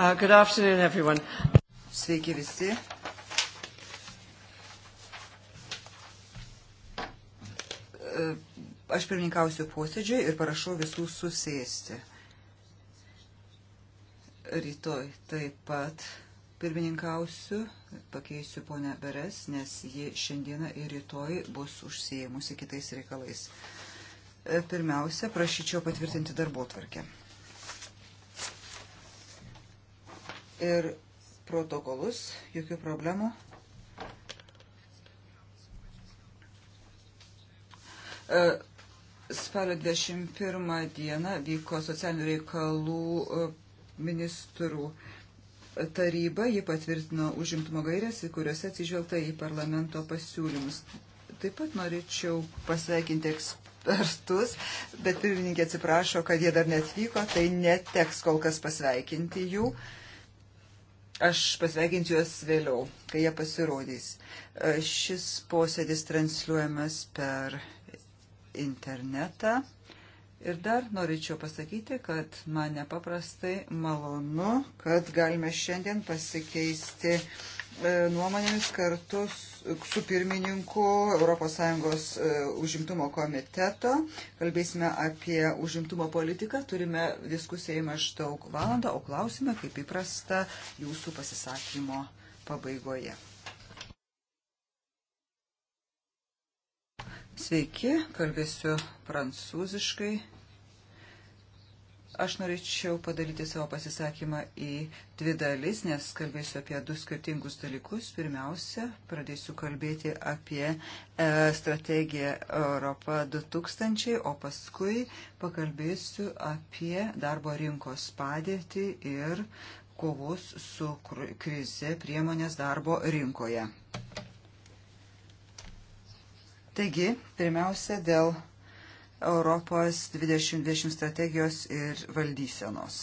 Uh, good afternoon, everyone. Sveiki visi. Uh, aš pirmininkausiu posėdžiui ir parašau visų susėsti. Rytoj taip pat pirmininkausiu, pakeisiu ponę Beres, nes ji šiandieną ir rytoj bus užsieimusi kitais reikalais. Uh, pirmiausia, prašyčiau patvirtinti darbo tvarkę. ir protokolus, jokių problemų. E, spalio 21 dieną vyko socialinių reikalų e, ministrų taryba, ji patvirtino užimtumo gairias, kuriuose atsižvelgta į parlamento pasiūlymus. Taip pat norėčiau pasveikinti ekspertus, bet pirmininkė atsiprašo, kad jie dar netvyko, tai neteks kol kas pasveikinti jų. Uh, Aš pasveikinsiu juos vėliau, kai jie pasirodys. E, šis posėdis transliuojamas per internetą. Ir dar norėčiau pasakyti, kad man nepaprastai malonu, kad galime šiandien pasikeisti E, nuomonėmis kartu su pirmininku ES e, užimtumo komiteto. Kalbėsime apie užimtumo politiką. Turime diskusijai maždaug valandą, o klausime, kaip įprasta, jūsų pasisakymo pabaigoje. Sveiki, kalbėsiu prancūziškai. Aš norėčiau padaryti savo pasisakymą į dvi dalis, nes kalbėsiu apie du skirtingus dalykus. Pirmiausia, pradėsiu kalbėti apie e, strategiją Europa 2000, o paskui pakalbėsiu apie darbo rinkos padėtį ir kovos su krize priemonės darbo rinkoje. Taigi, pirmiausia, dėl Europos 2020 strategijos ir valdysenos.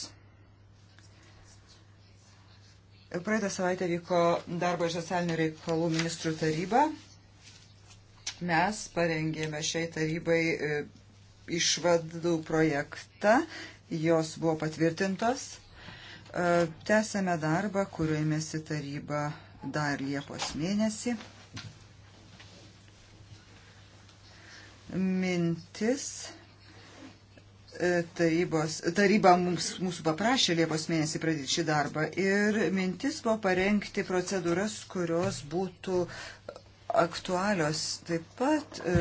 Praeitą savaitę vyko darbo ir socialinių reikalų ministrų taryba. Mes parengėme šiai tarybai e, išvadų projektą, jos buvo patvirtintos. E, tęsėme darbą, kuriuo ėmėsi taryba dar Liepos mėnesį. mintis. E, tarybos, taryba mums, mūsų paprašė Liepos mėnesį pradėti šį darbą ir mintis buvo parengti procedūras, kurios būtų aktualios. Taip pat e,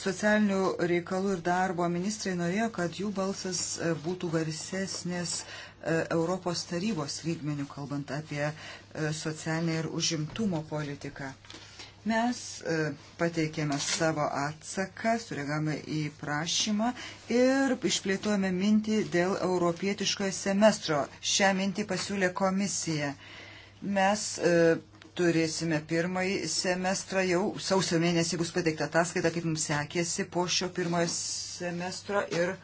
socialinių reikalų ir darbo ministrai norėjo, kad jų balsas e, būtų garsesnės e, Europos tarybos lygmenių, kalbant apie socialinę ir užimtumo politiką. Mes e, pateikėme savo atsaką, sureagavome į prašymą ir išplėtojame mintį dėl europietiškojo semestro. Šią mintį pasiūlė komisija. Mes e, turėsime pirmąjį semestrą, jau sausio mėnesį bus pateikta ataskaita, kaip mums sekėsi po šio pirmojo semestro ir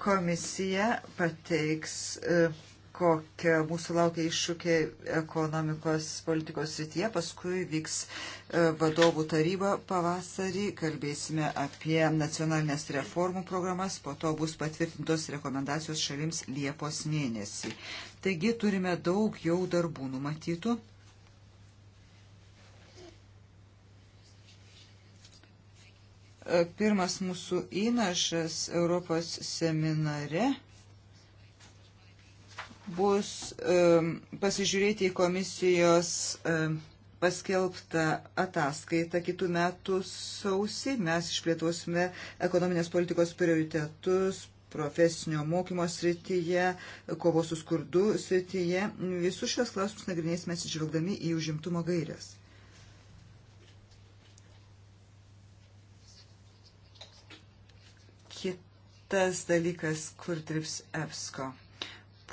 komisija pateiks. E, kokie mūsų laukia iššūkiai ekonomikos politikos srityje. Paskui vyks e, vadovų taryba pavasarį, kalbėsime apie nacionalinės reformų programas, po to bus patvirtintos rekomendacijos šalims Liepos mėnesį. Taigi turime daug jau darbų numatytų. E, pirmas mūsų įnašas Europos seminare bus um, pasižiūrėti į komisijos um, paskelbtą ataskaitą kitų metų sausį. Mes išplėtosime ekonominės politikos prioritetus profesinio mokymo srityje, kovos su skurdu srityje. Visus šios klausimus nagrinėsime atsižvelgdami į užimtumo gairias. Kitas dalykas, kur dirbs EPSCO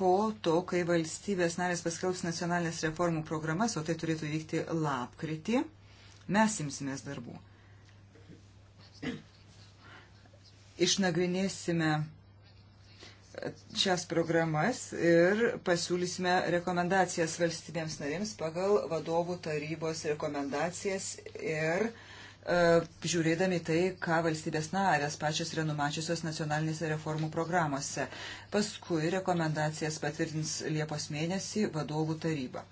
po to, kai valstybės narės paskelbs nacionalinės reformų programas, o tai turėtų vykti lapkritį, mes imsimės darbų. Išnagrinėsime šias programas ir pasiūlysime rekomendacijas valstybėms narėms pagal vadovų tarybos rekomendacijas ir uh, E, žiūrėdami tai, ką valstybės narės pačios yra numačiusios nacionalinėse reformų programuose. Paskui rekomendacijas patvirtins Liepos mėnesį vadovų taryba.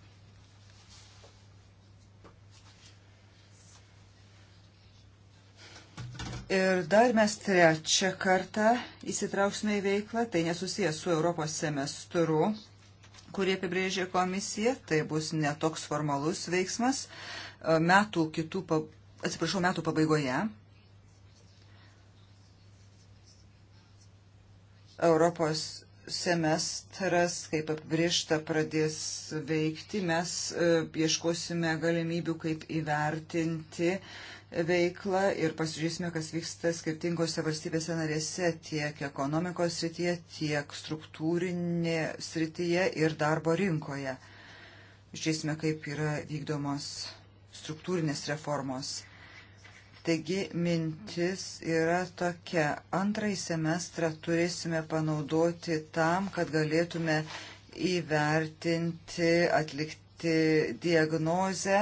Ir dar mes trečią kartą įsitrauksime į veiklą, tai nesusijęs su Europos semestru, kurį apibrėžė komisija, tai bus netoks formalus veiksmas e, metų kitų atsiprašau, metų pabaigoje Europos semestras, kaip apibriešta, pradės veikti. Mes e, ieškosime galimybių, kaip įvertinti veiklą ir pasižiūrėsime, kas vyksta skirtingose valstybėse narėse tiek ekonomikos srityje, tiek struktūrinė srityje ir darbo rinkoje. Žiūrėsime, kaip yra vykdomos struktūrinės reformos. Taigi mintis yra tokia. Antrąjį semestrą turėsime panaudoti tam, kad galėtume įvertinti, atlikti diagnozę,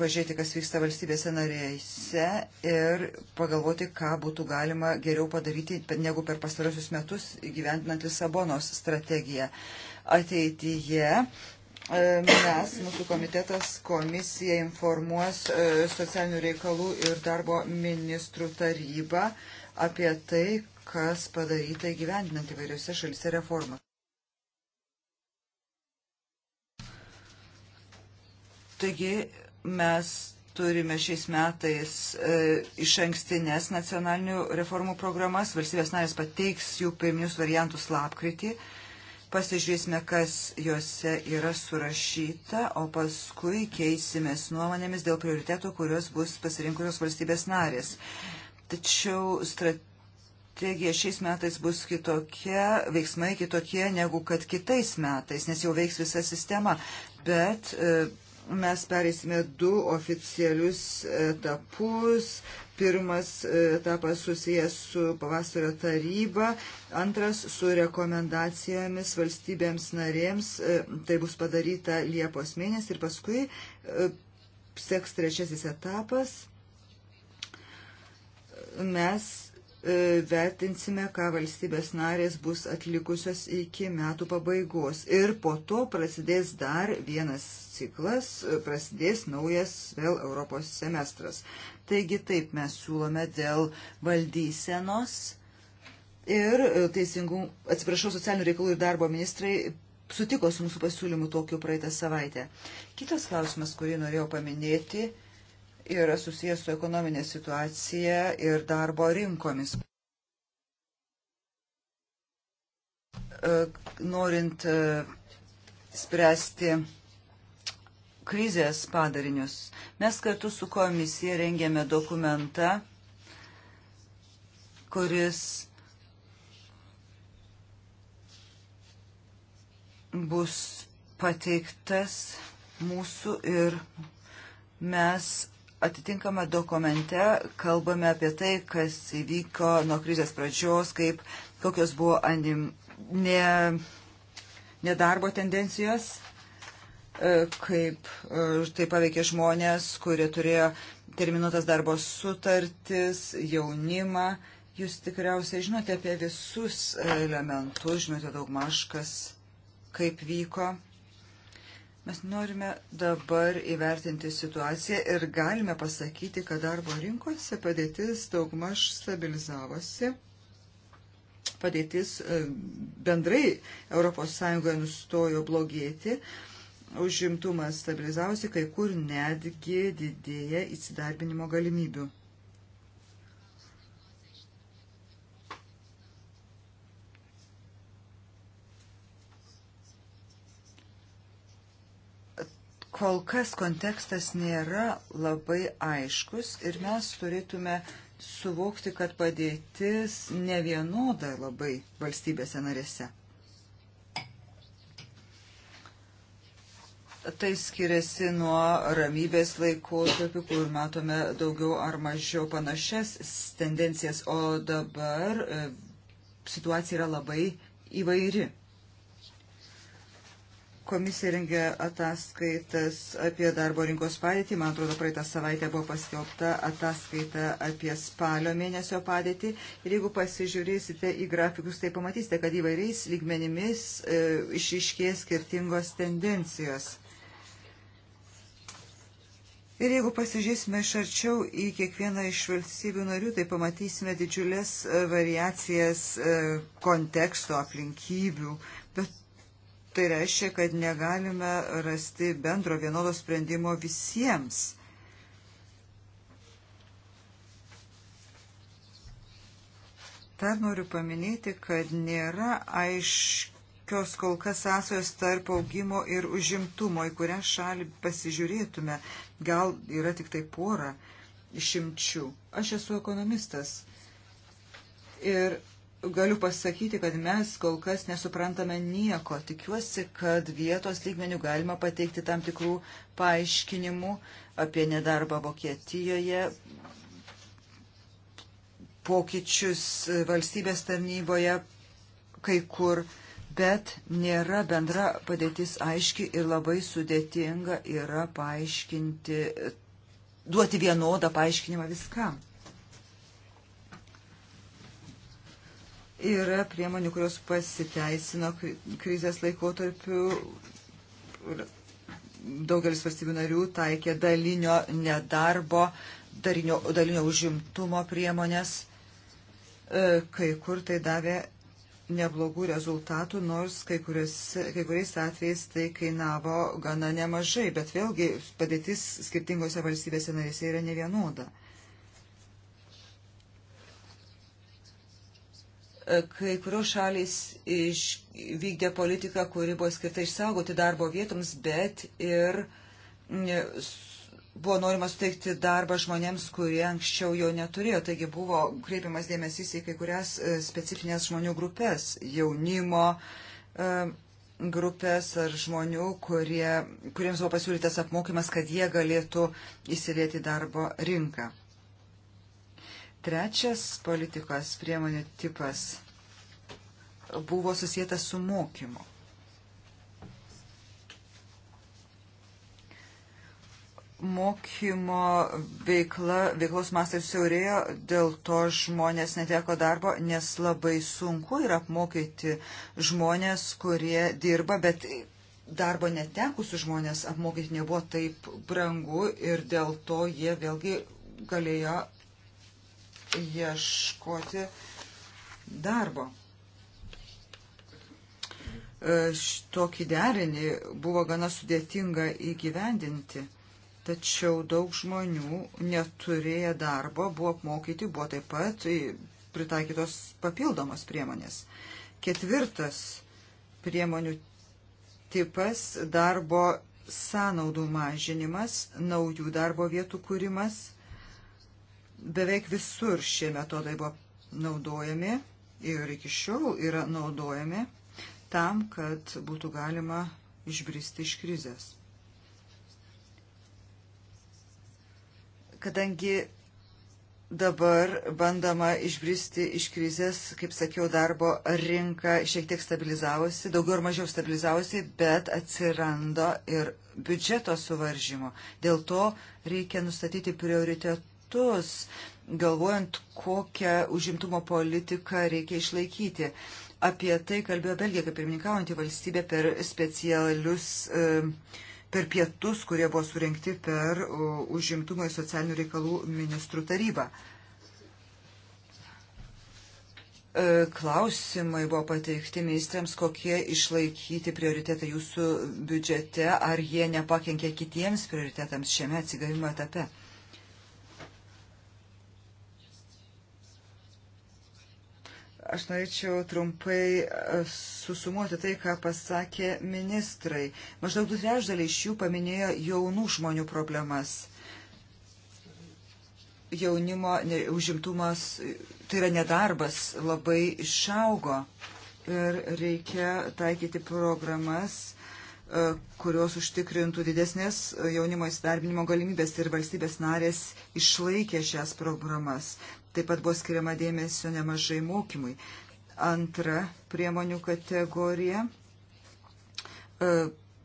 pažiūrėti, kas vyksta valstybėse narėse ir pagalvoti, ką būtų galima geriau padaryti negu per pastarosius metus įgyventinant Lisabonos strategiją. Ateityje E, mes, mūsų komitetas, komisija informuos e, socialinių reikalų ir darbo ministrų tarybą apie tai, kas padaryta įgyvendinant įvairiose šalise reformą. Taigi mes turime šiais metais e, iš ankstinės nacionalinių reformų programas. Valstybės narės pateiks jų pirminius variantus lapkritį. E, pasižiūrėsime, kas juose yra surašyta, o paskui keisimės nuomonėmis dėl prioritetų, kurios bus pasirinkusios valstybės narės. Tačiau strategija šiais metais bus kitokia, veiksmai kitokie negu kad kitais metais, nes jau veiks visa sistema. Bet e, mes perėsime du oficialius e, etapus Pirmas e, etapas susijęs su pavasario taryba, antras su rekomendacijomis valstybėms narėms. E, tai bus padaryta Liepos mėnesį ir paskui e, seks trečiasis etapas. Mes E, vertinsime, ką valstybės narės bus atlikusios iki metų pabaigos. Ir po to prasidės dar vienas ciklas, e, prasidės naujas vėl Europos semestras. Taigi taip mes siūlome dėl valdysenos. Ir e, teisingų, atsiprašau, socialinių reikalų ir darbo ministrai sutiko su mūsų pasiūlymu tokiu praeitą savaitę. Kitas klausimas, kurį norėjau paminėti, yra susijęs su ekonominė situacija ir darbo rinkomis. E, norint e, spręsti krizės padarinius, mes kartu su komisija rengėme dokumentą, kuris bus pateiktas mūsų ir mes atitinkama dokumente kalbame apie tai, kas įvyko nuo krizės pradžios, kaip kokios buvo anim, ne, nedarbo tendencijos, e, kaip e, tai paveikė žmonės, kurie turėjo terminuotas darbo sutartis, jaunimą. Jūs tikriausiai žinote apie visus elementus, žinote daug maškas, kaip vyko Mes norime dabar įvertinti situaciją ir galime pasakyti, kad darbo rinkose padėtis daugmaž stabilizavosi. Padėtis e, bendrai ES nustojo blogėti, užimtumas stabilizavosi, kai kur netgi didėja įsidarbinimo galimybių. Kol kas kontekstas nėra labai aiškus ir mes turėtume suvokti, kad padėtis ne vienoda labai valstybėse narėse. Tai skiriasi nuo ramybės laikotarpių, kur matome daugiau ar mažiau panašias tendencijas, o dabar e, situacija yra labai įvairi. Komisija rengia ataskaitas apie darbo rinkos padėtį. Man atrodo, praeitą savaitę buvo paskelbta ataskaita apie spalio mėnesio padėtį. Ir jeigu pasižiūrėsite į grafikus, tai pamatysite, kad įvairiais lygmenimis e, išiškės skirtingos tendencijos. Ir jeigu pasižiūrėsime iš arčiau į kiekvieną iš valstybių narių, tai pamatysime didžiulės e, variacijas e, konteksto aplinkybių. Bet tai reiškia, kad negalime rasti bendro vienodo sprendimo visiems. Dar noriu paminėti, kad nėra aiškios kol kas sąsajos tarp augimo ir užimtumo, į kurią šalį pasižiūrėtume. Gal yra tik tai pora išimčių. Aš esu ekonomistas ir galiu pasakyti, kad mes kol kas nesuprantame nieko. Tikiuosi, kad vietos lygmenių galima pateikti tam tikrų paaiškinimų apie nedarbą Vokietijoje, pokyčius valstybės tarnyboje kai kur, bet nėra bendra padėtis aiški ir labai sudėtinga yra paaiškinti, duoti vienodą paaiškinimą viskam. Yra priemonių, kurios pasiteisino krizės laikotarpiu. Daugelis valstybių narių taikė dalinio nedarbo, dalinio, dalinio užimtumo priemonės. E, kai kur tai davė neblogų rezultatų, nors kai, kurios, kai kuriais atvejais tai kainavo gana nemažai, bet vėlgi padėtis skirtingose valstybėse narėse yra nevienoda. vienoda. Kai kurios šalys vykdė politiką, kuri buvo skirta išsaugoti darbo vietoms, bet ir buvo norima suteikti darbą žmonėms, kurie anksčiau jo neturėjo. Taigi buvo kreipiamas dėmesys į kai kurias e, specifinės žmonių grupės - jaunimo e, grupės ar žmonių, kurie, kuriems buvo pasiūlytas apmokymas, kad jie galėtų įsilieti darbo rinką. Trečias politikos priemonių tipas buvo susijęta su mokymu. Mokymo veikla, veiklos mastai siaurėjo, dėl to žmonės neteko darbo, nes labai sunku yra apmokyti žmonės, kurie dirba, bet darbo netekusių žmonės apmokyti nebuvo taip brangu ir dėl to jie vėlgi galėjo ieškoti darbo. E, tokį derinį buvo gana sudėtinga įgyvendinti, tačiau daug žmonių neturėję darbo buvo apmokyti, buvo taip pat pritaikytos papildomos priemonės. Ketvirtas priemonių tipas - darbo sąnaudų mažinimas, naujų darbo vietų kūrimas Beveik visur šie metodai buvo naudojami ir iki šiol yra naudojami tam, kad būtų galima išbristi iš krizės. Kadangi dabar bandama išbristi iš krizės, kaip sakiau, darbo rinka šiek tiek stabilizavosi, daugiau ar mažiau stabilizavosi, bet atsiranda ir biudžeto suvaržymo. Dėl to reikia nustatyti prioritetus metus, galvojant, kokią užimtumo politiką reikia išlaikyti. Apie tai kalbėjo Belgija kaip pirmininkaujantį valstybę per specialius, e, per pietus, kurie buvo surinkti per užimtumo ir socialinių reikalų ministrų tarybą e, klausimai buvo pateikti ministrams, kokie išlaikyti prioritetai jūsų biudžete, ar jie nepakenkė kitiems prioritetams šiame atsigavimo etape. aš norėčiau trumpai e, susumuoti tai, ką pasakė ministrai. Maždaug du trešdaliai iš jų paminėjo jaunų žmonių problemas jaunimo užimtumas, tai yra nedarbas, labai išaugo. Ir reikia taikyti programas, e, kurios užtikrintų didesnės jaunimo įsidarbinimo galimybės ir valstybės narės išlaikė šias programas. Taip pat buvo skiriama dėmesio nemažai mokymui. Antra priemonių kategorija e,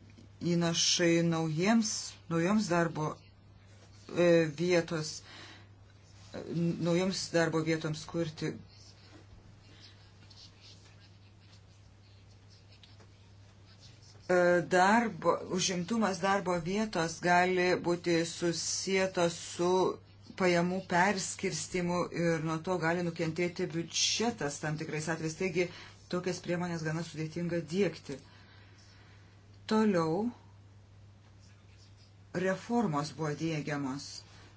- įnašai naujiems, naujoms darbo e, vietos, naujoms darbo vietoms kurti. E, darbo, užimtumas darbo vietos gali būti susijęs su pajamų perskirstimų ir nuo to gali nukentėti biudžetas tam tikrais atvejais. Taigi tokias priemonės gana sudėtinga dėkti. Toliau reformos buvo dėgiamos.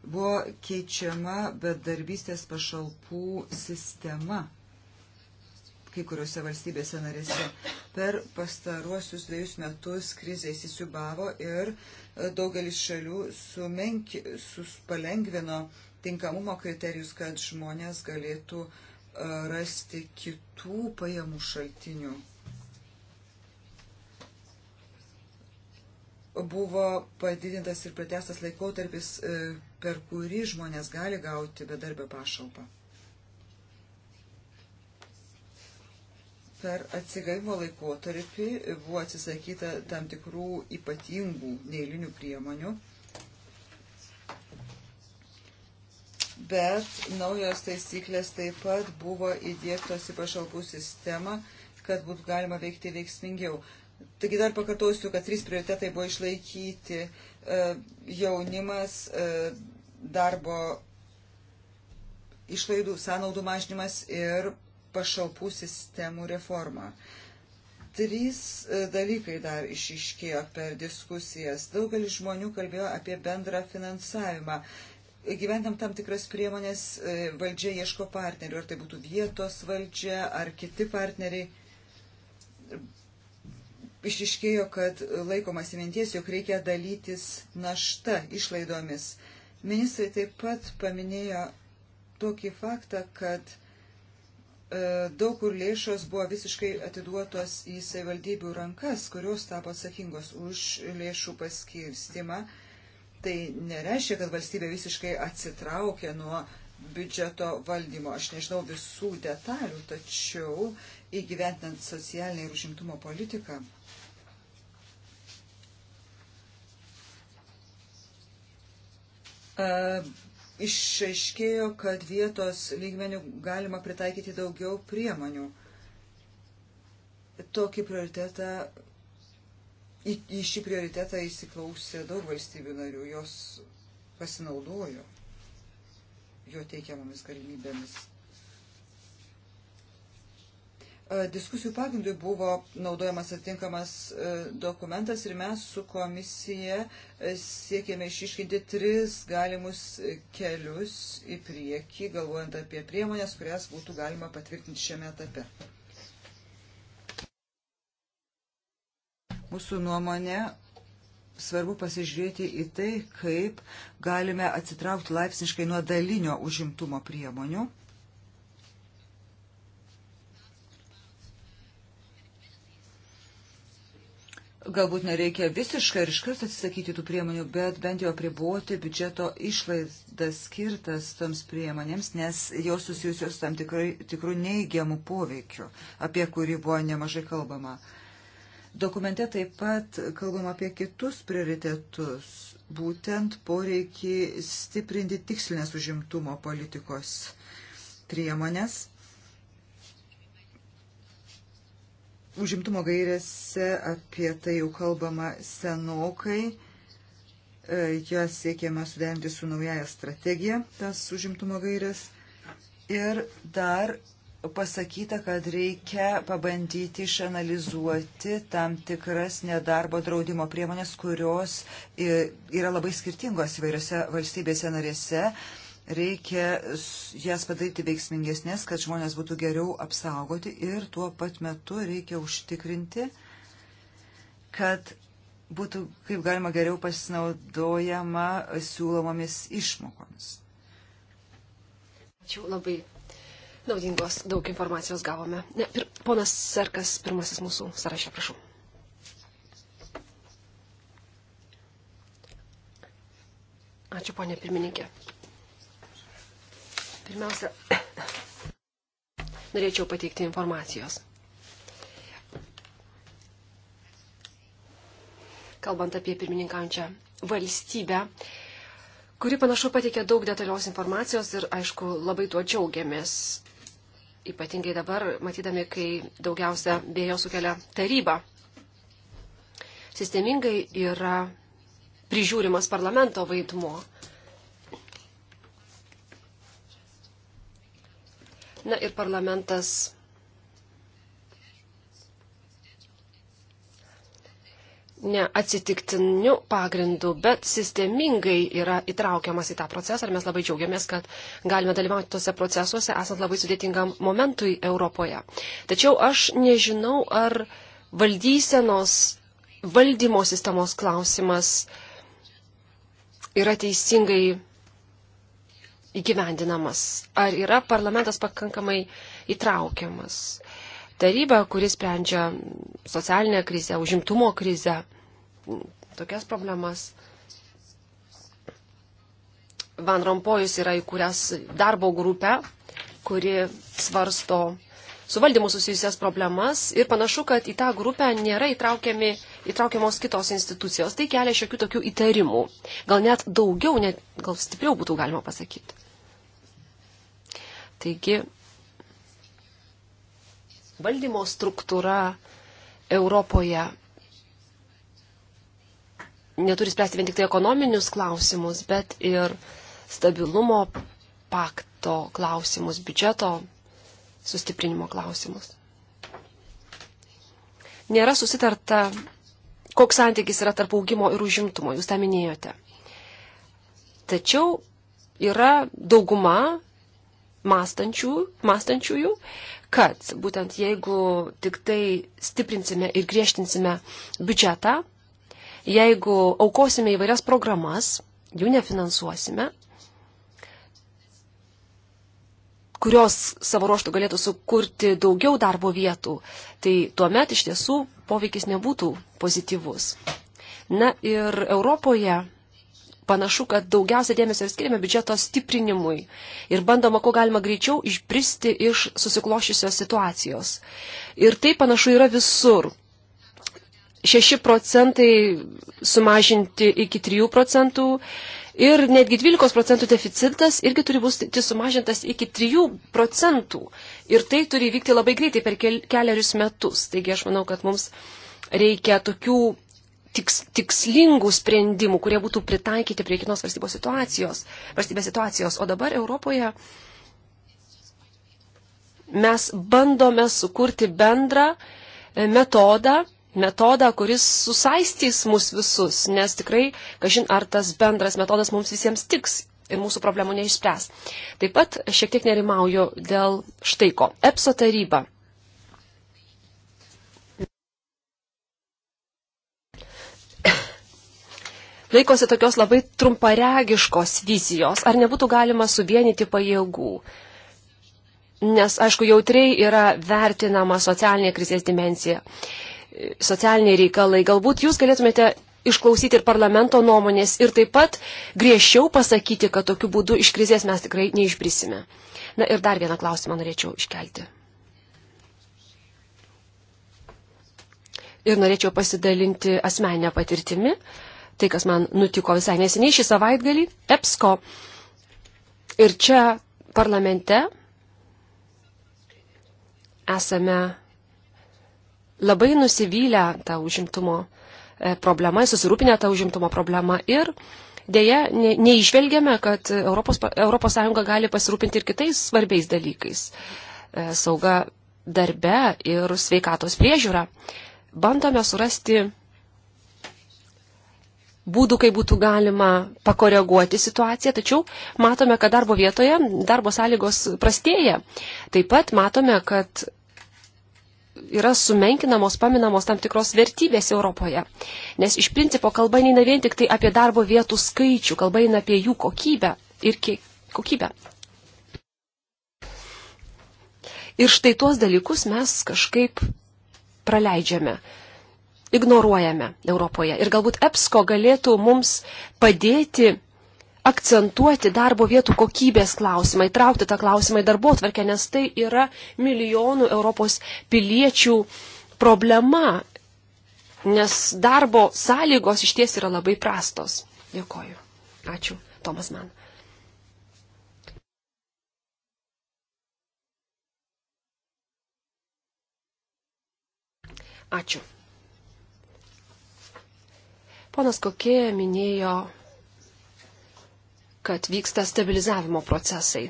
Buvo keičiama bedarbystės pašalpų sistema kai kuriuose valstybėse narėse. Per pastaruosius dviejus metus krizė įsisubavo ir e, daugelis šalių sumenki, suspalengvino tinkamumo kriterijus, kad žmonės galėtų e, rasti kitų pajamų šaltinių. Buvo padidintas ir pratestas laikotarpis, e, per kurį žmonės gali gauti bedarbio pašalpą. Per atsigavimo laikotarpį buvo atsisakyta tam tikrų ypatingų neįlinių priemonių, bet naujos taisyklės taip pat buvo įdėktos į pašalpų sistemą, kad būtų galima veikti veiksmingiau. Taigi dar pakartosiu, kad trys prioritetai buvo išlaikyti e, jaunimas, e, darbo išlaidų, sąnaudų mažinimas ir pašalpų sistemų reformą. Trys e, dalykai dar išiškėjo per diskusijas. Daugelis žmonių kalbėjo apie bendrą finansavimą. Gyventam tam tikras priemonės e, valdžia ieško partnerių, ar tai būtų vietos valdžia, ar kiti partneriai išiškėjo, kad laikomas įminties, jog reikia dalytis našta išlaidomis. Ministrai taip pat paminėjo tokį faktą, kad E, daug kur lėšos buvo visiškai atiduotos į savivaldybių rankas, kurios tapo atsakingos už lėšų paskirstimą. Tai nereiškia, kad valstybė visiškai atsitraukė nuo biudžeto valdymo. Aš nežinau visų detalių, tačiau įgyventinant socialinę ir užimtumo politiką. E, išaiškėjo, kad vietos lygmenių galima pritaikyti daugiau priemonių. Tokį prioritetą, į, į šį prioritetą įsiklausė daug valstybių narių, jos pasinaudojo jo teikiamomis galimybėmis. E, diskusijų pagrindui buvo naudojamas atitinkamas e, dokumentas ir mes su komisija e, siekėme išiškinti tris galimus kelius į priekį, galvojant apie priemonės, kurias būtų galima patvirtinti šiame etape. Mūsų nuomonė svarbu pasižiūrėti į tai, kaip galime atsitraukti laipsniškai nuo dalinio užimtumo priemonių Galbūt nereikia visiškai ir iškart atsisakyti tų priemonių, bet bent jau apriboti biudžeto išlaidas skirtas toms priemonėms, nes jos susijusios tam tikrai, tikrų neįgiamų poveikių, apie kurį buvo nemažai kalbama. Dokumente taip pat kalbam apie kitus prioritetus, būtent poreikį stiprinti tikslinės užimtumo politikos priemonės Užimtumo gairėse apie tai jau kalbama senokai. E, Ją siekiama suderinti su naujaja strategija, tas užimtumo gairės. Ir dar pasakyta, kad reikia pabandyti išanalizuoti tam tikras nedarbo draudimo priemonės, kurios e, yra labai skirtingos įvairiose valstybėse narėse reikia jas padaryti veiksmingesnės, kad žmonės būtų geriau apsaugoti ir tuo pat metu reikia užtikrinti, kad būtų kaip galima geriau pasinaudojama siūlomomis išmokomis. Ačiū labai. Naudingos daug informacijos gavome. Ne, pir, ponas Serkas, pirmasis mūsų sąraše, prašau. Ačiū, ponė pirmininkė. Pirmiausia, norėčiau pateikti informacijos. Kalbant apie pirmininkaujančią valstybę, kuri panašu pateikė daug detalios informacijos ir, aišku, labai tuo džiaugiamės. Ypatingai dabar, matydami, kai daugiausia vėjo sukelia taryba. Sistemingai yra prižiūrimas parlamento vaidmuo. Na ir parlamentas. Ne atsitiktiniu pagrindu, bet sistemingai yra įtraukiamas į tą procesą ir mes labai džiaugiamės, kad galime dalyvauti tose procesuose, esant labai sudėtingam momentui Europoje. Tačiau aš nežinau, ar valdysenos valdymo sistemos klausimas yra teisingai įgyvendinamas? Ar yra parlamentas pakankamai įtraukiamas? Taryba, kuris sprendžia socialinę krizę, užimtumo krizę, tokias problemas. Van Rompojus yra įkūręs darbo grupę, kuri svarsto su valdymu susijusias problemas ir panašu, kad į tą grupę nėra įtraukiamos kitos institucijos. Tai kelia šiokių tokių įtarimų. Gal net daugiau, net, gal stipriau būtų galima pasakyti. Taigi, valdymo struktūra Europoje neturi spręsti vien tik tai ekonominius klausimus, bet ir stabilumo pakto klausimus, biudžeto sustiprinimo klausimus. Nėra susitarta, koks santykis yra tarp augimo ir užimtumo, jūs tą minėjote. Tačiau yra dauguma mastančių, mastančiųjų, kad būtent jeigu tik tai stiprinsime ir griežtinsime biudžetą, jeigu aukosime įvairias programas, jų nefinansuosime, kurios savo ruoštų galėtų sukurti daugiau darbo vietų, tai tuomet iš tiesų poveikis nebūtų pozityvus. Na ir Europoje panašu, kad daugiausia dėmesio skiriame biudžeto stiprinimui ir bandoma, kuo galima greičiau išbristi iš susiklošysios situacijos. Ir tai panašu yra visur. 6 procentai sumažinti iki 3 procentų ir netgi 12 procentų deficitas irgi turi būti sumažintas iki 3 procentų. Ir tai turi vykti labai greitai per keliarius metus. Taigi aš manau, kad mums reikia tokių tiks, tikslingų sprendimų, kurie būtų pritaikyti prie kitos valstybės situacijos, valstybės situacijos. O dabar Europoje mes bandome sukurti bendrą e, metodą, metodą, kuris susaistys mus visus, nes tikrai, kažin, ar tas bendras metodas mums visiems tiks ir mūsų problemų neišspręs. Taip pat šiek tiek nerimauju dėl štai ko. EPSO taryba laikosi tokios labai trumparegiškos vizijos. Ar nebūtų galima suvienyti pajėgų? Nes, aišku, jautriai yra vertinama socialinė krizės dimencija, socialiniai reikalai. Galbūt jūs galėtumėte išklausyti ir parlamento nuomonės ir taip pat griežčiau pasakyti, kad tokiu būdu iš krizės mes tikrai neišbrisime. Na ir dar vieną klausimą norėčiau iškelti. Ir norėčiau pasidalinti asmenę patirtimi. Uh, tai, kas man nutiko visai neseniai šį savaitgalį, EPSCO. Ir čia parlamente esame labai nusivylę tą užimtumo e, problemą, susirūpinę tą užimtumo problemą ir dėja ne, neišvelgiame, kad Europos, Europos Sąjunga gali pasirūpinti ir kitais svarbiais dalykais e, - sauga darbe ir sveikatos priežiūra. Bandome surasti būdų, kaip būtų galima pakoreguoti situaciją, tačiau matome, kad darbo vietoje darbo sąlygos prastėja. Taip pat matome, kad yra sumenkinamos, paminamos tam tikros vertybės Europoje. Nes iš principo kalba neina vien tik tai apie darbo vietų skaičių, kalba eina apie jų kokybę ir kokybę. Ir štai tuos dalykus mes kažkaip praleidžiame ignoruojame Europoje. Ir galbūt EPSCO galėtų mums padėti akcentuoti darbo vietų kokybės klausimą, įtraukti tą klausimą į darbo tvarkę, nes tai yra milijonų Europos piliečių problema, nes darbo sąlygos iš ties yra labai prastos. Dėkoju. Ačiū, Tomas man. Ačiū. Ponas Kokė minėjo, kad vyksta stabilizavimo procesai.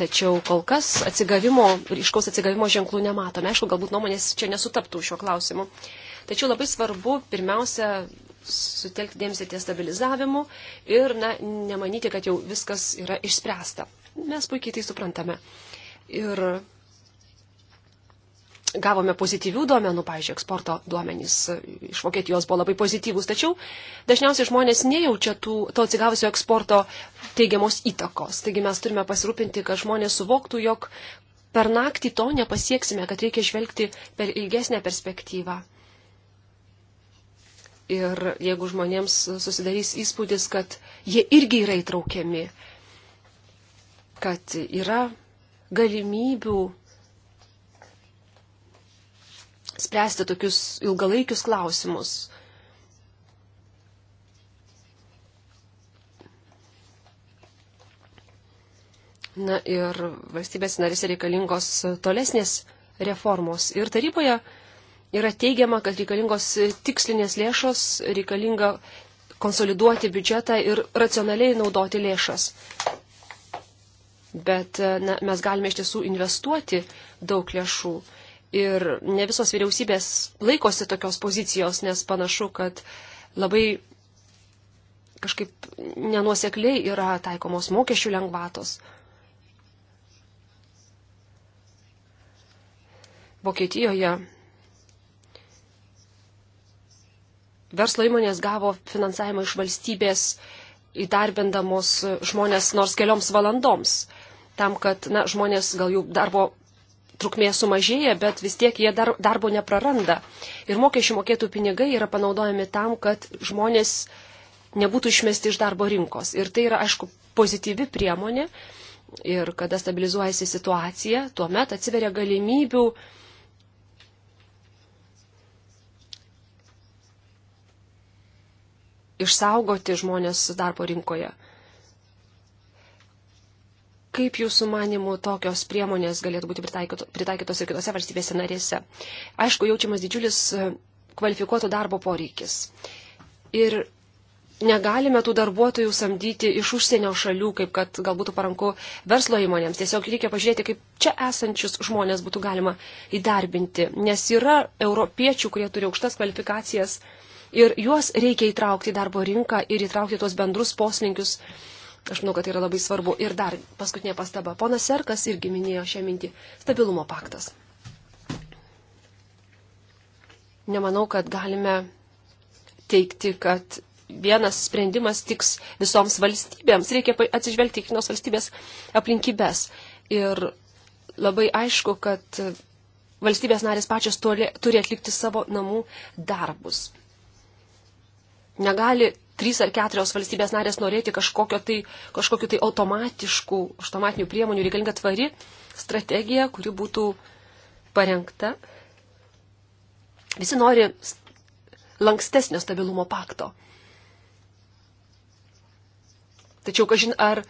Tačiau kol kas atsigavimo, ryškaus atsigavimo ženklų nematome. Aišku, galbūt nuomonės čia nesutaptų šiuo klausimu. Tačiau labai svarbu pirmiausia sutelkti dėmesį ties stabilizavimu ir na, nemanyti, kad jau viskas yra išspręsta. Mes puikiai tai suprantame. Ir gavome pozityvių duomenų, pavyzdžiui, eksporto duomenys iš Vokietijos buvo labai pozityvūs, tačiau dažniausiai žmonės nejaučia tų, to atsigavusio eksporto teigiamos įtakos. Taigi mes turime pasirūpinti, kad žmonės suvoktų, jog per naktį to nepasieksime, kad reikia žvelgti per ilgesnę perspektyvą. Ir jeigu žmonėms susidarys įspūdis, kad jie irgi yra įtraukiami, kad yra galimybių spręsti tokius ilgalaikius klausimus. Na ir valstybės narėse reikalingos tolesnės reformos. Ir taryboje yra teigiama, kad reikalingos tikslinės lėšos, reikalinga konsoliduoti biudžetą ir racionaliai naudoti lėšas. Bet na, mes galime iš tiesų investuoti daug lėšų. Ir ne visos vyriausybės laikosi tokios pozicijos, nes panašu, kad labai kažkaip nenuosekliai yra taikomos mokesčių lengvatos. Vokietijoje verslo įmonės gavo finansavimą iš valstybės įdarbindamos žmonės nors kelioms valandoms, tam, kad na, žmonės gal jų darbo trukmė sumažėja, bet vis tiek jie dar, darbo nepraranda. Ir mokesčių mokėtų pinigai yra panaudojami tam, kad žmonės nebūtų išmesti iš darbo rinkos. Ir tai yra, aišku, pozityvi priemonė. Ir kada stabilizuojasi situacija, tuomet atsiveria galimybių išsaugoti žmonės darbo rinkoje. Kaip jūsų manimų tokios priemonės galėtų būti pritaikytos ir kitose valstybėse narėse? Aišku, jaučiamas didžiulis e, kvalifikuoto darbo poreikis. Ir negalime tų darbuotojų samdyti iš užsienio šalių, kaip kad galbūt paranku verslo įmonėms. Tiesiog reikia pažiūrėti, kaip čia esančius žmonės būtų galima įdarbinti. Nes yra europiečių, kurie turi aukštas kvalifikacijas ir juos reikia įtraukti į darbo rinką ir įtraukti tuos bendrus poslinkius Aš manau, kad tai yra labai svarbu. Ir dar paskutinė pastaba. Ponas Serkas irgi minėjo šią mintį. Stabilumo paktas. Nemanau, kad galime teikti, kad vienas sprendimas tiks visoms valstybėms. Reikia atsižvelgti kiekvienos valstybės aplinkybės. Ir labai aišku, kad valstybės narės pačios toli, turi atlikti savo namų darbus. Negali trys ar keturios valstybės narės norėti kažkokio tai, kažkokiu tai automatiškų, automatinių priemonių reikalinga tvari strategija, kuri būtų parengta. Visi nori lankstesnio stabilumo pakto. Tačiau, kažin, ar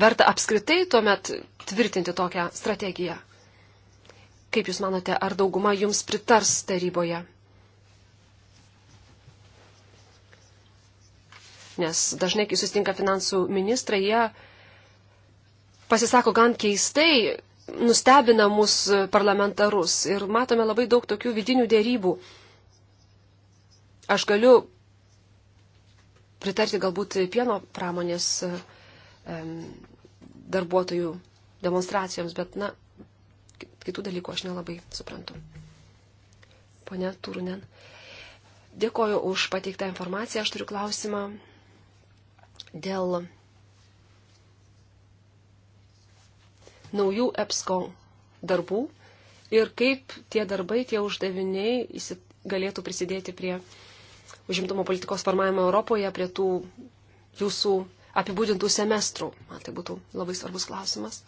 verta apskritai tuomet tvirtinti tokią strategiją? Kaip Jūs manote, ar dauguma Jums pritars taryboje? nes dažnai, kai susitinka finansų ministrai, jie pasisako gan keistai, nustebina mus e, parlamentarus ir matome labai daug tokių vidinių dėrybų. Aš galiu pritarti galbūt pieno pramonės e, darbuotojų demonstracijoms, bet, na, kitų dalykų aš nelabai suprantu. Pone Turunen, dėkoju už pateiktą informaciją, aš turiu klausimą dėl naujų EPSCO darbų ir kaip tie darbai, tie uždaviniai galėtų prisidėti prie užimtumo politikos formavimo Europoje, prie tų jūsų apibūdintų semestrų. Man tai būtų labai svarbus klausimas.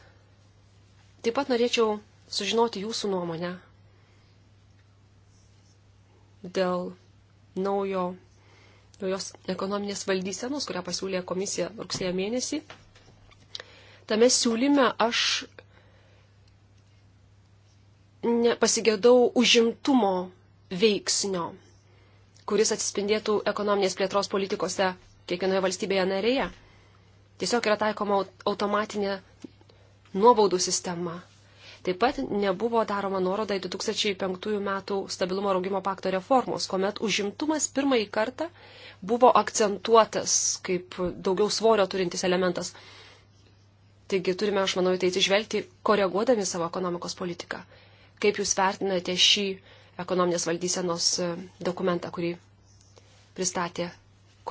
Taip pat norėčiau sužinoti jūsų nuomonę dėl naujo naujos ekonominės valdysenos, kurią pasiūlė komisija rugsėjo mėnesį. Tame siūlyme aš pasigėdau užimtumo veiksnio, kuris atsispindėtų ekonominės plėtros politikose kiekvienoje valstybėje narėje. Tiesiog yra taikoma automatinė nuobaudų sistema Taip pat nebuvo daroma nuoroda į 2005 metų stabilumo augimo pakto reformos, kuomet užimtumas pirmąjį kartą buvo akcentuotas kaip daugiau svorio turintis elementas. Taigi turime, aš manau, į tai atsižvelgti, koreguodami savo ekonomikos politiką. Kaip Jūs vertinate šį ekonominės valdysenos e, dokumentą, kurį pristatė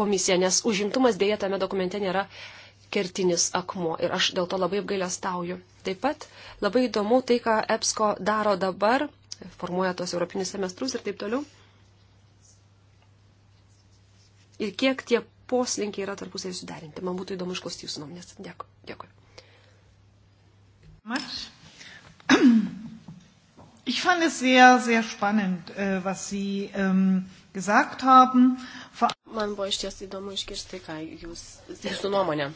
komisija, nes užimtumas dėja tame dokumente nėra kertinis akmuo ir aš dėl to labai apgailestauju. Taip pat labai įdomu tai, ką EPSCO daro dabar, formuoja tos europinius semestrus ir taip toliau. Ir kiek tie poslinkiai yra tarpusiai suderinti. Man būtų įdomu išklausyti jūsų nuomonės. Dėkui. Dėkui. Ich fand es sehr, sehr spannend, äh, was Sie ähm, gesagt haben. Man buvo iš ties įdomu išgirsti, ką jūs, jūsų nuomonė.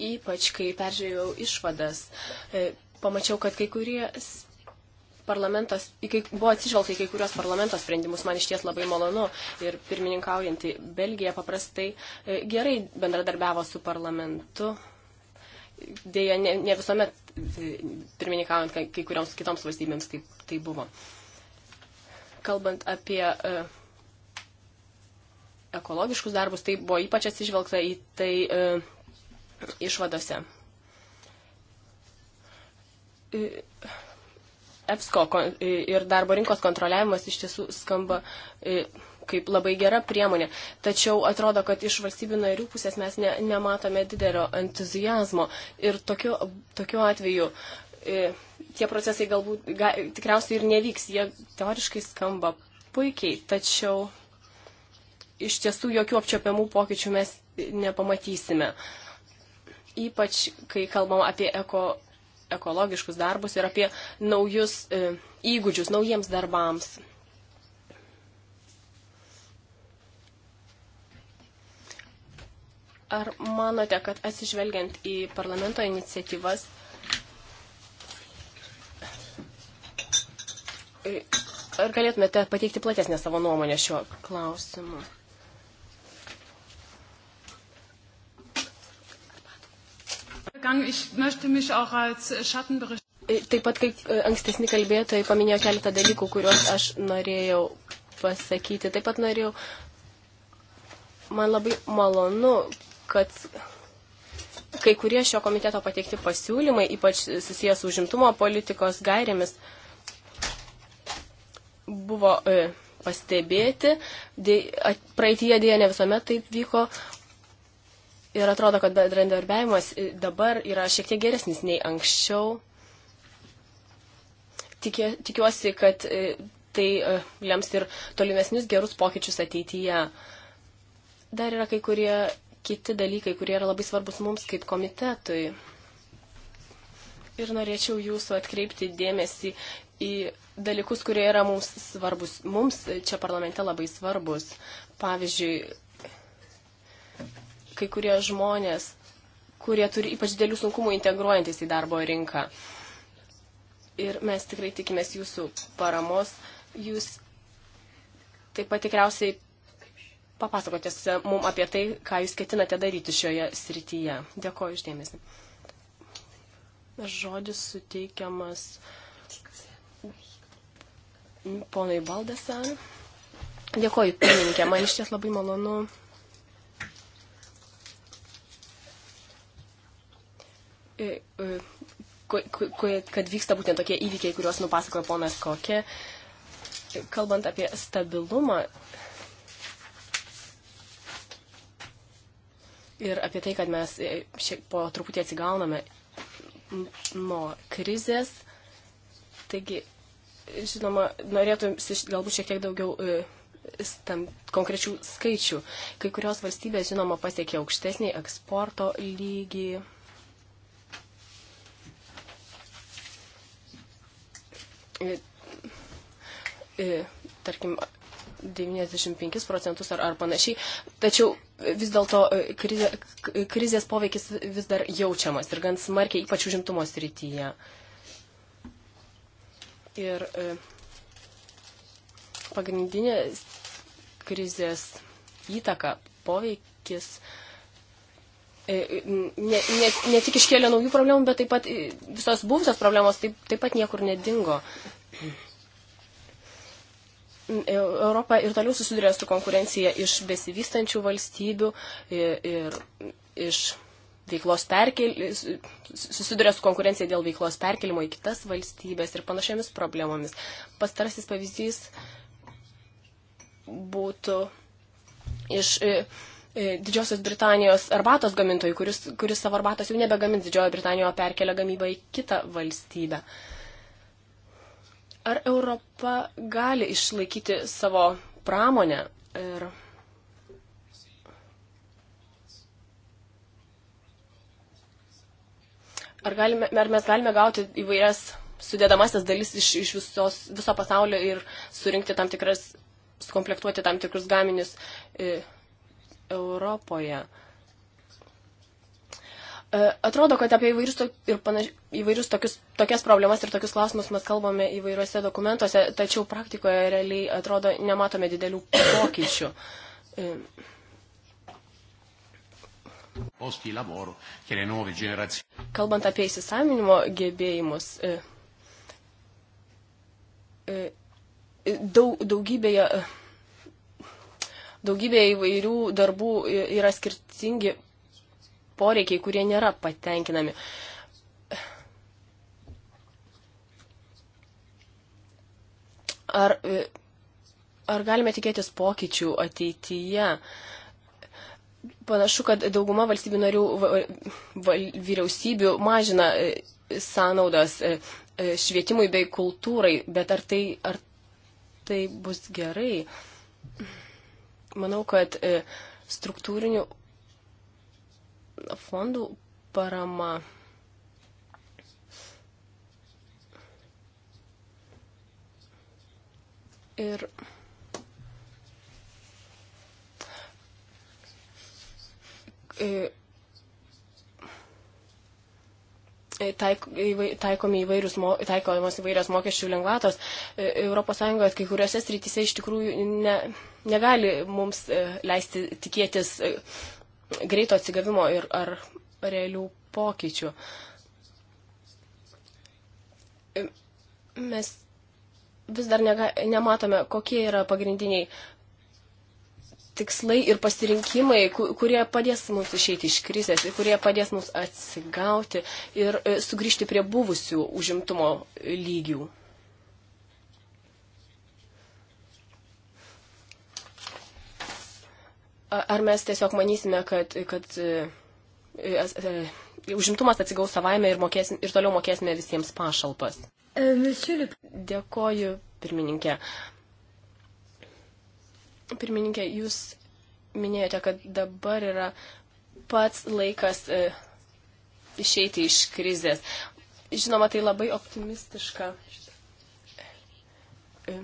ypač kai peržiūrėjau išvadas, e, pamačiau, kad kai kurie parlamentas, kai, buvo atsižvelgta į kai kurios parlamento sprendimus, man iš ties labai malonu ir pirmininkaujantį Belgiją paprastai e, gerai bendradarbiavo su parlamentu. Deja, ne, ne visuomet e, pirmininkaujant kai kurioms kitoms valstybėms taip tai buvo. Kalbant apie uh, ekologiškus darbus, tai buvo ypač atsižvelgta į tai uh, išvadose. EPSCO ir darbo rinkos kontroliavimas iš tiesų skamba kaip labai gera priemonė. Tačiau atrodo, kad iš valstybių narių pusės mes ne, nematome didelio entuzijazmo. Ir tokiu, tokiu atveju tie procesai galbūt ga, tikriausiai ir nevyks. Jie teoriškai skamba puikiai, tačiau iš tiesų jokių apčiopiamų pokyčių mes nepamatysime. Uh, ypač kai kalbam apie eko, ekologiškus darbus ir apie naujus e, įgūdžius, naujiems darbams. Ar manote, kad atsižvelgiant į parlamento iniciatyvas e, ar galėtumėte pateikti platesnę savo nuomonę šiuo klausimu? Äh, e, taip pat kaip e, ankstesni kalbėtojai paminėjo keletą dalykų, kuriuos aš norėjau pasakyti. Taip pat norėjau, man labai malonu, kad kai kurie šio komiteto pateikti pasiūlymai, ypač susijęs užimtumo politikos gairėmis, buvo e, pastebėti. Dė, praeitie dėja ne visuomet taip vyko, Ir atrodo, kad bendradarbiavimas dabar yra šiek tiek geresnis nei anksčiau. Tikė, tikiuosi, kad e, tai e, lems ir tolimesnius gerus pokyčius ateityje. Dar yra kai kurie kiti dalykai, kurie yra labai svarbus mums kaip komitetui. Ir norėčiau jūsų atkreipti dėmesį į dalykus, kurie yra mums svarbus. Mums čia parlamente labai svarbus. Pavyzdžiui, kai kurie žmonės, kurie turi ypač dėlių sunkumų integruojantis į darbo rinką. Ir mes tikrai tikimės jūsų paramos. Jūs taip pat tikriausiai papasakotės mums apie tai, ką jūs ketinate daryti šioje srityje. Dėkoju išdėmesi. Žodis suteikiamas ponai Baldesan. Dėkoju, pirmininkė. Man iš ties labai malonu E, e, kad vyksta būtent tokie įvykiai, kuriuos nupasakojo ponas Kokė. E, kalbant apie stabilumą ir apie tai, kad mes šiek po truputį atsigauname nuo krizės, taigi, žinoma, norėtum galbūt šiek tiek daugiau tam konkrečių skaičių. Kai kurios valstybės, žinoma, pasiekė aukštesnį eksporto lygį tarkim, 95 procentus ar, ar panašiai. Tačiau vis dėlto e, krizė, krizės poveikis vis dar jaučiamas ir gan smarkiai, ypač užimtumo srityje. Ir e, pagrindinė krizės įtaka, poveikis E, ne, ne, ne tik iškėlė naujų problemų, bet taip pat visos buvusios problemos taip, taip pat niekur nedingo. E, Europa ir toliau susiduria su konkurencija iš besivystančių valstybių ir, ir iš veiklos perkel... susiduria su konkurencija dėl veiklos perkelimo į kitas valstybės ir panašiamis problemomis. Pastarasis pavyzdys būtų iš e, E, Didžiosios Britanijos arbatos gamintojų, kuris, kuris savo arbatos jau nebegamins Didžiojo Britanijoje, perkelia gamybą į kitą valstybę. Ar Europa gali išlaikyti savo pramonę ir ar, galime, ar mes galime gauti įvairias sudėdamasias dalis iš, iš visos, viso pasaulio ir surinkti tam tikras, sukomplektuoti tam tikrus gaminius e, Europoje. E, atrodo, kad apie įvairius, to, ir panaš, įvairius tokius, tokias problemas ir tokius klausimus mes kalbame įvairiuose dokumentuose, tačiau praktikoje realiai atrodo nematome didelių pokyčių. E, kalbant apie įsisavinimo gebėjimus, e, daug, daugybėje daugybė įvairių darbų yra skirtingi poreikiai, kurie nėra patenkinami. Ar, ar galime tikėtis pokyčių ateityje? Panašu, kad dauguma valstybių narių val, vyriausybių mažina sąnaudas švietimui bei kultūrai, bet ar tai, ar tai bus gerai? Manau, kad e, struktūrinių fondų parama ir e, taik, taikomi įvairius, taikomos įvairios mokesčių lengvatos. ES kai kuriuose srityse iš tikrųjų ne, negali mums e, leisti tikėtis e, greito atsigavimo ir ar realių pokyčių. E, mes vis dar nega, nematome, kokie yra pagrindiniai tikslai ir pasirinkimai, kurie padės mums išeiti iš krizės ir kurie padės mums atsigauti ir e, sugrįžti prie buvusių užimtumo lygių. Ar mes tiesiog manysime, kad, kad e, e, užimtumas atsigaus savaime ir, mokėsim, ir toliau mokėsime visiems pašalpas? Dėkoju, pirmininkė. Pirmininkė, jūs minėjote, kad dabar yra pats laikas e, išeiti iš krizės. Žinoma, tai labai optimistiška. E,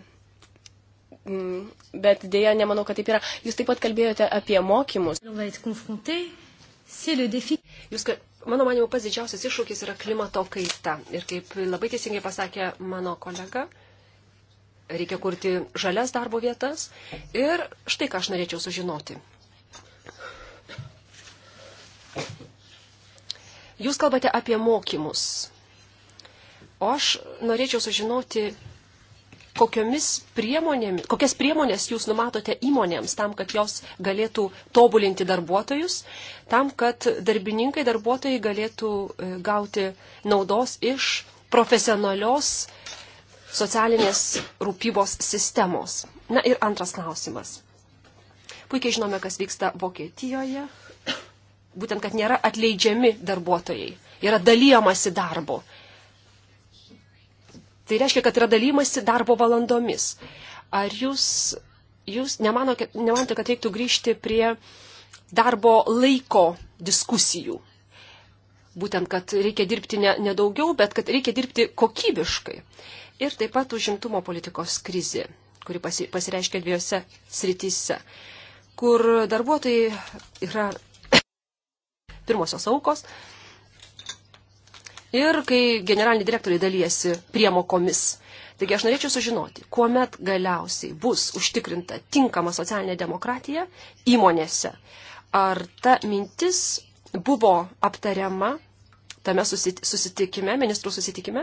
mm, bet dėja, nemanau, kad taip yra. Jūs taip pat kalbėjote apie mokymus. Jūs, mano manimo, pats didžiausias iššūkis yra klimato kaita. Ir kaip labai teisingai pasakė mano kolega, reikia kurti žalias darbo vietas. Ir štai ką aš norėčiau sužinoti. Jūs kalbate apie mokymus. O aš norėčiau sužinoti, kokiomis priemonėmis, kokias priemonės jūs numatote įmonėms tam, kad jos galėtų tobulinti darbuotojus, tam, kad darbininkai, darbuotojai galėtų e, gauti naudos iš profesionalios socialinės rūpybos sistemos. Na ir antras klausimas. Puikiai žinome, kas vyksta Vokietijoje. Būtent, kad nėra atleidžiami darbuotojai. Yra dalyjamasi darbo. Tai reiškia, kad yra dalymasi darbo valandomis. Ar jūs, jūs nemanote, nemanote, kad reiktų grįžti prie darbo laiko diskusijų? Būtent, kad reikia dirbti ne, ne daugiau, bet kad reikia dirbti kokybiškai ir taip pat užimtumo politikos krizė, kuri pasireiškia dviejose srityse, kur darbuotojai yra pirmosios aukos. Ir kai generaliniai direktoriai dalyjasi priemokomis. Taigi aš norėčiau sužinoti, kuomet galiausiai bus užtikrinta tinkama socialinė demokratija įmonėse. Ar ta mintis buvo aptariama tame susitikime, ministrų susitikime.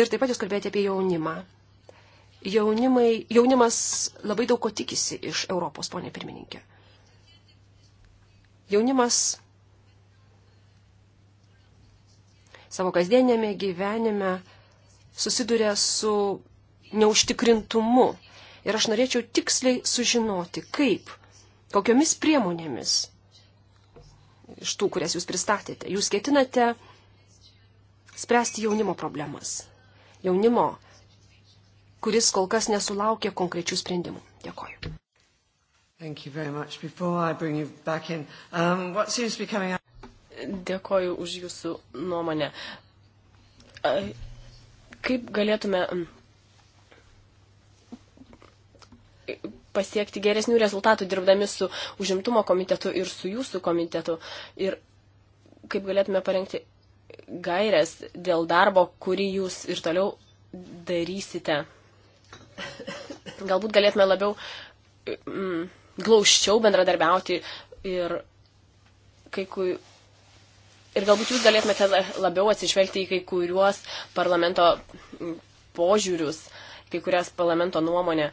Ir taip pat jūs kalbėjote apie jaunimą. Jaunimai, jaunimas labai daug ko tikisi iš Europos, ponė pirmininkė. Jaunimas savo kasdienėme gyvenime susiduria su neužtikrintumu. Ir aš norėčiau tiksliai sužinoti, kaip, kokiomis priemonėmis iš tų, kurias jūs pristatėte, jūs ketinate spręsti jaunimo problemas. Jaunimo, kuris kol kas nesulaukė konkrečių sprendimų. Dėkoju. Um, Dėkoju už jūsų nuomonę. Kaip galėtume mm, pasiekti geresnių rezultatų dirbdami su užimtumo komitetu ir su jūsų komitetu ir kaip galėtume parengti gairias dėl darbo, kurį jūs ir toliau darysite. Galbūt galėtume labiau mm, glaučiau bendradarbiauti ir kai kui... Ir galbūt jūs galėtumėte labiau atsižvelgti į kai kuriuos parlamento mm, požiūrius, kai kurias parlamento nuomonę.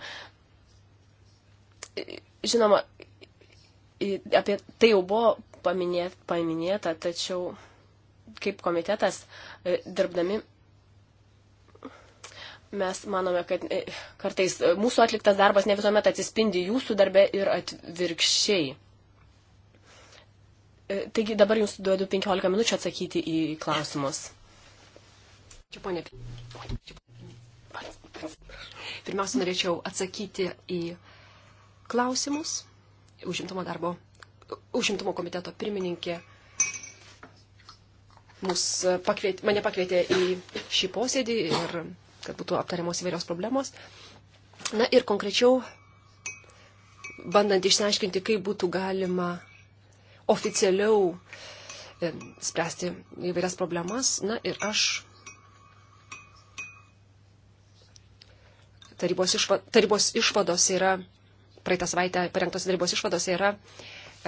Žinoma, apie tai jau buvo paminėta, paminėta tačiau kaip komitetas e, dirbdami mes manome, kad e, kartais e, mūsų atliktas darbas ne visuomet atsispindi jūsų darbe ir atvirkščiai. Taigi dabar jums duodu 15 minučių atsakyti į klausimus. Čia ponė. Pirmiausia, norėčiau atsakyti į klausimus. Užimtumo darbo, užimtumo komiteto pirmininkė E, pakvietė, mane pakvietė į šį posėdį ir kad būtų aptariamos įvairios problemos. Na ir konkrečiau, bandant išsiaiškinti, kaip būtų galima oficialiau e, spręsti įvairias problemas. Na ir aš tarybos, išva, tarybos išvados yra, praeitą savaitę parengtos tarybos išvados yra e,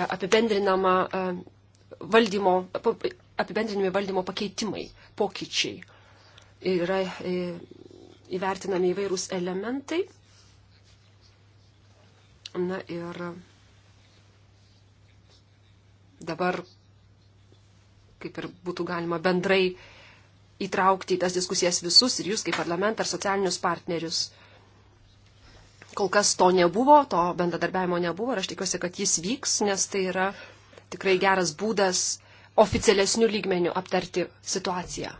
apibendrinama valdymo, apibendrinami valdymo pakeitimai, pokyčiai. Yra e, įvertinami įvairūs elementai. Na ir dabar, kaip ir būtų galima bendrai įtraukti į tas diskusijas visus ir jūs kaip parlamentą ar socialinius partnerius. Kol kas to nebuvo, to bendradarbiavimo nebuvo ir aš tikiuosi, kad jis vyks, nes tai yra tikrai geras būdas oficialesnių lygmenių aptarti situaciją.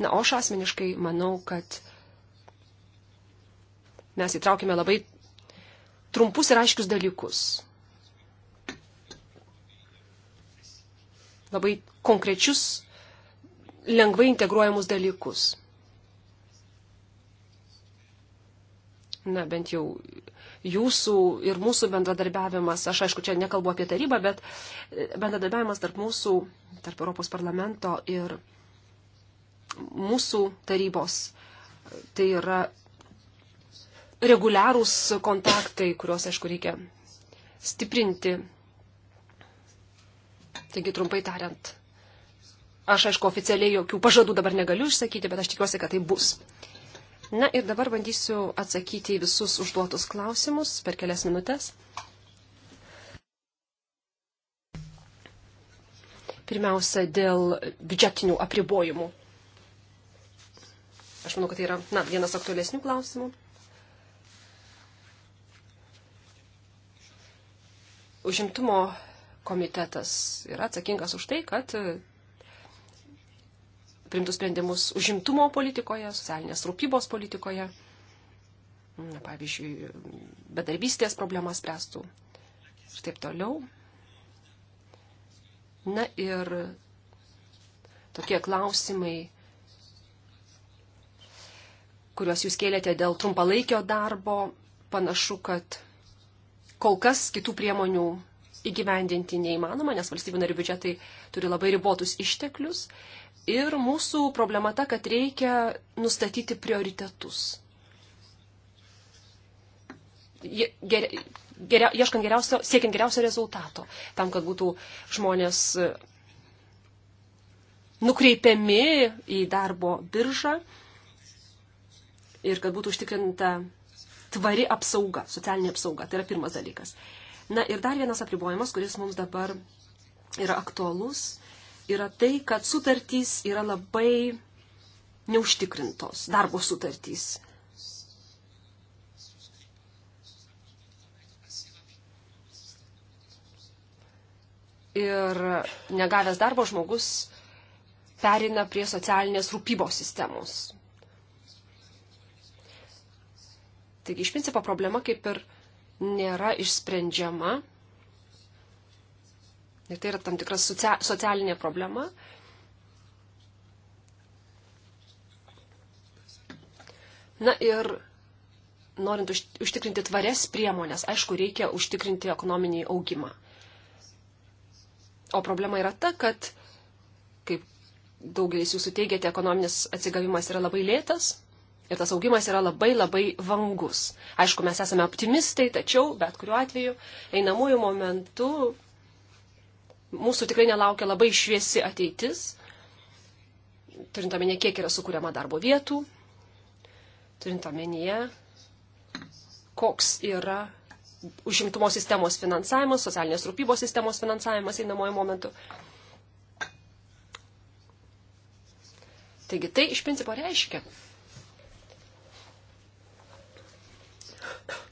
Na, o aš asmeniškai manau, kad mes įtraukime labai trumpus ir aiškius dalykus. Labai konkrečius, lengvai integruojamus dalykus. Na, bent jau jūsų ir mūsų bendradarbiavimas, aš aišku, čia nekalbu apie tarybą, bet e, bendradarbiavimas tarp mūsų, tarp Europos parlamento ir mūsų tarybos, tai yra reguliarūs kontaktai, kuriuos, aišku, reikia stiprinti. Taigi, trumpai tariant, aš, aišku, oficialiai jokių pažadų dabar negaliu išsakyti, bet aš tikiuosi, kad tai bus. Na ir dabar bandysiu atsakyti į visus užduotus klausimus per kelias minutės. Pirmiausia, dėl biudžetinių apribojimų. Aš manau, kad tai yra na, vienas aktualesnių klausimų. Užimtumo komitetas yra atsakingas už tai, kad primtus sprendimus užimtumo politikoje, socialinės rūpybos politikoje, na, pavyzdžiui, bedarbystės problemas spręstų ir taip toliau. Na ir tokie klausimai, kuriuos jūs kėlėte dėl trumpalaikio darbo, panašu, kad kol kas kitų priemonių įgyvendinti neįmanoma, nes valstybių narių biudžetai turi labai ribotus išteklius ir mūsų problema ta, kad reikia nustatyti prioritetus. Ger, geria, ieškant geriausio, siekiant geriausio rezultato, tam, kad būtų žmonės e, nukreipiami į darbo biržą ir kad būtų užtikrinta tvari apsauga, socialinė apsauga. Tai yra pirmas dalykas. Na ir dar vienas apribojimas, kuris mums dabar yra aktualus, yra tai, kad sutartys yra labai neužtikrintos, darbo sutartys. Ir negavęs darbo žmogus perina prie socialinės rūpybos sistemos. Taigi iš principo problema kaip ir nėra išsprendžiama Ir tai yra tam tikra socialinė problema. Na ir norint užtikrinti tvarias priemonės, aišku, reikia užtikrinti ekonominį augimą. O problema yra ta, kad, kaip daugelis jūsų teigiate, ekonominis atsigavimas yra labai lėtas ir tas augimas yra labai labai vangus. Aišku, mes esame optimistai, tačiau bet kuriuo atveju einamųjų momentų mūsų tikrai nelaukia labai šviesi ateitis, turint omenyje, kiek yra sukūriama darbo vietų, turint omenyje, koks yra užimtumo sistemos finansavimas, socialinės rūpybos sistemos finansavimas einamojo momentu. Taigi tai iš principo reiškia,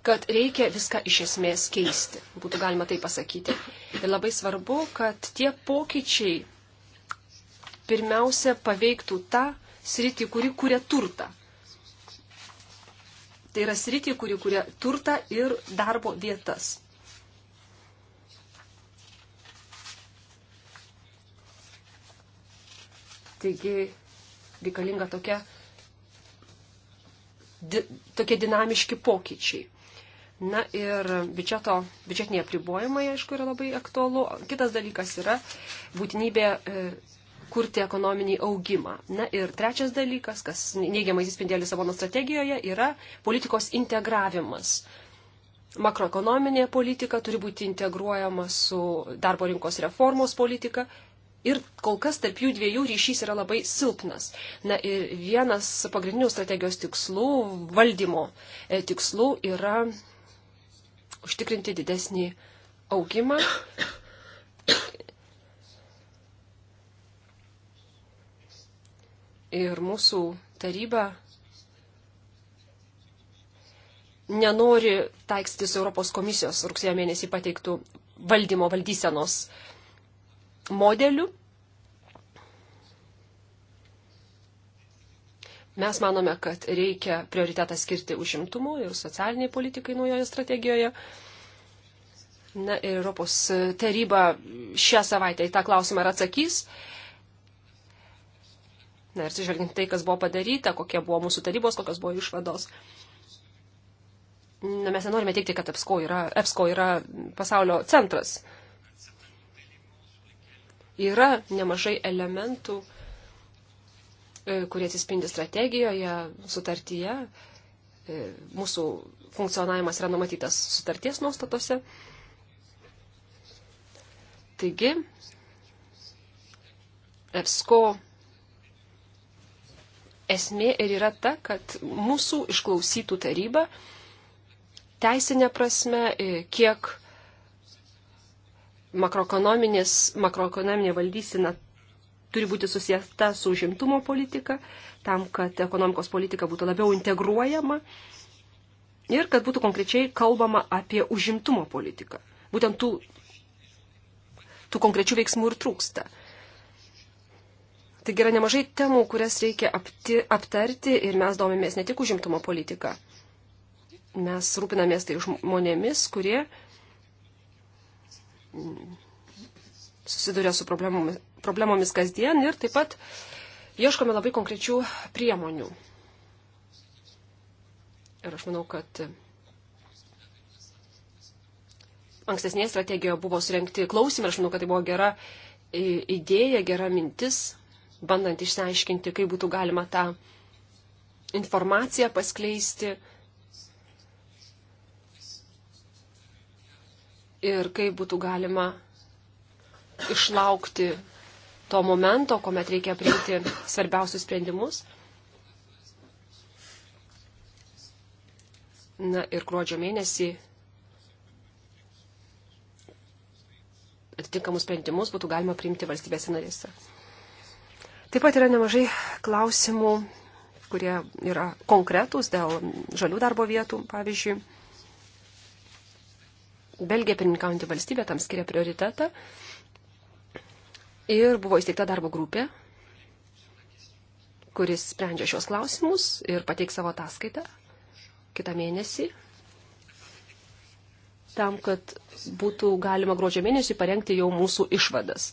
kad reikia viską iš esmės keisti, būtų galima tai pasakyti. Ir labai svarbu, kad tie pokyčiai pirmiausia paveiktų tą sritį, kuri kuria turtą. Tai yra sritį, kuri kuria turtą ir darbo vietas. Taigi reikalinga tokia, di, tokie dinamiški pokyčiai. Na ir biudžeto, biudžetiniai apribojimai, aišku, yra labai aktualu. Kitas dalykas yra būtinybė e, kurti ekonominį augimą. Na ir trečias dalykas, kas neigiamai įsispindė Lisabono strategijoje, yra politikos integravimas. Makroekonominė politika turi būti integruojama su darbo rinkos reformos politika Ir kol kas tarp jų dviejų ryšys yra labai silpnas. Na ir vienas pagrindinių strategijos tikslų, valdymo e, tikslų yra užtikrinti didesnį augimą. Ir mūsų taryba nenori taikstytis Europos komisijos rugsėjo mėnesį pateiktų valdymo valdysenos modelių Mes manome, kad reikia prioritetą skirti užimtumo ir socialiniai politikai naujoje strategijoje. Na ir Europos taryba šią savaitę į tą klausimą ir atsakys. Na ir atsižvelgiant tai, kas buvo padaryta, kokie buvo mūsų tarybos, kokios buvo išvados. Na, mes nenorime teikti, kad EPSCO yra, EPSCO yra pasaulio centras. Yra nemažai elementų, E, kurie atsispindi strategijoje, sutartyje. E, mūsų funkcionavimas yra numatytas sutarties nuostatose. Taigi, EFSCO esmė ir yra ta, kad mūsų išklausytų taryba teisinė prasme, e, kiek makroekonominė valdysena turi būti susieta su užimtumo politika, tam, kad ekonomikos politika būtų labiau integruojama ir kad būtų konkrečiai kalbama apie užimtumo politiką. Būtent tų, tų konkrečių veiksmų ir trūksta. Taigi yra nemažai temų, kurias reikia apti, aptarti ir mes domimės ne tik užimtumo politiką. Mes rūpinamės tai žmonėmis, kurie susiduria su problemomis, problemomis kasdien ir taip pat ieškome labai konkrečių priemonių. Ir aš manau, kad ankstesnėje strategijoje buvo surenkti klausimai, aš manau, kad tai buvo gera idėja, gera mintis, bandant išsiaiškinti, kaip būtų galima tą informaciją paskleisti ir kaip būtų galima išlaukti to momento, kuomet reikia priimti svarbiausius sprendimus. Na ir gruodžio mėnesį atitinkamus sprendimus būtų galima priimti valstybėse narėse. Taip pat yra nemažai klausimų, kurie yra konkretūs dėl žalių darbo vietų, pavyzdžiui. Belgija pirmininkaujantį valstybę tam skiria prioritetą ir buvo įsteigta darbo grupė, kuris sprendžia šios klausimus ir pateiks savo ataskaitą kitą mėnesį, tam, kad būtų galima gruodžio mėnesį parengti jau mūsų išvadas.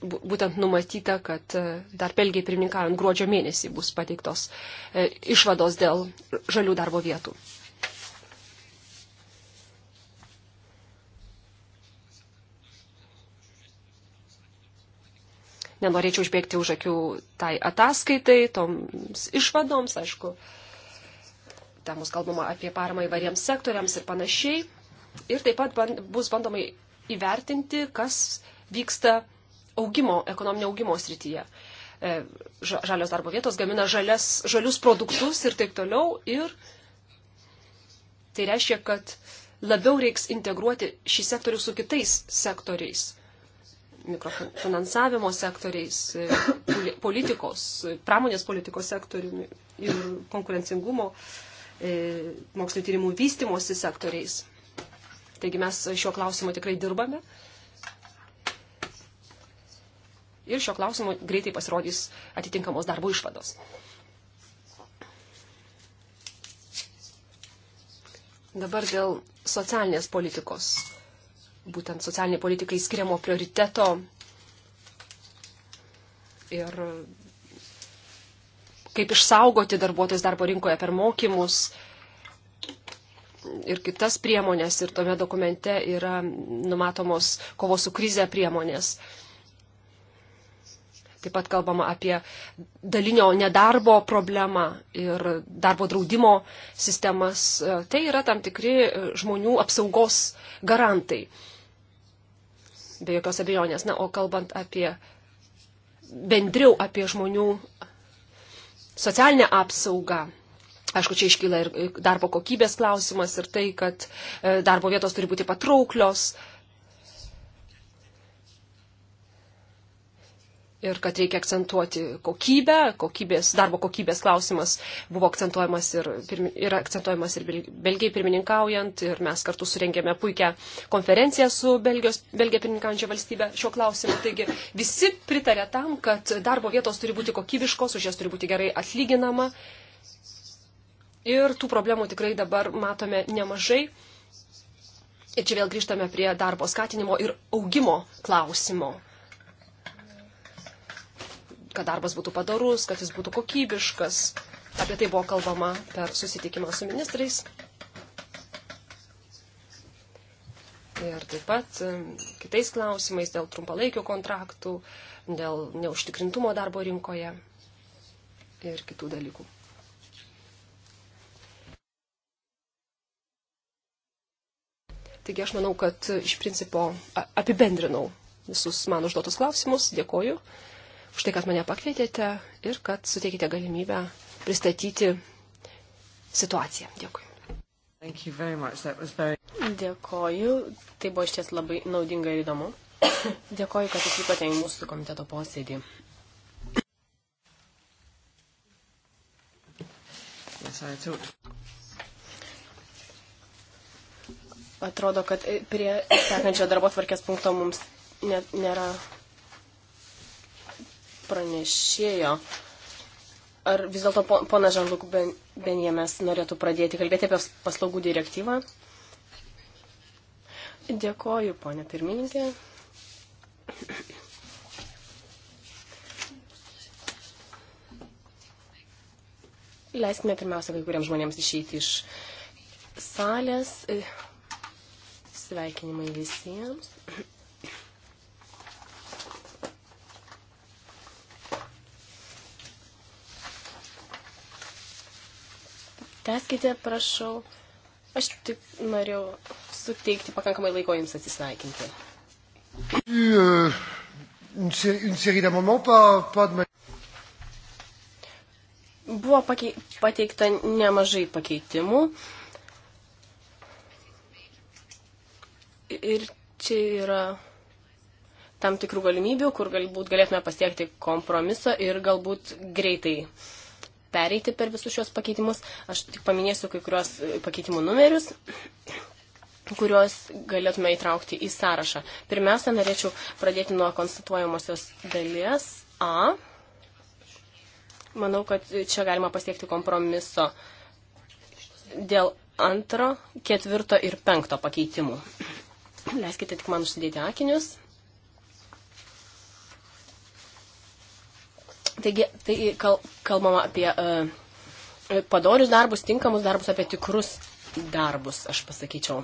Būtent numatyta, kad e, dar pelgiai pirmininkaujant gruodžio mėnesį bus pateiktos e, išvados dėl žalių darbo vietų. Nenorėčiau užbėgti už akių tai ataskaitai, toms išvadoms, aišku, ten bus kalbama apie paramą įvariems sektoriams ir panašiai. Ir taip pat band, bus bandomai įvertinti, kas vyksta augimo, ekonominio augimo srityje. E, žalios darbo vietos gamina žalias, žalius produktus ir taip toliau. Ir tai reiškia, kad labiau reiks integruoti šį sektorių su kitais sektoriais mikrofinansavimo sektoriais, politikos, pramonės politikos sektoriumi ir konkurencingumo e, mokslinio tyrimų vystimosi sektoriais. Taigi mes šiuo klausimu tikrai dirbame. Ir šio klausimo greitai pasirodys atitinkamos darbo išvados. Dabar dėl socialinės politikos būtent socialiniai politikai skiriamo prioriteto ir kaip išsaugoti darbuotojus darbo rinkoje per mokymus ir kitas priemonės. Ir tome dokumente yra numatomos kovos su krize priemonės. Taip pat kalbama apie dalinio nedarbo problemą ir darbo draudimo sistemas. Tai yra tam tikri žmonių apsaugos garantai be jokios abejonės. Na, o kalbant apie bendriau apie žmonių socialinę apsaugą. Aišku, čia iškyla ir darbo kokybės klausimas ir tai, kad e, darbo vietos turi būti patrauklios, ir kad reikia akcentuoti kokybę, kokybės, darbo kokybės klausimas buvo akcentuojamas ir, ir akcentuojamas ir Belgijai pirmininkaujant, ir mes kartu surengėme puikią konferenciją su Belgijos, Belgija pirmininkaujančia valstybė šiuo klausimu. Taigi visi pritarė tam, kad darbo vietos turi būti kokybiškos, už jas turi būti gerai atlyginama. Ir tų problemų tikrai dabar matome nemažai. Ir čia vėl grįžtame prie darbo skatinimo ir augimo klausimo kad darbas būtų padarus, kad jis būtų kokybiškas. Apie tai buvo kalbama per susitikimą su ministrais. Ir taip pat kitais klausimais dėl trumpalaikio kontraktų, dėl neužtikrintumo darbo rinkoje ir kitų dalykų. Taigi aš manau, kad iš principo apibendrinau visus man užduotus klausimus. Dėkoju už tai, kad mane pakvietėte ir kad suteikite galimybę pristatyti situaciją. Dėkui. Very... Dėkoju. Tai buvo iš ties labai naudinga ir įdomu. Dėkoju, kad atvykote į mūsų komiteto posėdį. Atrodo, kad prie sekančio darbo tvarkės punkto mums nėra pranešėjo. Ar vis dėlto pona Žanluk Benjamės norėtų pradėti kalbėti apie paslaugų direktyvą? Dėkoju, ponė pirmininkė. Leiskime pirmiausia kai kuriems žmonėms išeiti iš salės. Sveikinimai visiems. Teskite, prašau. Aš tik norėjau suteikti pakankamai laiko jums atsisveikinti. Buvo pakei, pateikta nemažai pakeitimų. Ir čia yra tam tikrų galimybių, kur galbūt galėtume pasiekti kompromiso ir galbūt greitai uh, pereiti per visus šios pakeitimus. Aš tik paminėsiu kai kurios e, pakeitimų numerius kuriuos galėtume įtraukti į sąrašą. Pirmiausia, norėčiau pradėti nuo konstatuojamosios dalies A. Manau, kad čia galima pasiekti kompromiso dėl antro, ketvirto ir penkto pakeitimų. Leiskite tik man užsidėti akinius. Taigi, tai kal, kalbama apie uh, padorius darbus, tinkamus darbus, apie tikrus darbus, aš pasakyčiau.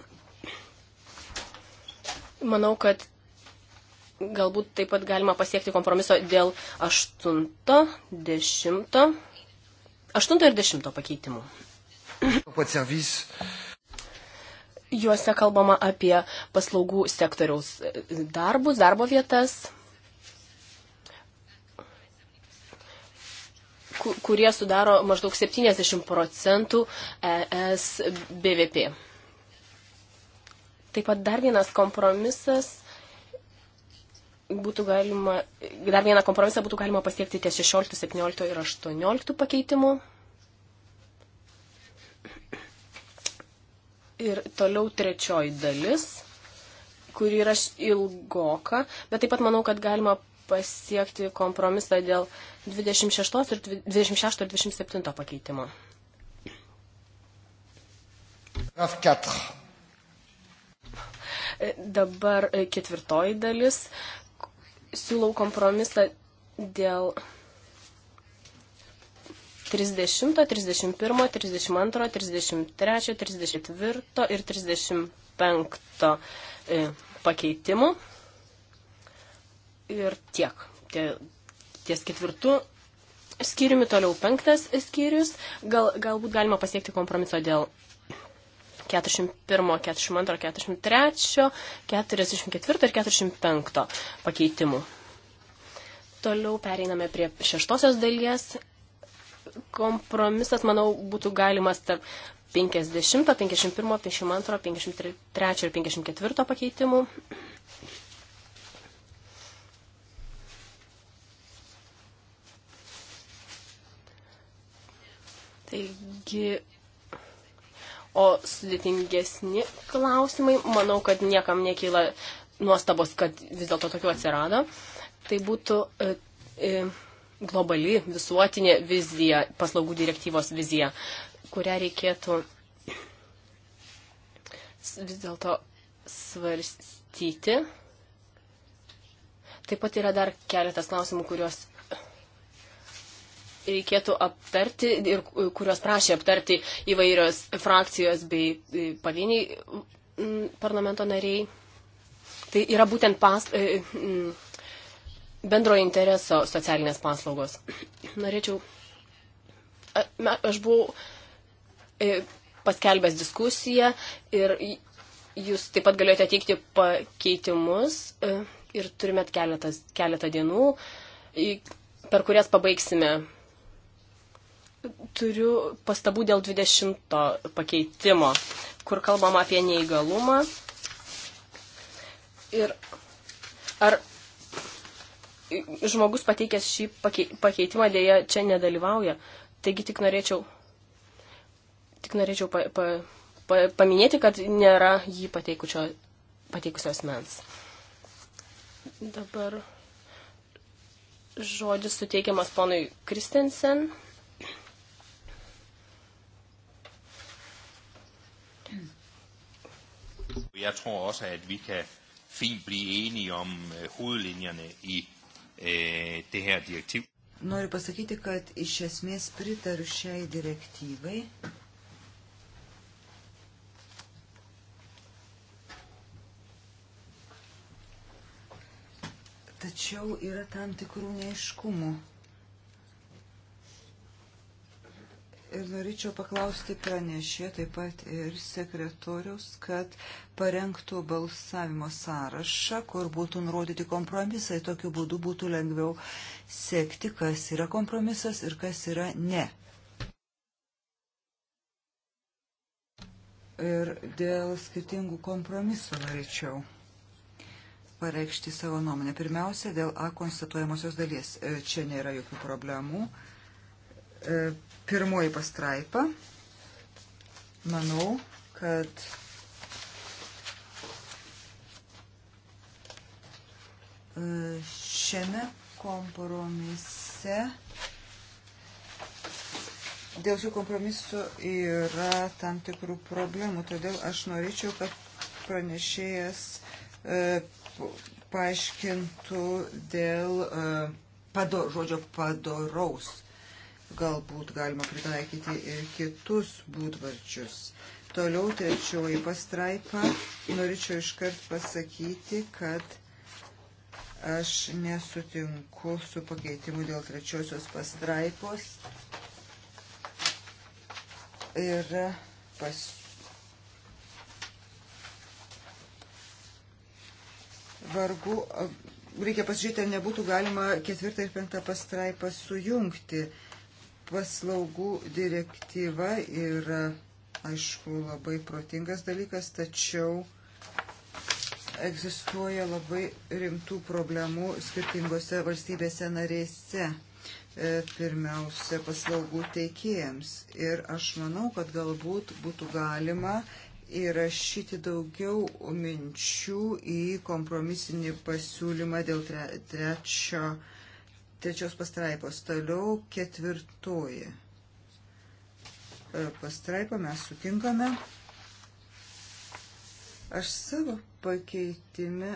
Manau, kad galbūt taip pat galima pasiekti kompromiso dėl 8, 10, 8 ir 10 pakeitimų. Juose kalbama apie paslaugų sektoriaus darbus, darbo vietas, kurie sudaro maždaug 70 procentų ES BVP. Taip pat dar vienas kompromisas būtų galima, dar vieną kompromisą būtų galima pasiekti ties 16, 17 ir 18 pakeitimu. Ir toliau trečioji dalis, kuri yra ilgoka, bet taip pat manau, kad galima pasiekti kompromisą dėl 26 ir 26 ir 27 pakeitimo. 4. E, dabar e, ketvirtoji dalis. Siūlau kompromisą dėl 30, 31, 32, 33, 34 ir 35 e, pakeitimų. Ir tiek. Tie, ties ketvirtu skyriumi toliau penktas skyrius. Gal, galbūt galima pasiekti kompromiso dėl 41, 42, 43, 44 ir 45 pakeitimų. Toliau pereiname prie šeštosios dalies. Kompromisas, manau, būtų galimas tarp 50, 51, 52, 53 ir 54 pakeitimų. Taigi, o sudėtingesni klausimai, manau, kad niekam nekyla nuostabos, kad vis dėlto tokių atsirado. Tai būtų e, e, globali visuotinė vizija, paslaugų direktyvos vizija, kurią reikėtų vis dėlto svarstyti. Taip pat yra dar keletas klausimų, kuriuos reikėtų aptarti ir kuriuos prašė aptarti įvairios frakcijos bei e, pavieniai parlamento nariai. Tai yra būtent pas, e, bendro intereso socialinės paslaugos. Norėčiau. Aš buvau e, paskelbęs diskusiją ir jūs taip pat galėjote teikti pakeitimus ir turime keletą, keletą dienų, per kurias pabaigsime Turiu pastabų dėl 20 pakeitimo, kur kalbam apie neįgalumą. Ir ar žmogus pateikęs šį pakeitimą dėja čia nedalyvauja. Taigi tik norėčiau, tik norėčiau pa, pa, pa, paminėti, kad nėra jį pateikusios mens. Dabar žodis suteikiamas ponui Kristensen. Jeg tror også, at vi kan fint blive enige om øh, hovedlinjerne i øh, det her direktiv. Noriu pasakyti, kad iš esmės pritariu šiai direktyvai. Tačiau yra tam tikrų neiškumų. Ir norėčiau paklausti pranešė taip pat ir sekretorius, kad parengtų balsavimo sąrašą, kur būtų nurodyti kompromisai. Tokiu būdu būtų lengviau sekti, kas yra kompromisas ir kas yra ne. Ir dėl skirtingų kompromisų norėčiau pareikšti savo nuomonę. Pirmiausia, dėl A konstatuojamosios dalies. E, čia nėra jokių problemų e, pirmoji pastraipa. Manau, kad šiame kompromise dėl šių kompromisų yra tam tikrų problemų, todėl aš norėčiau, kad pranešėjas e, paaiškintų dėl e, pado, žodžio padoraus Galbūt galima pritaikyti ir kitus būdvardžius. Toliau trečioji pastraipa. Norėčiau iškart pasakyti, kad aš nesutinku su pakeitimu dėl trečiosios pastraipos. Ir pas... Vargu, reikia pasižiūrėti, ar nebūtų galima ketvirtą ir penktą pastraipą sujungti Paslaugų direktyva yra, aišku, labai protingas dalykas, tačiau egzistuoja labai rimtų problemų skirtingose valstybėse narėse, e, pirmiausia, paslaugų teikėjams. Ir aš manau, kad galbūt būtų galima įrašyti daugiau minčių į kompromisinį pasiūlymą dėl trečio trečios pastraipos. Toliau ketvirtoji e, pastraipą mes sutinkame. Aš savo pakeitime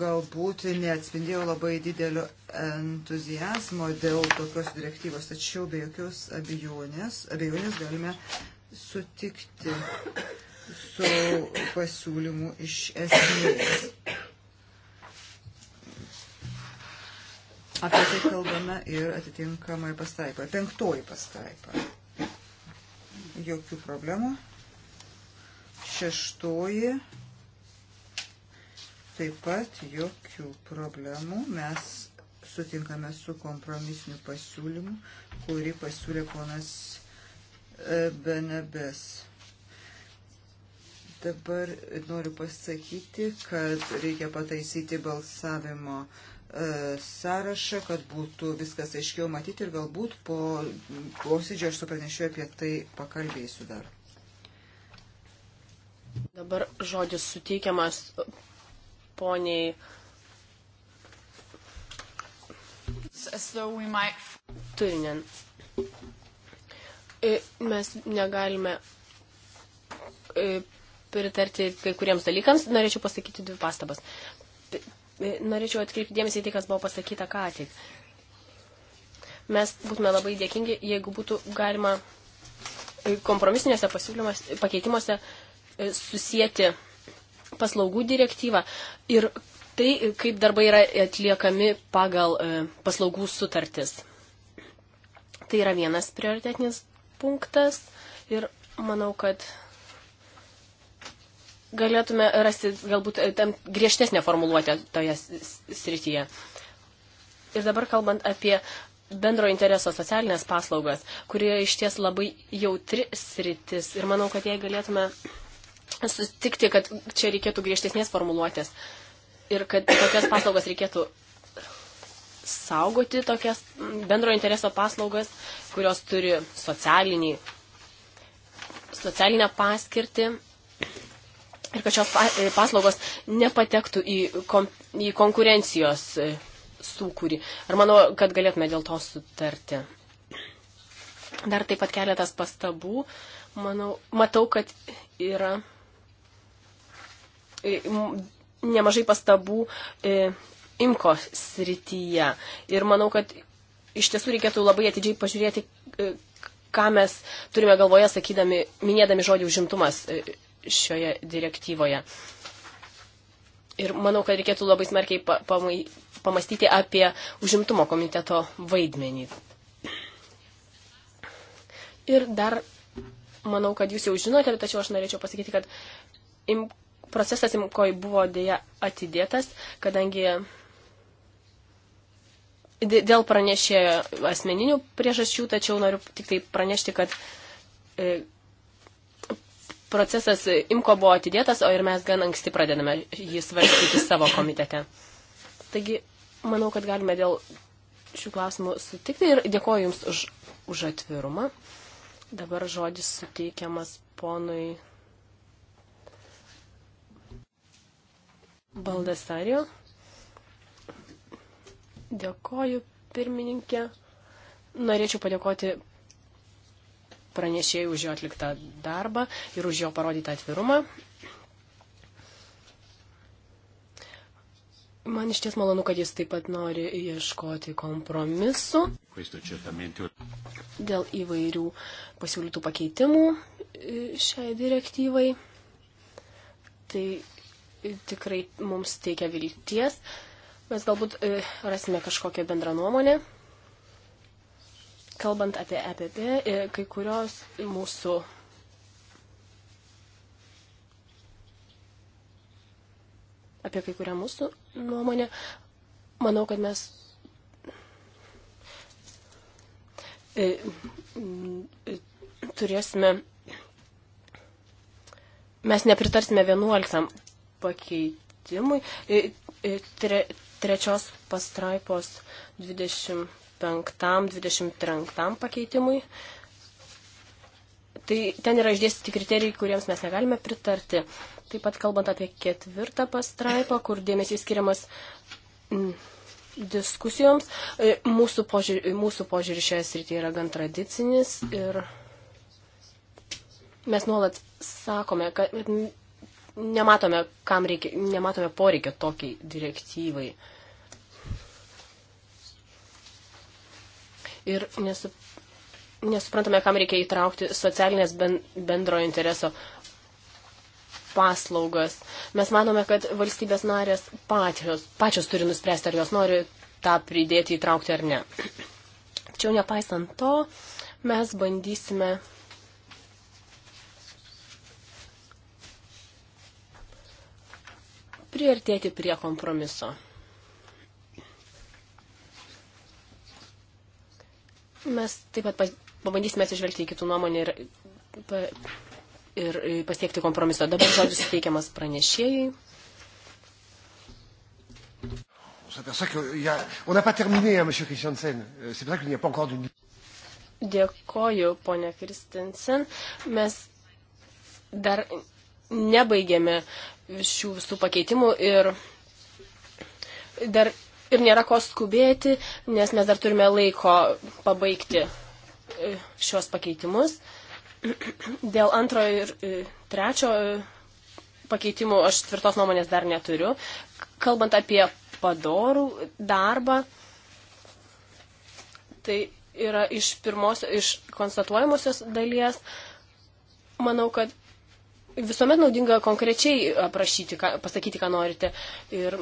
galbūt neatspindėjau labai didelio entuzijazmo dėl tokios direktyvos, tačiau be jokios abejonės, abejonės galime sutikti su pasiūlymu iš esmės. Apie tai kalbame ir atitinkamai pastraipoje. Penktoji pastraipa. Jokių problemų. Šeštoji. Taip pat jokių problemų. Mes sutinkame su kompromisiniu pasiūlymu, kurį pasiūlė ponas e, Benebes. Dabar noriu pasakyti, kad reikia pataisyti balsavimo uh, E, sąrašą, kad būtų viskas aiškiau matyti ir galbūt po posėdžio aš su pranešiu apie tai pakalbėsiu dar. Dabar žodis suteikiamas poniai. Turinen. E, mes negalime e, pritarti kai kuriems dalykams. Norėčiau pasakyti dvi pastabas norėčiau atkreipti dėmesį į tai, kas buvo pasakyta ką tik. Mes būtume labai dėkingi, jeigu būtų galima e, kompromisiniuose pakeitimuose e, susijęti paslaugų direktyvą ir tai, e, kaip darbai yra atliekami pagal paslaugų sutartis. Tai yra vienas prioritetinis punktas ir manau, kad galėtume rasti galbūt e, tam griežtesnę formuluotę toje srityje. Ir dabar kalbant apie bendro intereso socialinės paslaugas, kurie iš ties labai jautri sritis. Ir manau, kad jei galėtume sutikti, kad čia reikėtų griežtesnės formuluotės ir kad tokias paslaugas reikėtų saugoti, tokias bendro intereso paslaugas, kurios turi socialinį, socialinę paskirtį ir kad šios e, paslaugos nepatektų į, kom, į konkurencijos e, sukūrį. Ar manau, kad galėtume dėl to sutarti? Dar taip pat keletas pastabų. Manau, matau, kad yra e, nemažai pastabų imko srityje. Ir manau, kad iš tiesų reikėtų labai atidžiai pažiūrėti, ką mes turime galvoje, sakydami, minėdami žodį užimtumas šioje direktyvoje. Ir manau, kad reikėtų labai smarkiai pamastyti apie užimtumo komiteto vaidmenį. Ir dar, manau, kad jūs jau žinote, tačiau aš norėčiau pasakyti, kad im, procesas imkoj buvo dėja atidėtas, kadangi dėl pranešėjo asmeninių priežasčių, tačiau noriu tik tai pranešti, kad e, procesas imko buvo atidėtas, o ir mes gan anksti pradedame jį svarstyti savo komitete. Taigi, manau, kad galime dėl šių klausimų sutikti ir dėkoju Jums už, už atvirumą. Dabar žodis suteikiamas ponui Baldasario. Dėkoju, pirmininkė. Norėčiau padėkoti pranešėjų už jo atliktą darbą ir už jo parodytą atvirumą. Man iš ties malonu, kad jis taip pat nori ieškoti kompromisu dėl įvairių pasiūlytų pakeitimų šiai direktyvai. Tai tikrai mums teikia vilties. Mes galbūt e, rasime kažkokią bendrą nuomonę Kalbant apie EPP, e, kai kurios mūsų apie kai kurią mūsų nuomonę, manau, kad mes e, turėsime, mes nepritarsime 11 pakeitimui, e, tre, trečios pastraipos 20 25-23 pakeitimui. Tai ten yra išdėstyti kriterijai, kuriems mes negalime pritarti. Taip pat kalbant apie ketvirtą pastraipą, kur dėmesys skiriamas mm, diskusijoms, e, mūsų požiūrį, mūsų požiūrį šioje srityje yra gan tradicinis ir mes nuolat sakome, kad nematome, kam reikia, nematome poreikio tokiai direktyvai. Uh, ir nesup... nesuprantame, kam reikia įtraukti socialinės bendro intereso paslaugas. Mes manome, kad valstybės narės pačios, pačios turi nuspręsti, ar jos nori tą pridėti, įtraukti ar ne. Tačiau nepaisant to, mes bandysime priartėti prie kompromiso. Mes taip pat pabandysime atsižvelgti į kitų nuomonę ir, ir pasiekti kompromiso. Dabar žodis suteikiamas pranešėjai. Euh, Dėkoju, ponia Kristinsen. Mes dar nebaigėme šių visų pakeitimų ir dar ir nėra ko skubėti, nes mes dar turime laiko pabaigti e, šios pakeitimus. Dėl antro ir e, trečio e, pakeitimų aš tvirtos nuomonės dar neturiu. Kalbant apie padorų darbą, tai yra iš pirmos, iš konstatuojamosios dalies. Manau, kad visuomet naudinga konkrečiai aprašyti, ką, pasakyti, ką norite. Ir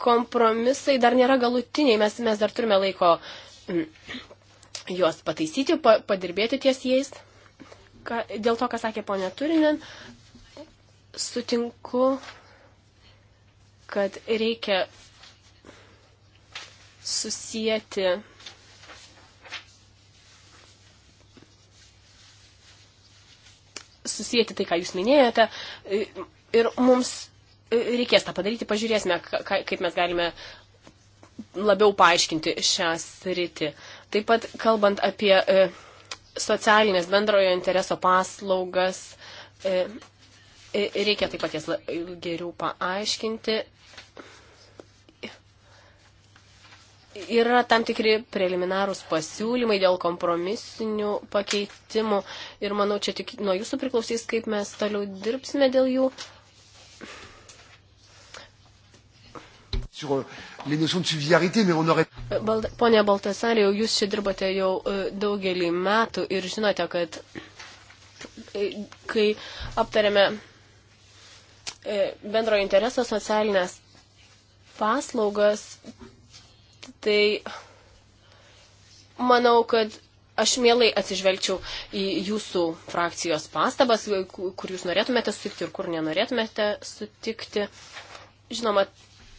kompromisai dar nėra galutiniai, mes, mes dar turime laiko mm, juos pataisyti, pa, padirbėti ties jais. Ka, dėl to, ką sakė ponė Turinin, sutinku, kad reikia susijęti susijęti tai, ką jūs minėjote, ir mums reikės tą padaryti, pažiūrėsime, kaip mes galime labiau paaiškinti šią sritį. Taip pat kalbant apie e, socialinės bendrojo intereso paslaugas, e, e, reikia taip pat jas geriau paaiškinti. Yra tam tikri preliminarūs pasiūlymai dėl kompromisinių pakeitimų ir manau, čia tik nuo jūsų priklausys, kaip mes toliau dirbsime dėl jų. Bald, Pone Baltasarė, jūs čia dirbate jau e, daugelį metų ir žinote, kad e, kai aptarėme e, bendro intereso socialinės paslaugas, tai manau, kad aš mielai atsižvelgčiau į jūsų frakcijos pastabas, kur jūs norėtumėte sutikti ir kur nenorėtumėte sutikti. Žinoma,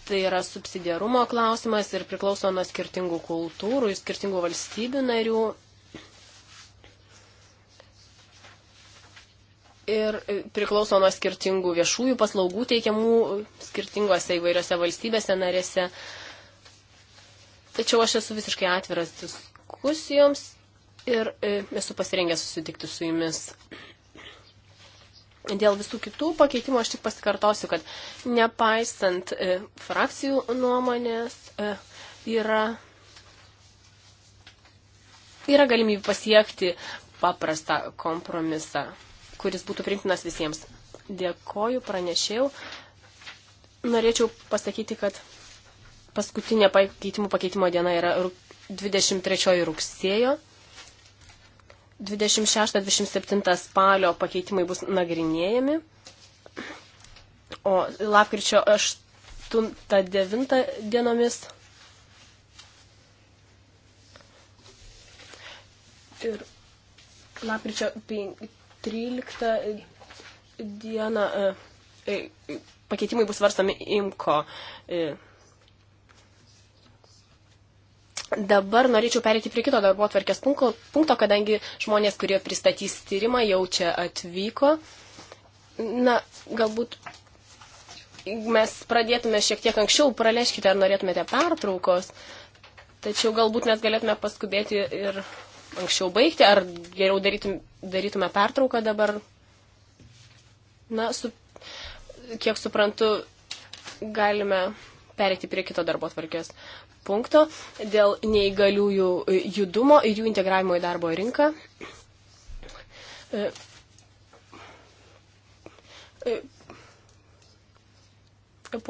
Tai yra subsidiarumo klausimas ir priklauso nuo skirtingų kultūrų, skirtingų valstybių narių. Ir priklauso nuo skirtingų viešųjų paslaugų teikiamų skirtingose įvairiose valstybėse narėse. Tačiau aš esu visiškai atviras diskusijoms ir e, esu pasirengęs susitikti su jumis Dėl visų kitų pakeitimų aš tik pasikartosiu, kad nepaisant e, frakcijų nuomonės e, yra, yra galimybė pasiekti paprastą kompromisą, kuris būtų priimtinas visiems. Dėkoju, pranešėjau. Norėčiau pasakyti, kad paskutinė pakeitimų pakeitimo diena yra 23 rugsėjo. 26-27 spalio pakeitimai bus nagrinėjami, o lapkričio 8-9 dienomis ir lapkričio 13 dieną e, e, pakeitimai bus varstami IMKO e, Dabar norėčiau perėti prie kito darbo atverkės punkto, kadangi žmonės, kurie pristatys tyrimą, jau čia atvyko. Na, galbūt mes pradėtume šiek tiek anksčiau, praleiskite, ar norėtumėte pertraukos, tačiau galbūt mes galėtume paskubėti ir anksčiau baigti, ar geriau darytum, darytume pertrauką dabar. Na, su, kiek suprantu, galime perėti prie kito darbo tvarkės punkto dėl neįgaliųjų judumo ir jų integravimo į darbo rinką. E, e,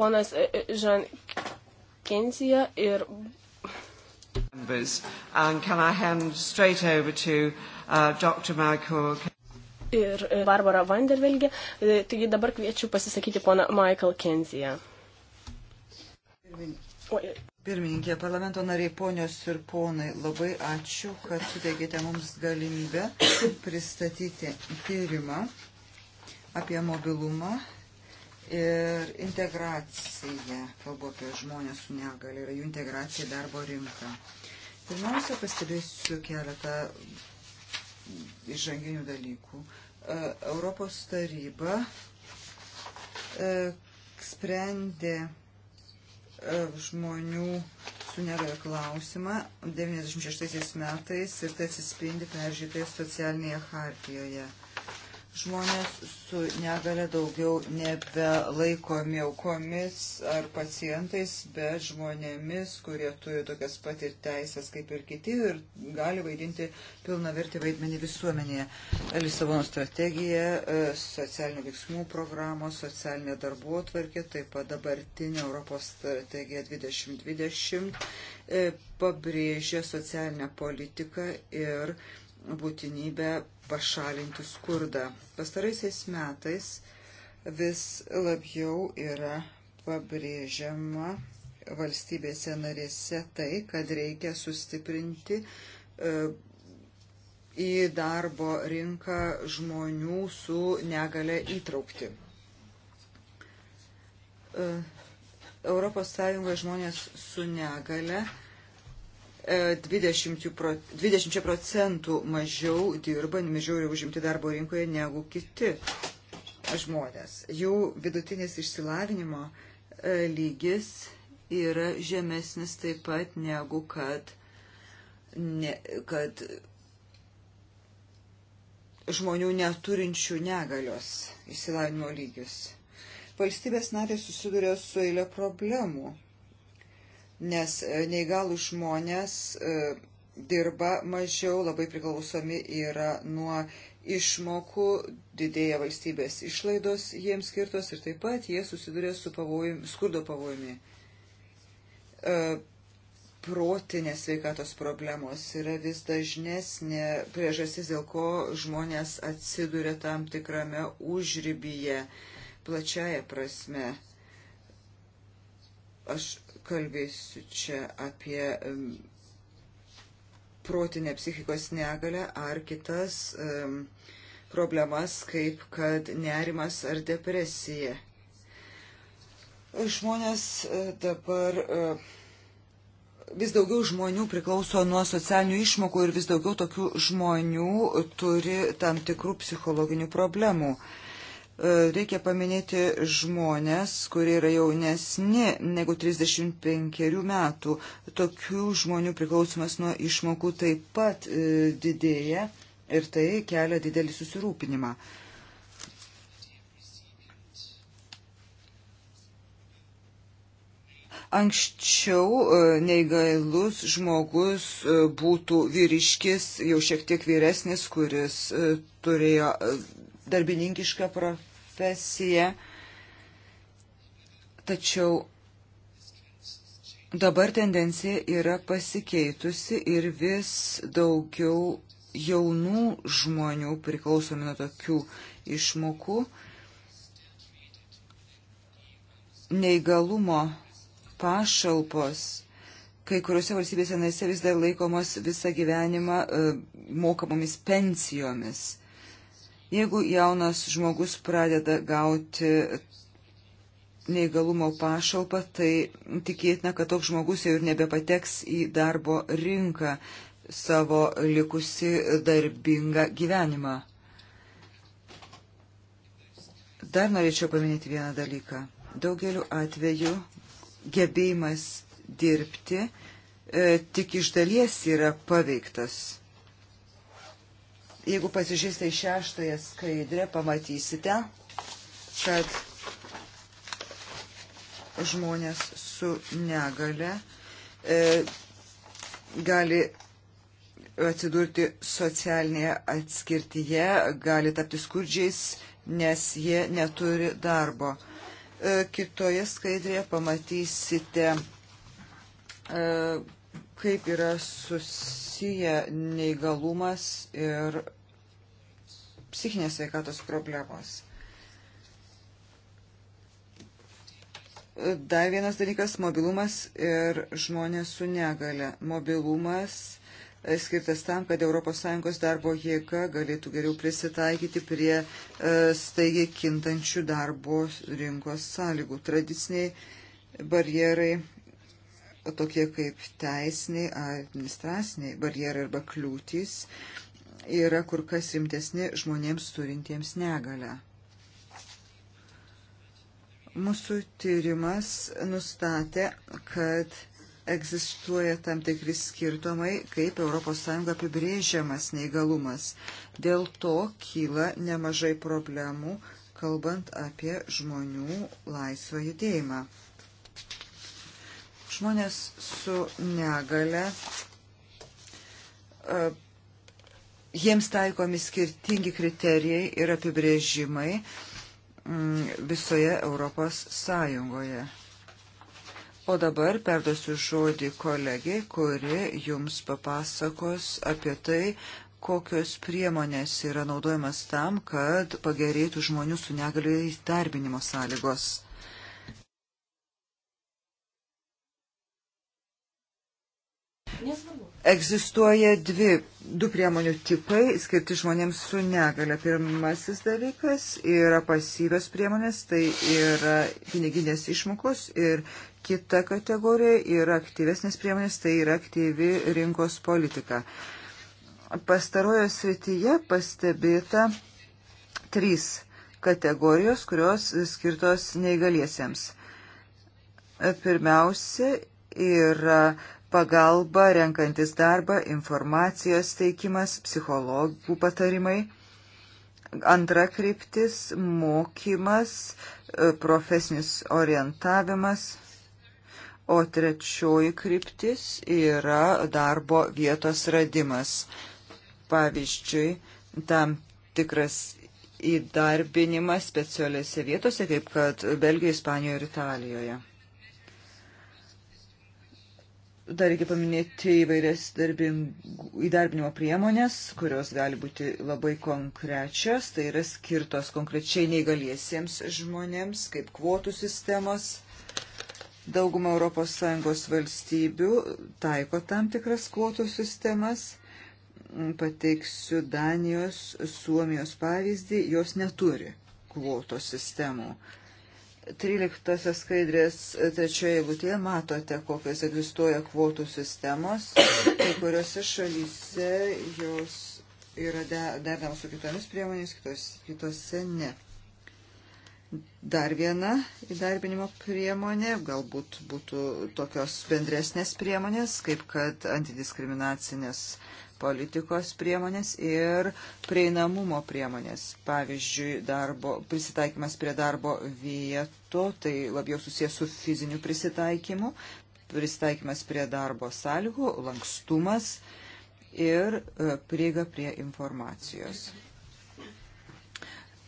ponas Žan e, Kenzija ir. Uh, ir Barbara Vandervelgė. Taigi dabar kviečiu pasisakyti poną Michael Kenziją. Oi. Pirmininkė, parlamento nariai, ponios ir ponai, labai ačiū, kad suteikėte mums galimybę pristatyti tyrimą apie mobilumą ir integraciją, kalbu apie žmonės su negali, yra jų integracija į darbo rinką. Pirmiausia, pastebėsiu keletą išranginių dalykų. E, Europos taryba e, sprendė E, žmonių su negalia klausimą 96 metais ir tai atsispindi peržiūrėtoje socialinėje hartijoje žmonės su negale daugiau nebelaikomi aukomis ar pacientais, bet žmonėmis, kurie turi tokias pat ir teisės kaip ir kiti ir gali vaidinti pilną vertį vaidmenį visuomenėje. Lisabono strategija, e, socialinių veiksmų programos, socialinė darbo tvarkė, taip pat dabartinė Europos strategija 2020 e, pabrėžia socialinę politiką ir būtinybę pašalinti skurdą. Pastaraisiais metais vis labiau yra pabrėžiama valstybėse narėse tai, kad reikia sustiprinti e, į darbo rinką žmonių su negale įtraukti. E, Europos Sąjungoje žmonės su negale 20 e, procentų mažiau dirba, mažiau yra užimti darbo rinkoje negu kiti žmonės. Jų vidutinis išsilavinimo e, lygis yra žemesnis taip pat negu kad, ne, kad žmonių neturinčių negalios išsilavinimo lygius. Valstybės narės susiduria su eilė problemų nes e, neįgalų žmonės e, dirba mažiau, labai priklausomi yra nuo išmokų, didėja valstybės išlaidos jiems skirtos ir taip pat jie susiduria su pavojumi, skurdo pavojumi. E, protinės sveikatos problemos yra vis dažnesnė priežastis, dėl ko žmonės atsiduria tam tikrame užrybyje, plačiaja prasme. Aš kalbėsiu čia apie protinę psichikos negalę ar kitas problemas, kaip kad nerimas ar depresija. Žmonės e, dabar e, vis daugiau žmonių priklauso nuo socialinių išmokų ir vis daugiau tokių žmonių turi tam tikrų psichologinių problemų. Uh, E, reikia paminėti žmonės, kurie yra jaunesni negu 35 metų. Tokių žmonių priklausimas nuo išmokų taip pat e, didėja ir tai kelia didelį susirūpinimą. Anksčiau e, neįgalus žmogus būtų vyriškis, jau šiek tiek vyresnis, kuris turėjo darbininkiška profesija. Tačiau dabar tendencija yra pasikeitusi ir vis daugiau jaunų žmonių priklausomi nuo tokių išmokų. Neįgalumo pašalpos kai kuriuose valstybėse narėse vis dar laikomos visą gyvenimą e, mokamomis pensijomis. Jeigu jaunas žmogus pradeda gauti neįgalumo pašalpą, tai tikėtina, kad toks žmogus jau ir nebepateks į darbo rinką savo likusi darbingą gyvenimą. Dar norėčiau paminėti vieną dalyką. Daugeliu atveju gebėjimas dirbti e, tik iš dalies yra paveiktas Jeigu pasižiūrėsite į šeštąją skaidrę, pamatysite, kad žmonės su negale e, gali atsidurti socialinėje atskirtyje, gali tapti skurdžiais, nes jie neturi darbo. E, kitoje skaidrėje pamatysite, e, kaip yra susiję neįgalumas ir psichinės sveikatos problemos. Dar vienas dalykas - mobilumas ir žmonės su negale. Mobilumas e, skirtas tam, kad ES darbo jėga galėtų geriau prisitaikyti prie e, staigiai kintančių darbo rinkos sąlygų. Tradiciniai barjerai, tokie kaip teisiniai ar administraciniai barjerai arba kliūtys, yra kur kas rimtesni žmonėms turintiems negalę. Mūsų tyrimas nustatė, kad egzistuoja tam tikri skirtumai, kaip ES apibrėžiamas neįgalumas. Dėl to kyla nemažai problemų, kalbant apie žmonių laisvą judėjimą. Žmonės su negale e, jiems taikomi skirtingi kriterijai ir apibrėžimai mm, visoje Europos Sąjungoje. O dabar perduosiu žodį kolegiai, kuri jums papasakos apie tai, kokios priemonės yra naudojamas tam, kad pagerėtų žmonių su negaliu įdarbinimo sąlygos. Nesvarbu. Egzistuoja dvi, du priemonių tipai skirti žmonėms su negale. Pirmasis dalykas yra pasyvios priemonės, tai yra piniginės išmokos ir kita kategorija yra aktyvesnės priemonės, tai yra aktyvi rinkos politika. Pastarojo srityje pastebėta trys kategorijos, kurios skirtos neįgaliesiems. Pirmiausia yra pagalba renkantis darbą, informacijos teikimas, psichologų patarimai. Antra kryptis - mokymas, e, profesinis orientavimas. O trečioji kryptis yra darbo vietos radimas. Pavyzdžiui, tam tikras įdarbinimas specialiose vietose, kaip kad Belgijoje, Ispanijoje ir Italijoje. Dar reikia paminėti įvairias įdarbinimo priemonės, kurios gali būti labai konkrečios, tai yra skirtos konkrečiai neįgaliesiems žmonėms, kaip kvotų sistemos. Dauguma ES valstybių taiko tam tikras kvotų sistemas. Pateiksiu Danijos, Suomijos pavyzdį, jos neturi kvotos sistemų. 13 skaidrės trečioje būtėje matote, kokios egzistuoja kvotų sistemos, kai kuriuose šalyse jos yra derinamos su kitomis priemonėmis, kitos, kitose ne. Dar viena įdarbinimo priemonė, galbūt būtų tokios bendresnės priemonės, kaip kad antidiskriminacinės politikos priemonės ir prieinamumo priemonės. Pavyzdžiui, darbo, prisitaikymas prie darbo vietų, tai labiau susijęs su fiziniu prisitaikymu, prisitaikymas prie darbo sąlygų, lankstumas ir e, prieiga prie informacijos.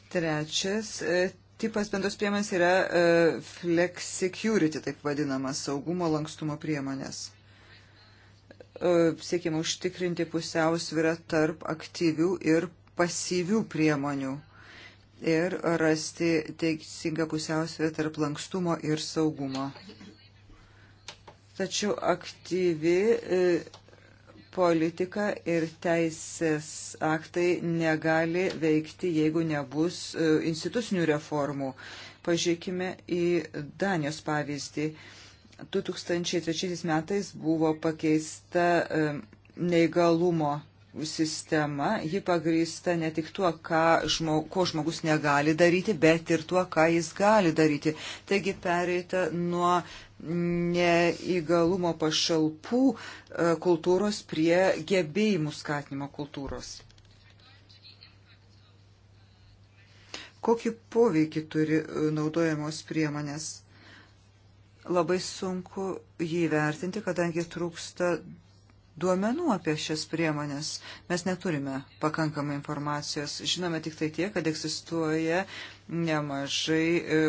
Trečias e, tipas bendros priemonės yra e, flexicurity, taip vadinamas, saugumo lankstumo priemonės. E, siekiama užtikrinti pusiausvyrą tarp aktyvių ir pasyvių priemonių ir rasti teisingą pusiausvyrą tarp lankstumo ir saugumo. Tačiau aktyvi e, politika ir teisės aktai negali veikti, jeigu nebus e, institucinių reformų. Pažiūrėkime į Danijos pavyzdį. 2003 metais buvo pakeista e, neįgalumo sistema. Ji pagrįsta ne tik tuo, žmog, ko žmogus negali daryti, bet ir tuo, ką jis gali daryti. Taigi pereita nuo neįgalumo pašalpų e, kultūros prie gebėjimų skatinimo kultūros. Kokį poveikį turi e, naudojamos priemonės? Labai sunku jį vertinti, kadangi trūksta duomenų apie šias priemonės. Mes neturime pakankamai informacijos. Žinome tik tai tie, kad egzistuoja nemažai e,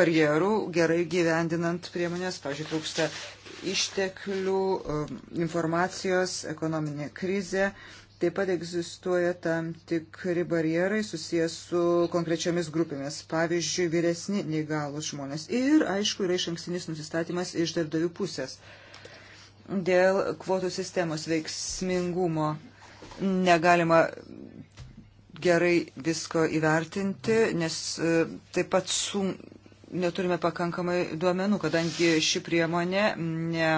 barjerų gerai gyvendinant priemonės. Pavyzdžiui, trūksta išteklių, e, informacijos, ekonominė krizė Taip pat egzistuoja tam tikri barjerai susijęs su konkrečiomis grupėmis, pavyzdžiui, vyresni neįgalus žmonės. Ir, aišku, yra iš ankstinis nusistatymas iš darbdavių pusės. Dėl kvotų sistemos veiksmingumo negalima gerai visko įvertinti, nes e, taip pat su, neturime pakankamai duomenų, kadangi ši priemonė ne. ne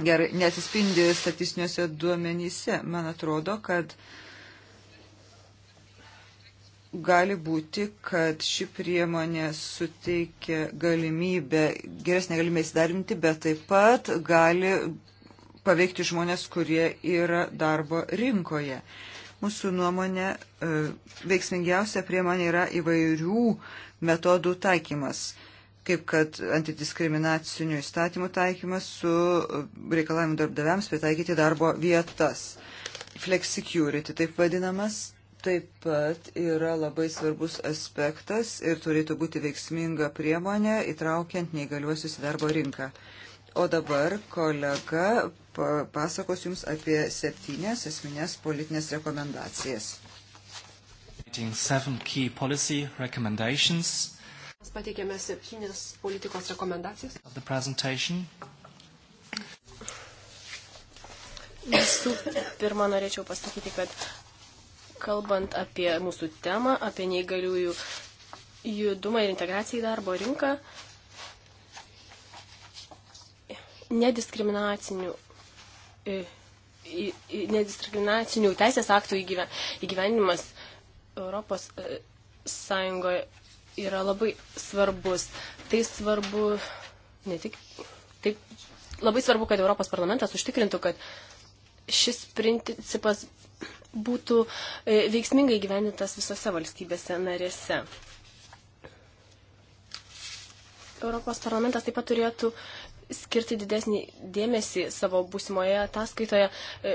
gerai nesispindi statistiniuose duomenyse. Man atrodo, kad gali būti, kad ši priemonė suteikia galimybę, geresnė galimybė įsidarbinti, bet taip pat gali paveikti žmonės, kurie yra darbo rinkoje. Mūsų nuomonė, e, veiksmingiausia priemonė yra įvairių metodų taikymas kaip kad antidiskriminacinių įstatymų taikymas su reikalavimu darbdaviams pritaikyti darbo vietas. Flexicurity taip vadinamas taip pat yra labai svarbus aspektas ir turėtų būti veiksminga priemonė įtraukiant neįgaliuosius į darbo rinką. O dabar kolega pasakos Jums apie septynės esminės politinės rekomendacijas. Seven key policy recommendations Mes pateikėme septynias politikos rekomendacijas. Visų pirma, norėčiau pasakyti, kad kalbant apie mūsų temą, apie neįgaliųjų judumą ir integraciją į darbo rinką, nediskriminacinių e, nediskriminacinių teisės aktų įgyvenimas Europos e, Sąjungoje yra labai svarbus. Tai svarbu ne tik. Taip, labai svarbu, kad Europos parlamentas užtikrintų, kad šis principas būtų e, veiksmingai gyvenintas visose valstybėse narėse. Europos parlamentas taip pat turėtų skirti didesnį dėmesį savo būsimoje ataskaitoje e,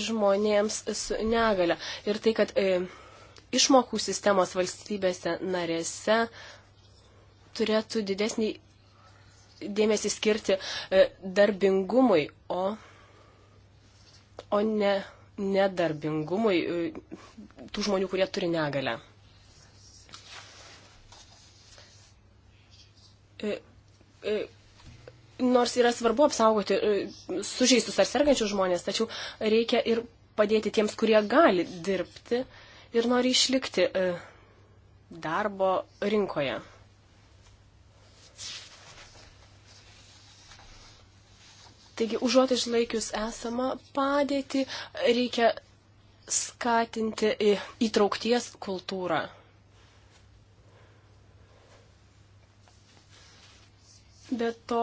žmonėms su negale. Ir tai, kad e, išmokų sistemos valstybėse narėse turėtų didesnį dėmesį skirti e, darbingumui, o, o ne nedarbingumui e, tų žmonių, kurie turi negalę. E, nors yra svarbu apsaugoti sužeistus ar sergančius žmonės, tačiau reikia ir padėti tiems, kurie gali dirbti ir nori išlikti e, darbo rinkoje. Taigi, užuot išlaikius esamą padėtį, reikia skatinti e, įtraukties kultūrą. Be to,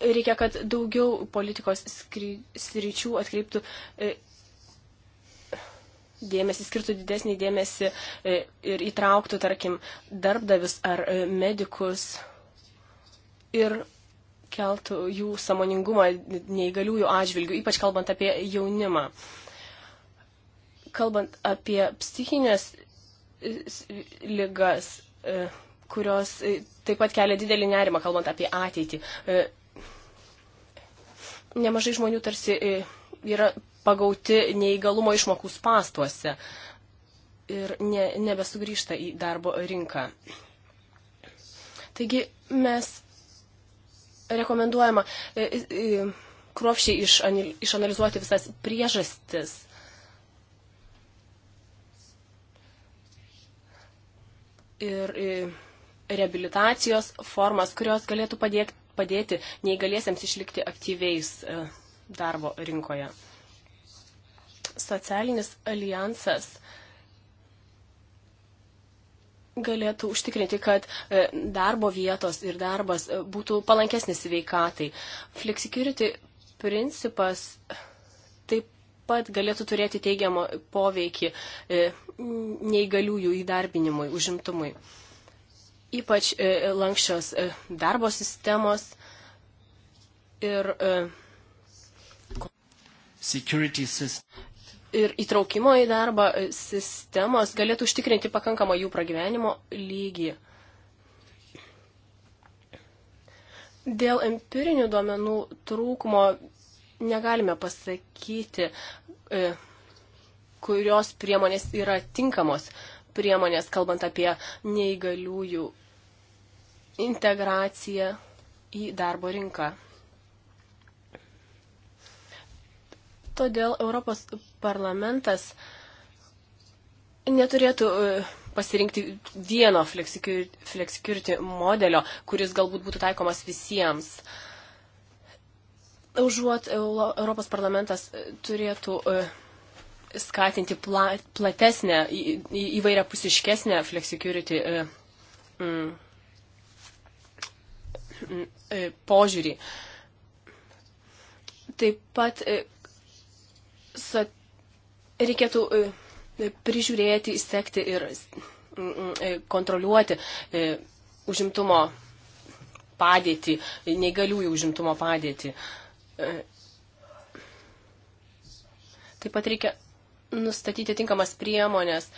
reikia, kad daugiau politikos sryčių atkreiptų e, dėmesį, skirtų didesnį dėmesį e, ir įtrauktų, tarkim, darbdavis ar e, medikus ir keltų jų samoningumą neįgaliųjų atžvilgių, ypač kalbant apie jaunimą. Kalbant apie psichinės e, lygas, kurios taip pat kelia didelį nerimą, kalbant apie ateitį. Nemažai žmonių tarsi yra pagauti neįgalumo išmokų spastuose ir ne, nebesugrįžta į darbo rinką. Taigi mes rekomenduojama e, e, e, kruopščiai išanalizuoti visas priežastis. Ir reabilitacijos formas, kurios galėtų padėti, padėti neįgaliesiems išlikti aktyviais darbo rinkoje socialinis alijansas galėtų užtikrinti, kad e, darbo vietos ir darbas e, būtų palankesnis sveikatai. Flexicurity principas taip pat galėtų turėti teigiamą poveikį e, neįgaliųjų įdarbinimui, užimtumui. Ypač lankščios darbo sistemos ir Security system ir įtraukimo į darbą sistemos galėtų užtikrinti pakankamą jų pragyvenimo lygį. Dėl empirinių duomenų trūkumo negalime pasakyti, e, kurios priemonės yra tinkamos priemonės, kalbant apie neįgaliųjų integraciją į darbo rinką. Todėl Europos parlamentas neturėtų e, pasirinkti vieno flexicurity modelio, kuris galbūt būtų taikomas visiems. Užuot Europos parlamentas e, turėtų e, skatinti pla, platesnę, įvairia pusiškesnę flexicurity mm, mm, požiūrį. Taip pat so, reikėtų e, e, prižiūrėti, sekti ir mm, mm, e, kontroliuoti užimtumo padėtį, neįgaliųjų užimtumo padėtį. Taip pat reikia nustatyti tinkamas priemonės,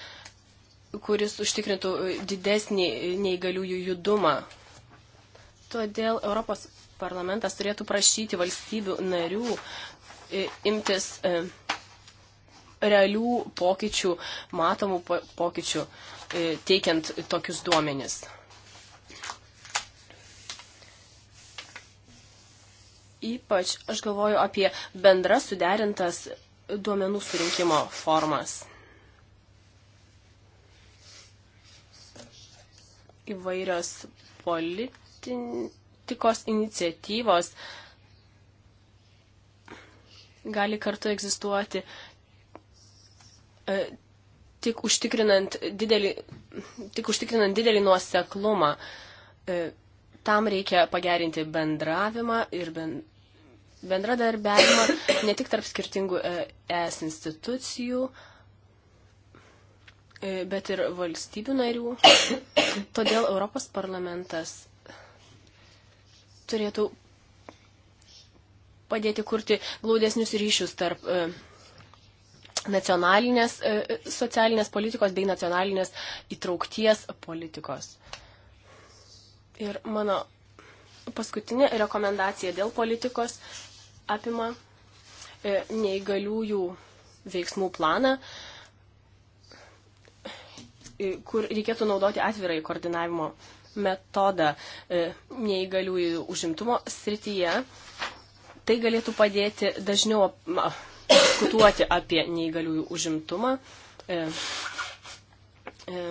kuris užtikrintų didesnį neįgaliųjų judumą. Todėl Europos parlamentas turėtų prašyti valstybių narių imtis realių pokyčių, matomų pokyčių e, teikiant tokius duomenis. Ypač aš galvoju apie bendras suderintas duomenų surinkimo formas. Įvairios politikos iniciatyvos gali kartu egzistuoti E, tik užtikrinant didelį, tik užtikrinant didelį nuoseklumą. E, tam reikia pagerinti bendravimą ir ben, bendradarbiavimą ne tik tarp skirtingų e, ES institucijų, bet ir valstybių narių. Todėl Europos parlamentas turėtų padėti kurti glaudesnius ryšius tarp nacionalinės e, e, socialinės politikos bei nacionalinės įtraukties politikos. Ir mano paskutinė rekomendacija dėl politikos apima e, neįgaliųjų veiksmų planą, kur reikėtų naudoti atvirai koordinavimo metodą neįgaliųjų užimtumo srityje. Tai galėtų padėti dažniau diskutuoti apie neįgaliųjų užimtumą. E, e,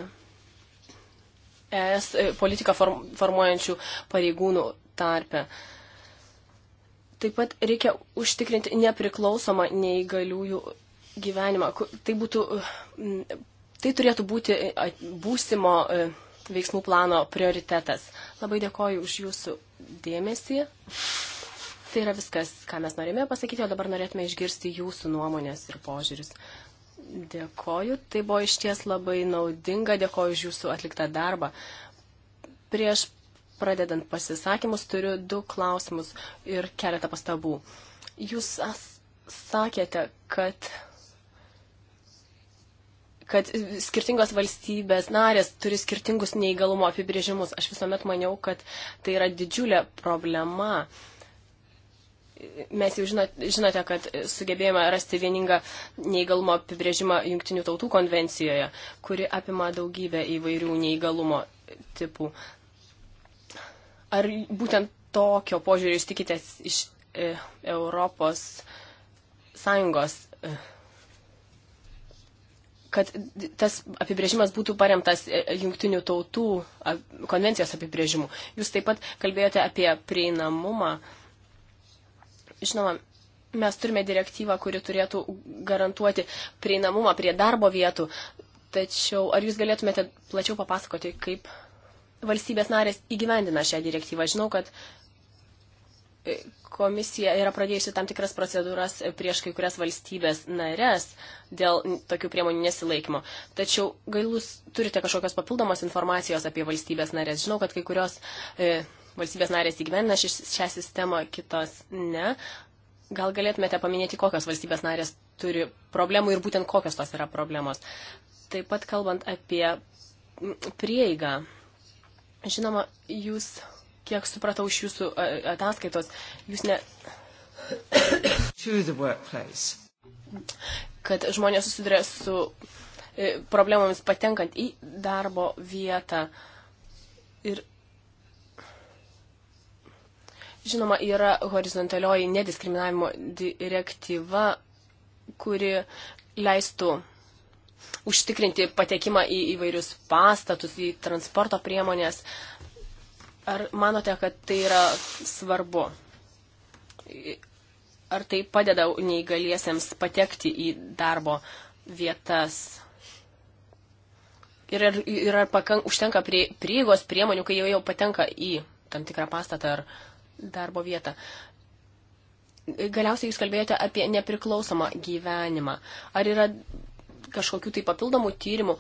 ES e, politiką formuojančių pareigūnų tarpe. Taip pat reikia užtikrinti nepriklausomą neįgaliųjų gyvenimą. Tai, būtų, tai turėtų būti būsimo veiksmų plano prioritetas. Labai dėkoju už jūsų dėmesį. Tai yra viskas, ką mes norėjome pasakyti, o dabar norėtume išgirsti jūsų nuomonės ir požiūris. Dėkoju, tai buvo iš ties labai naudinga, dėkoju už jūsų atliktą darbą. Prieš pradedant pasisakymus turiu du klausimus ir keletą pastabų. Jūs sakėte, kad kad skirtingos valstybės narės turi skirtingus neįgalumo apibrėžimus. Aš visuomet maniau, kad tai yra didžiulė problema. Uh, mes jau žinote, kad sugebėjome rasti vieningą neįgalumo apibrėžimą Junktinių tautų konvencijoje, kuri apima daugybę įvairių neįgalumo tipų. Ar būtent tokio požiūrį jūs tikitės iš e, Europos Sąjungos, e, kad tas apibrėžimas būtų paremtas e, Junktinių tautų konvencijos apibrėžimu? Jūs taip pat kalbėjote apie prieinamumą. E, Žinoma, mes turime direktyvą, kuri turėtų garantuoti prieinamumą prie darbo vietų, tačiau ar jūs galėtumėte plačiau papasakoti, kaip valstybės narės įgyvendina šią direktyvą? Žinau, kad e, komisija yra pradėjusi tam tikras procedūras e, prieš kai kurias valstybės narės dėl tokių priemonių nesilaikymo. Tačiau gailus turite kažkokios papildomos informacijos apie valstybės narės. Žinau, kad kai kurios e, valstybės narės įgyvendina šią sistemą, kitos ne. Gal galėtumėte paminėti, kokios valstybės narės turi problemų ir būtent kokios tos yra problemos. Taip pat kalbant apie prieigą. Žinoma, jūs, kiek supratau iš jūsų ataskaitos, jūs ne. kad žmonės susiduria su e, problemomis patenkant į darbo vietą. Ir Žinoma, yra horizontalioji nediskriminavimo direktyva, kuri leistų užtikrinti patekimą į įvairius pastatus, į transporto priemonės. Ar manote, kad tai yra svarbu? Ar tai padeda neįgaliesiems patekti į darbo vietas? Ir ar, ir ar pakank, užtenka prie, prieigos priemonių, kai jau, jau patenka į tam tikrą pastatą ar darbo vietą. Galiausiai jūs kalbėjote apie nepriklausomą gyvenimą. Ar yra kažkokių tai papildomų tyrimų,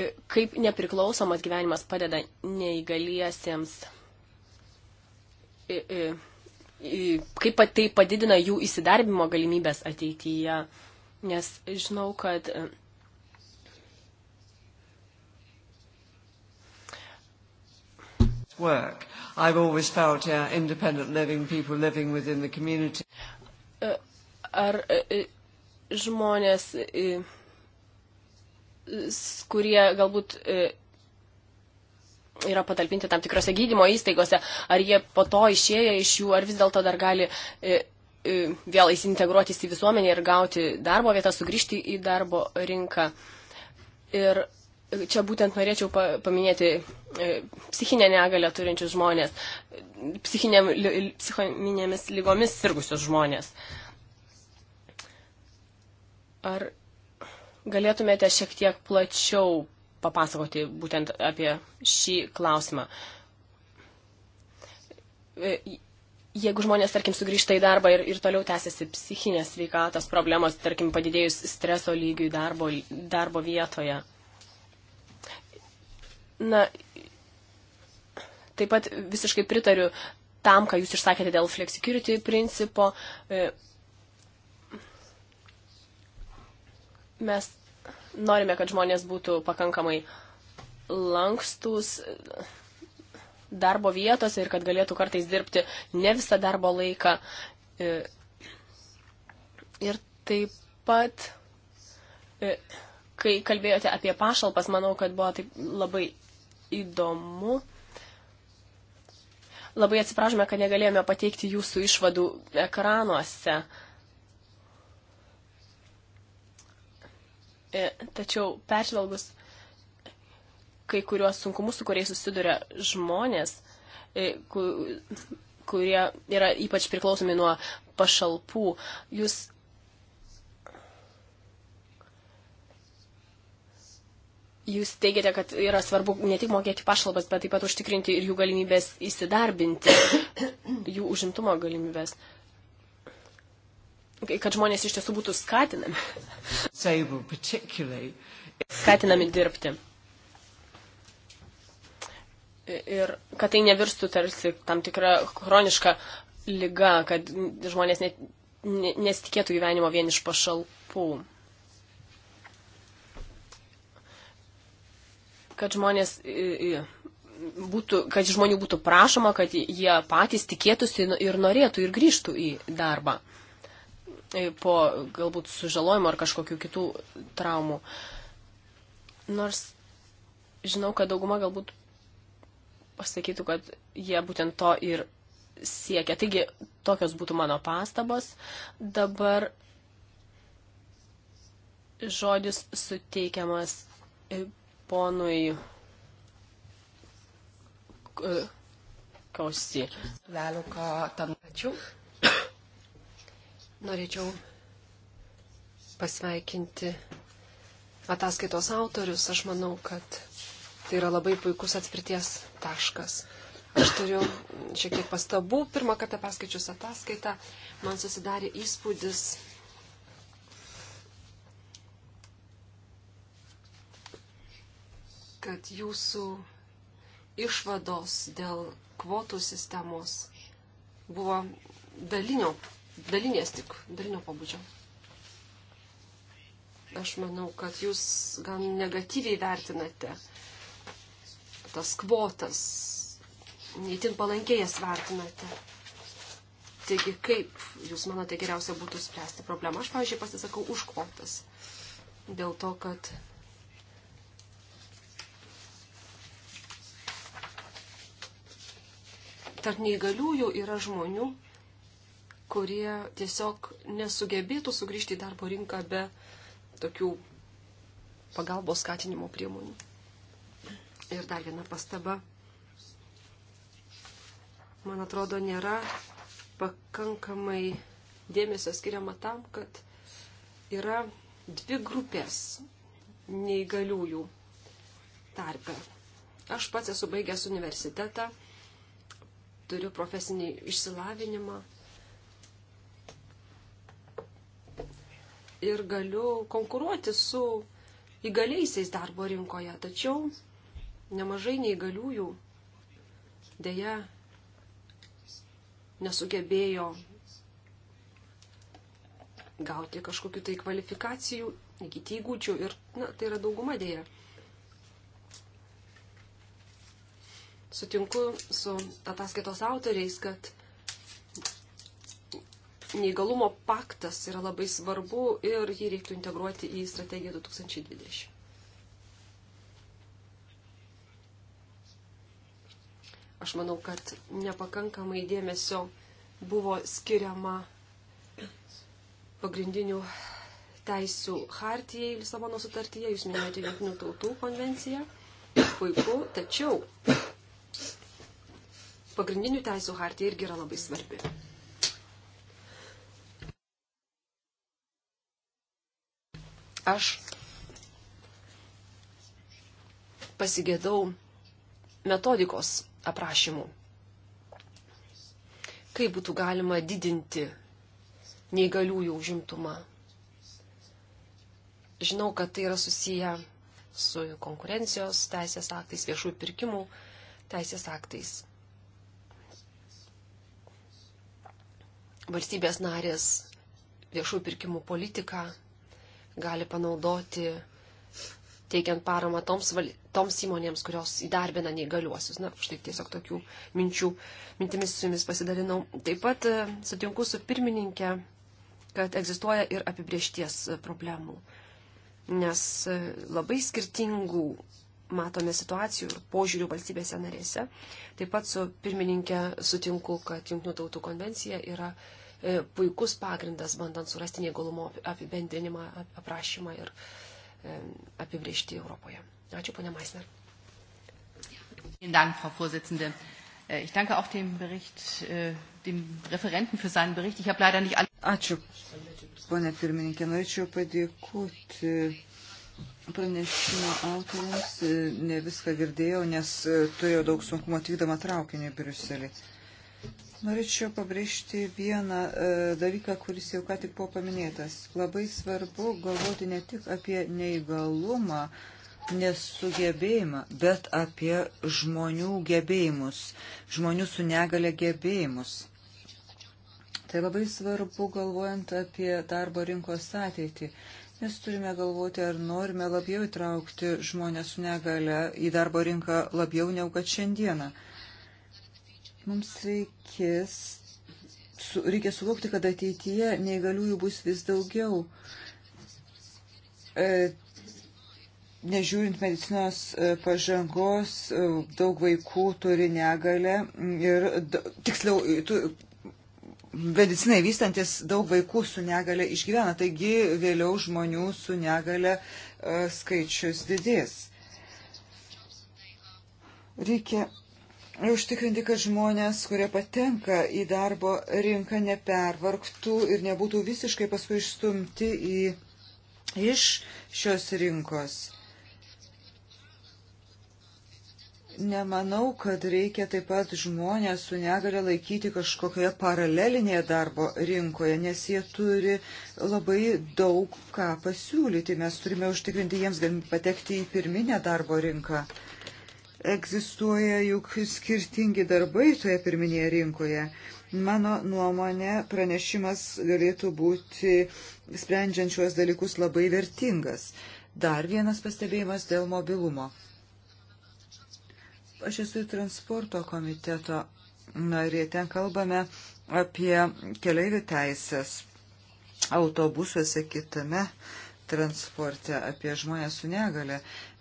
e, kaip nepriklausomas gyvenimas padeda neįgaliesiems, e, e, kaip tai padidina jų įsidarbimo galimybės ateityje. Nes žinau, kad work. I've always felt yeah, independent living, people living within the community. Uh, ar uh, uh, žmonės, kurie galbūt yra patalpinti tam tikrose gydymo įstaigose, ar jie po to išėję iš jų, ar vis dėlto dar gali vėl įsintegruotis į visuomenę ir gauti darbo vietą, sugrįžti į darbo rinką. Ir čia būtent norėčiau paminėti e, psichinę negalę turinčius žmonės, psichinėm, psichominėmis lygomis sirgusius žmonės. Ar galėtumėte šiek tiek plačiau papasakoti būtent apie šį klausimą? E, jeigu žmonės, tarkim, sugrįžta į darbą ir, ir toliau tęsiasi psichinės sveikatos problemos, tarkim, padidėjus streso lygiui darbo, darbo vietoje, Na, taip pat visiškai pritariu tam, ką jūs išsakėte dėl flexicurity principo. E, mes norime, kad žmonės būtų pakankamai lankstus darbo vietose ir kad galėtų kartais dirbti ne visą darbo laiką. E, ir taip pat, e, kai kalbėjote apie pašalpas, manau, kad buvo taip labai įdomu. Labai atsiprašome, kad negalėjome pateikti jūsų išvadų ekranuose. E, tačiau peržvelgus kai kuriuos sunkumus, su kuriais susiduria žmonės, e, kurie yra ypač priklausomi nuo pašalpų, jūs Jūs teigiate, kad yra svarbu ne tik mokėti pašalbas, bet taip pat užtikrinti ir jų galimybės įsidarbinti, jų užimtumo galimybės. Kad žmonės iš tiesų būtų skatinami. Skatinami dirbti. Ir kad tai nevirstų tarsi tam tikrą chronišką lygą, kad žmonės net, nesitikėtų gyvenimo vien iš pašalpų. kad žmonės būtų, kad žmonių būtų prašoma, kad jie patys tikėtųsi ir norėtų ir grįžtų į darbą po galbūt sužalojimo ar kažkokių kitų traumų. Nors žinau, kad dauguma galbūt pasakytų, kad jie būtent to ir siekia. Taigi, tokios būtų mano pastabos. Dabar žodis suteikiamas ponui e, Kausti. Leluką Tanačių. Norėčiau pasveikinti ataskaitos autorius. Aš manau, kad tai yra labai puikus atspirties taškas. Aš turiu šiek tiek pastabų. Pirmą kartą paskaičius ataskaitą, man susidarė įspūdis, kad jūsų išvados dėl kvotų sistemos buvo dalinio, dalinės tik, dalinio pabudžio. Aš manau, kad jūs gan negatyviai vertinate tas kvotas, neįtin palankėjas vertinate. Taigi, kaip jūs manote geriausia būtų spręsti problemą? Aš, pavyzdžiui, pasisakau už kvotas. Dėl to, kad tarp neįgaliųjų yra žmonių, kurie tiesiog nesugebėtų sugrįžti į darbo rinką be tokių pagalbos skatinimo priemonių. Ir dar viena pastaba. Man atrodo, nėra pakankamai dėmesio skiriama tam, kad yra dvi grupės neįgaliųjų tarpe. Aš pats esu baigęs universitetą turiu profesinį išsilavinimą ir galiu konkuruoti su įgaliaisiais darbo rinkoje. Tačiau nemažai neįgaliųjų dėja nesugebėjo gauti kažkokiu tai kvalifikacijų, įgyti įgūdžių ir na, tai yra dauguma dėja. sutinku su ataskaitos autoriais, kad neįgalumo paktas yra labai svarbu ir jį reiktų integruoti į strategiją 2020. Aš manau, kad nepakankamai dėmesio buvo skiriama pagrindinių teisų hartijai Lisabono sutartyje, jūs minėjote Junktinių tautų konvenciją, puiku, tačiau pagrindinių teisų hartija irgi yra labai svarbi. Aš pasigėdau metodikos aprašymų, kaip būtų galima didinti neįgaliųjų užimtumą. Žinau, kad tai yra susiję su konkurencijos teisės aktais, viešųjų pirkimų teisės aktais. valstybės narės viešų pirkimų politiką gali panaudoti teikiant paramą toms, val... toms įmonėms, kurios įdarbina neįgaliuosius. Na, štai tiesiog tokių minčių, mintimis su jumis pasidalinau. Taip pat e, sutinku su pirmininkė, kad egzistuoja ir apibriešties e, problemų, nes e, labai skirtingų matome situacijų ir požiūrių valstybėse narėse. Taip pat su pirmininkė sutinku, kad Junktinių tautų konvencija yra e, puikus pagrindas, bandant surasti negalumo apibendrinimą, aprašymą ir e, apibriežti Europoje. Ačiū, ponia Maisner. Vielen Dank, Frau Vorsitzende. Äh, ich danke auch dem Bericht, äh, dem Referenten für seinen Bericht. Ich habe leider nicht alle. Ačiū, ponia pirmininkė. Norėčiau padėkoti pranešimo autoriams e, ne viską girdėjau, nes e, turėjau daug sunkumo atvykdama traukinį į Briuselį. Norėčiau pabrėžti vieną e, dalyką, kuris jau ką tik buvo paminėtas. Labai svarbu galvoti ne tik apie neįgalumą, nesugebėjimą, bet apie žmonių gebėjimus, žmonių su negale gebėjimus. Tai labai svarbu galvojant apie darbo rinkos ateitį. Mes turime galvoti, ar norime labiau įtraukti žmonės su negale į darbo rinką labiau negu kad šiandieną. Mums reikės, su, reikia suvokti, kad ateityje neįgaliųjų bus vis daugiau. E, nežiūrint medicinos e, pažangos, e, daug vaikų turi negalę ir tiksliau medicinai vystantis daug vaikų su negale išgyvena, taigi vėliau žmonių su negale e, skaičius didės. Reikia užtikrinti, kad žmonės, kurie patenka į darbo rinką, nepervargtų ir nebūtų visiškai paskui išstumti į, iš šios rinkos. Nemanau, kad reikia taip pat žmonės su negale laikyti kažkokioje paralelinėje darbo rinkoje, nes jie turi labai daug ką pasiūlyti. Mes turime užtikrinti jiems galimybę patekti į pirminę darbo rinką. Egzistuoja juk skirtingi darbai toje pirminėje rinkoje. Mano nuomonė, pranešimas galėtų būti sprendžiančios dalykus labai vertingas. Dar vienas pastebėjimas dėl mobilumo. Aš esu transporto komiteto narė, ten kalbame apie keliaivių teisės autobusuose kitame transporte, apie žmonės su negale.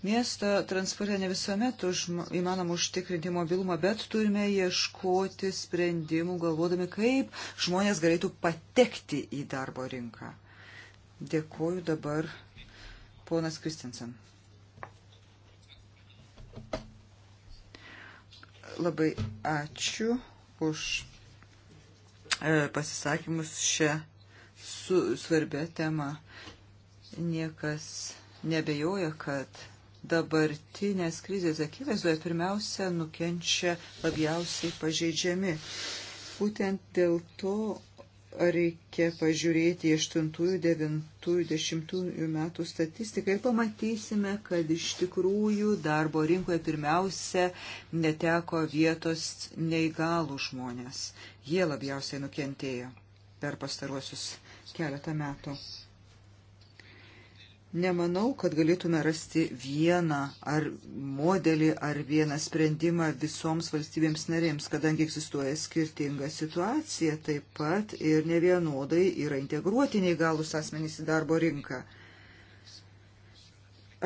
Miesto transporte ne visuomet užma, įmanom užtikrinti mobilumą, bet turime ieškoti sprendimų, galvodami, kaip žmonės galėtų patekti į darbo rinką. Dėkuoju dabar ponas Kristinsen. Labai ačiū už e, pasisakymus šią svarbę temą. Niekas nebejoja, kad dabartinės krizės akivaizdoje pirmiausia nukenčia labiausiai pažeidžiami. Būtent dėl to reikia pažiūrėti 8-9-10 metų statistiką ir pamatysime, kad iš tikrųjų darbo rinkoje pirmiausia neteko vietos neįgalų žmonės. Jie labiausiai nukentėjo per pastaruosius keletą metų. Nemanau, kad galėtume rasti vieną ar modelį ar vieną sprendimą visoms valstybėms narėms, kadangi egzistuoja skirtinga situacija, taip pat ir ne vienodai yra integruoti neįgalus asmenys į darbo rinką.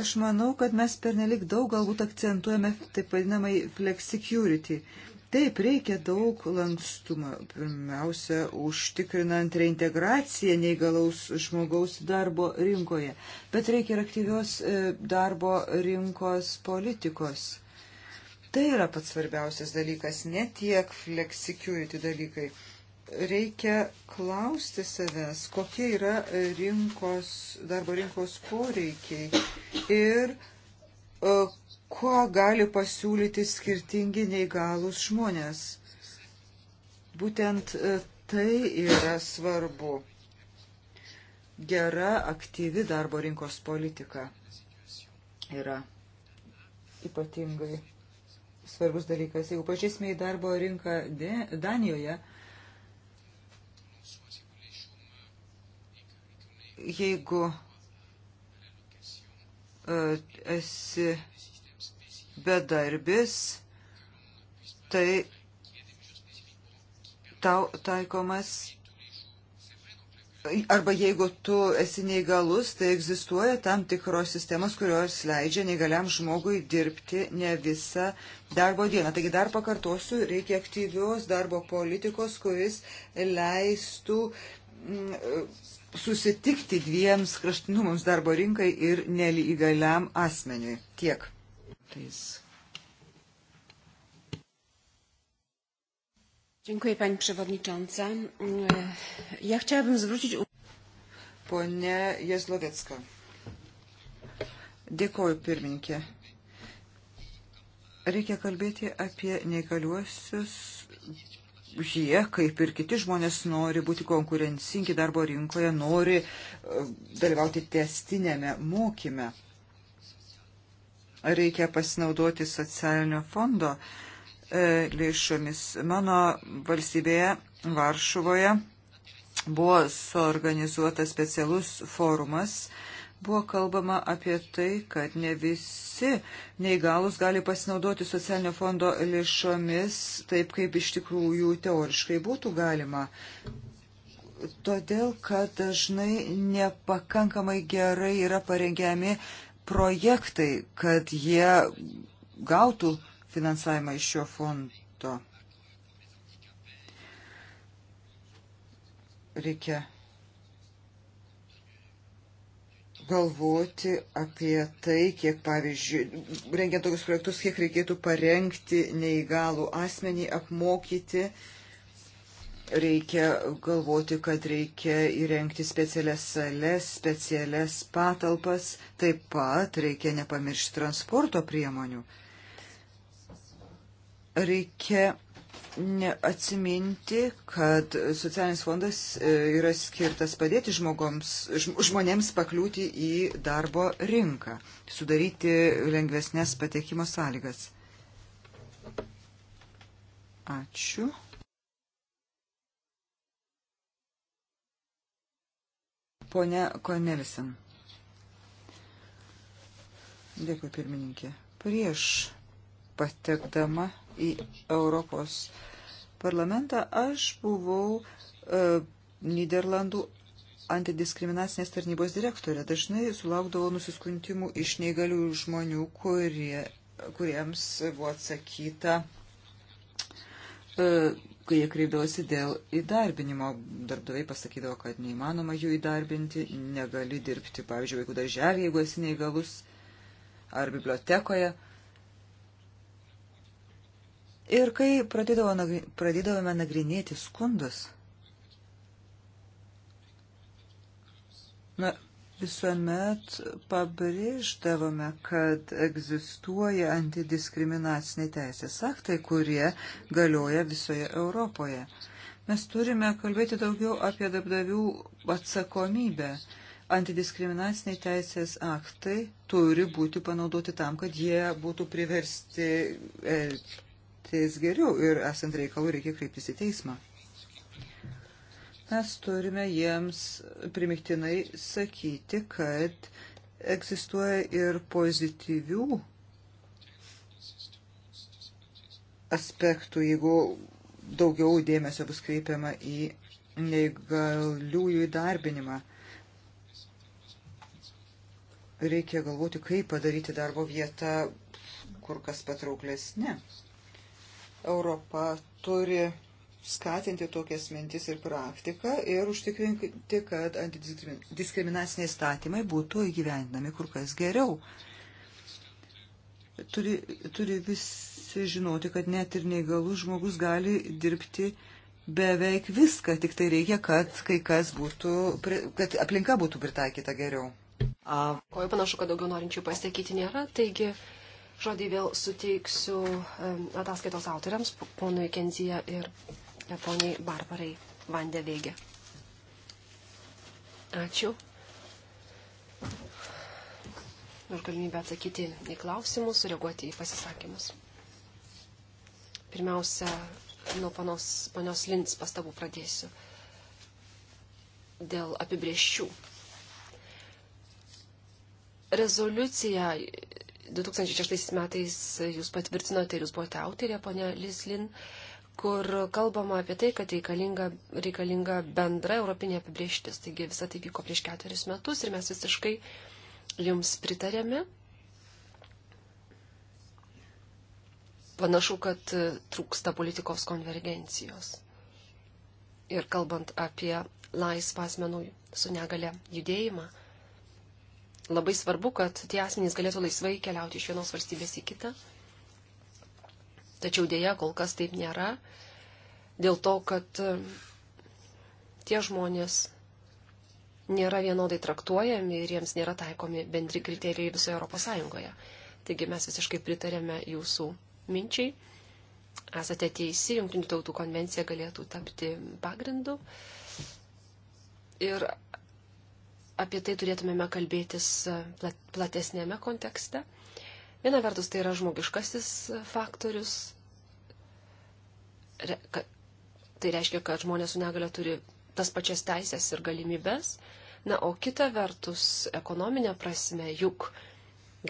Aš manau, kad mes pernelik daug galbūt akcentuojame taip vadinamai flexicurity. security Taip, reikia daug lankstumo. Pirmiausia, užtikrinant reintegraciją neįgalaus žmogaus darbo rinkoje. Bet reikia ir aktyvios e, darbo rinkos politikos. Tai yra pats svarbiausias dalykas, ne tiek flexicurity dalykai. Reikia klausti savęs, kokie yra rinkos, darbo rinkos poreikiai ir e, kuo gali pasiūlyti skirtingi neįgalus žmonės. Būtent e, tai yra svarbu. Gera, aktyvi darbo rinkos politika yra ypatingai svarbus dalykas. Jeigu pažiūrėsime į darbo rinką Danijoje, jeigu e, esi bedarbis, tai tau taikomas Arba jeigu tu esi neįgalus, tai egzistuoja tam tikros sistemos, kurios leidžia neįgaliam žmogui dirbti ne visą darbo dieną. Taigi dar pakartosiu, reikia aktyvios darbo politikos, kuris leistų mm, susitikti dviems kraštinumams darbo rinkai ir neįgaliam asmeniui. Tiek please. Dziękuję Pani Przewodnicząca. Mm, ja chciałabym zwrócić uwagę. Ponia Jezlowiecka. Dėkoju, pirmininkė. Reikia kalbėti apie negaliuosius. Jie, kaip ir kiti žmonės, nori būti konkurencingi darbo rinkoje, nori e, dalyvauti testinėme mokyme reikia pasinaudoti socialinio fondo e, lėšomis. Mano valstybėje, Varšuvoje, buvo suorganizuotas specialus forumas. Buvo kalbama apie tai, kad ne visi neįgalus gali pasinaudoti socialinio fondo lėšomis taip, kaip iš tikrųjų teoriškai būtų galima. Todėl, kad dažnai nepakankamai gerai yra parengiami projektai, kad jie gautų finansavimą iš šio fondo. Reikia galvoti apie tai, kiek, pavyzdžiui, rengiant tokius projektus, kiek reikėtų parengti neįgalų asmenį, apmokyti uh, Reikia galvoti, kad reikia įrengti specialias sales, specialias patalpas, taip pat reikia nepamiršti transporto priemonių. Reikia atsiminti, kad socialinis fondas e, yra skirtas padėti žmogoms, žmonėms pakliūti į darbo rinką, sudaryti lengvesnės patekimo sąlygas. Ačiū. Pone Kornelisen. Dėkui, pirmininkė. Prieš patekdama į Europos parlamentą aš buvau e, Niderlandų antidiskriminacinės tarnybos direktorė. Dažnai sulaukdavau nusiskundimų iš neįgalių žmonių, kurie, kuriems buvo atsakyta e, kai jie kreipdavosi dėl įdarbinimo. Darbdaviai pasakydavo, kad neįmanoma jų įdarbinti, negali dirbti, pavyzdžiui, vaikų darželį, jeigu esi neįgalus, ar bibliotekoje. Ir kai pradėdavo, pradėdavome nagrinėti skundus, na, visuomet pabrėždavome, kad egzistuoja antidiskriminaciniai teisės aktai, kurie galioja visoje Europoje. Mes turime kalbėti daugiau apie darbdavių atsakomybę. Antidiskriminaciniai teisės aktai turi būti panaudoti tam, kad jie būtų priversti elgtis geriau ir esant reikalų reikia kreiptis į teismą. Mes turime jiems primiktinai sakyti, kad egzistuoja ir pozityvių aspektų, jeigu daugiau dėmesio bus kreipiama į neįgaliųjų įdarbinimą. Reikia galvoti, kaip padaryti darbo vietą kur kas patrauklesnė. Europa turi skatinti tokias mintis ir praktiką ir užtikrinti, kad antidiskriminaciniai statymai būtų įgyvendinami kur kas geriau. Turi, turi visi žinoti, kad net ir neįgalus žmogus gali dirbti beveik viską, tik tai reikia, kad kai kas būtų, kad aplinka būtų pritaikyta geriau. Ko jau panašu, kad daugiau norinčių pasakyti nėra, taigi Žodį vėl suteiksiu ataskaitos autoriams, ponui Kenzija ir poniai Barbarai Vandevėgė. Ačiū už galimybę atsakyti į klausimus, sureaguoti į pasisakymus. Pirmiausia, nuo panos, ponios Lins pastabų pradėsiu dėl apibrieščių. Rezoliucija 2006 metais jūs patvirtinote ir jūs buvote autorė, ponia Lislin, kur kalbama apie tai, kad reikalinga, reikalinga bendra europinė apibrieštis. Taigi visą tai vyko prieš keturis metus ir mes visiškai jums pritarėme. Panašu, kad trūksta politikos konvergencijos. Ir kalbant apie laisvą asmenų su negale judėjimą, labai svarbu, kad tie asmenys galėtų laisvai keliauti iš vienos valstybės į kitą. Tačiau dėja kol kas taip nėra, dėl to, kad e, tie žmonės nėra vienodai traktuojami ir jiems nėra taikomi bendri kriterijai visoje Europos Sąjungoje. Taigi mes visiškai pritarėme jūsų minčiai. Esate teisi, Junktinių tautų konvencija galėtų tapti pagrindu. Ir apie tai turėtumėme kalbėtis e, platesnėme kontekste. Viena vertus tai yra žmogiškasis faktorius. Re, ka, tai reiškia, kad žmonės su negale turi tas pačias teisės ir galimybės. Na, o kita vertus, ekonominė prasme, juk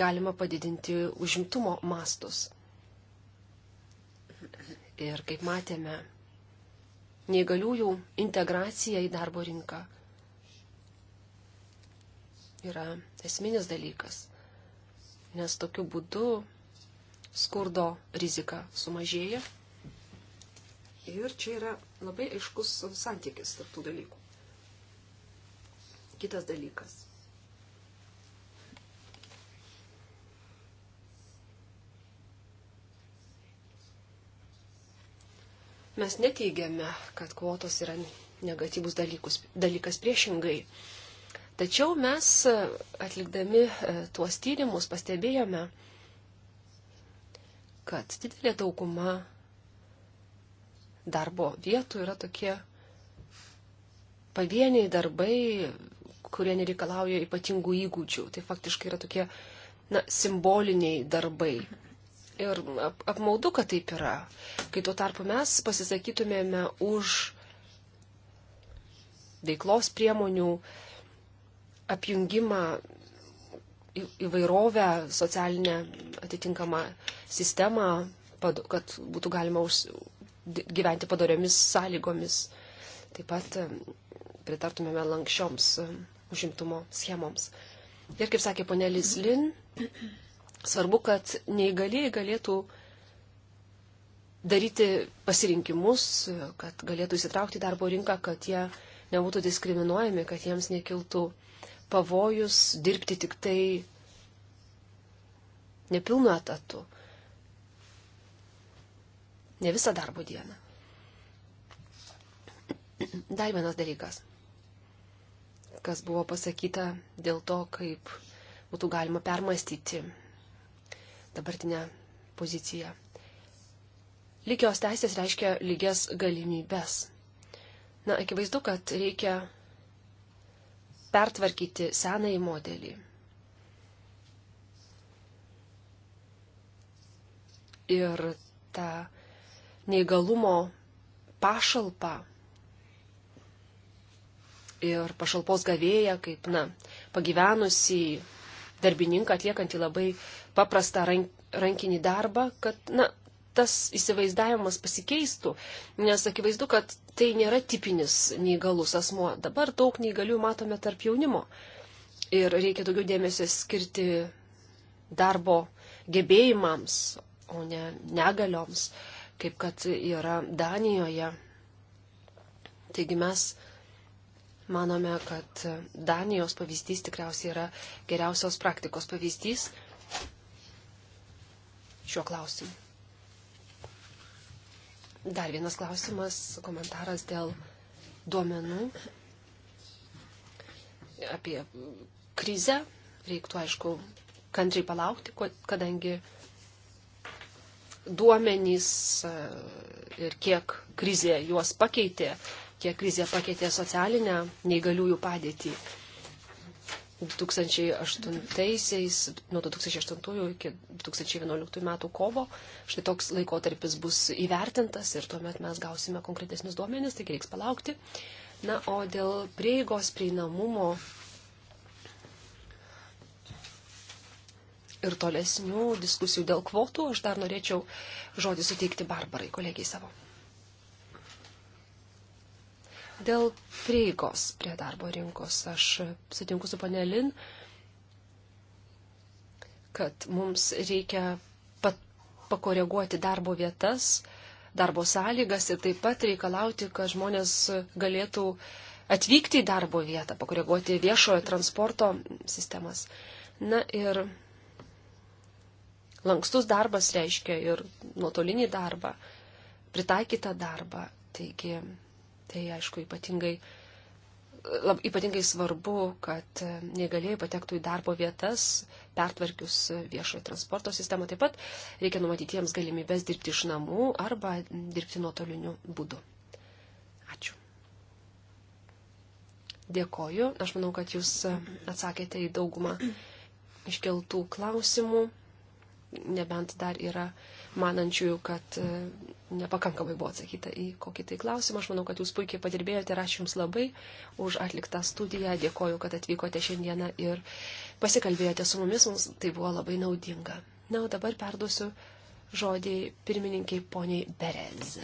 galima padidinti užimtumo mastus. Ir kaip matėme, neįgaliųjų integracija į darbo rinką yra esminis dalykas nes tokiu būdu skurdo rizika sumažėja. Ir čia yra labai aiškus santykis tarp tų dalykų. Kitas dalykas. Mes neteigiame, kad kvotos yra negatyvus dalykus, dalykas priešingai. Tačiau mes e, atlikdami e, tuos tyrimus pastebėjome, kad didelė dauguma darbo vietų yra tokie pavieniai darbai, kurie nereikalauja ypatingų įgūdžių. Tai faktiškai yra tokie na, simboliniai darbai. Ir apmaudu, kad taip yra. Kai tuo tarpu mes pasisakytumėme už veiklos priemonių, uh, apjungimą, įvairovę, socialinę atitinkamą sistemą, kad būtų galima už, gyventi padariomis sąlygomis. Taip pat pritartumėme lankščioms užimtumo schemoms. Ir kaip sakė ponė Lislin, svarbu, kad neįgaliai galėtų daryti pasirinkimus, kad galėtų įsitraukti į darbo rinką, kad jie nebūtų diskriminuojami, kad jiems nekiltų uh, pavojus dirbti tik tai nepilnu etatu, ne visą darbo dieną. Dar vienas dalykas, kas buvo pasakyta dėl to, kaip būtų galima permastyti dabartinę poziciją. Lygios teisės reiškia lygias galimybes. Na, akivaizdu, kad reikia pertvarkyti senąjį modelį. Ir tą neįgalumo pašalpą ir pašalpos gavėją, kaip, na, pagyvenusi darbininką atliekantį labai paprastą rankinį darbą, kad, na, tas įsivaizdavimas pasikeistų, nes akivaizdu, kad tai nėra tipinis neįgalus asmuo. Dabar daug neįgalių matome tarp jaunimo ir reikia daugiau dėmesio skirti darbo gebėjimams, o ne negalioms, kaip kad yra Danijoje. Taigi mes manome, kad Danijos pavyzdys tikriausiai yra geriausios praktikos pavyzdys šiuo klausimu. Dar vienas klausimas, komentaras dėl duomenų apie krizę. Reiktų, aišku, kantriai palaukti, kadangi duomenys e, ir kiek krizė juos pakeitė, kiek krizė pakeitė socialinę neįgaliųjų padėtį, 2008, nuo 2008 iki 2011 metų kovo. Štai toks laikotarpis bus įvertintas ir tuomet mes gausime konkretesnius duomenis, taigi reiks palaukti. Na, o dėl prieigos prieinamumo ir tolesnių diskusijų dėl kvotų aš dar norėčiau žodį suteikti Barbarai, kolegijai savo. Dėl prieigos prie darbo rinkos aš sutinku su panelin, kad mums reikia pakoreguoti darbo vietas, darbo sąlygas ir taip pat reikalauti, kad žmonės galėtų atvykti į darbo vietą, pakoreguoti viešojo transporto sistemas. Na ir lankstus darbas reiškia ir nuotolinį darbą, pritaikytą darbą. Taigi Tai aišku ypatingai, lab, ypatingai svarbu, kad negalėjai patektų į darbo vietas, pertvarkius viešojo transporto sistemą. Taip pat reikia numatyti jiems galimybės dirbti iš namų arba dirbti nuotoliniu būdu. Ačiū. Dėkoju. Aš manau, kad jūs atsakėte į daugumą iškeltų klausimų. Nebent dar yra manančiųjų, kad e, nepakankamai buvo atsakyta į kokį tai klausimą. Aš manau, kad jūs puikiai padirbėjote ir aš jums labai už atliktą studiją. Dėkoju, kad atvykote šiandieną ir pasikalbėjote su mumis. Mums tai buvo labai naudinga. Na, o dabar perduosiu žodį pirmininkiai poniai Berez.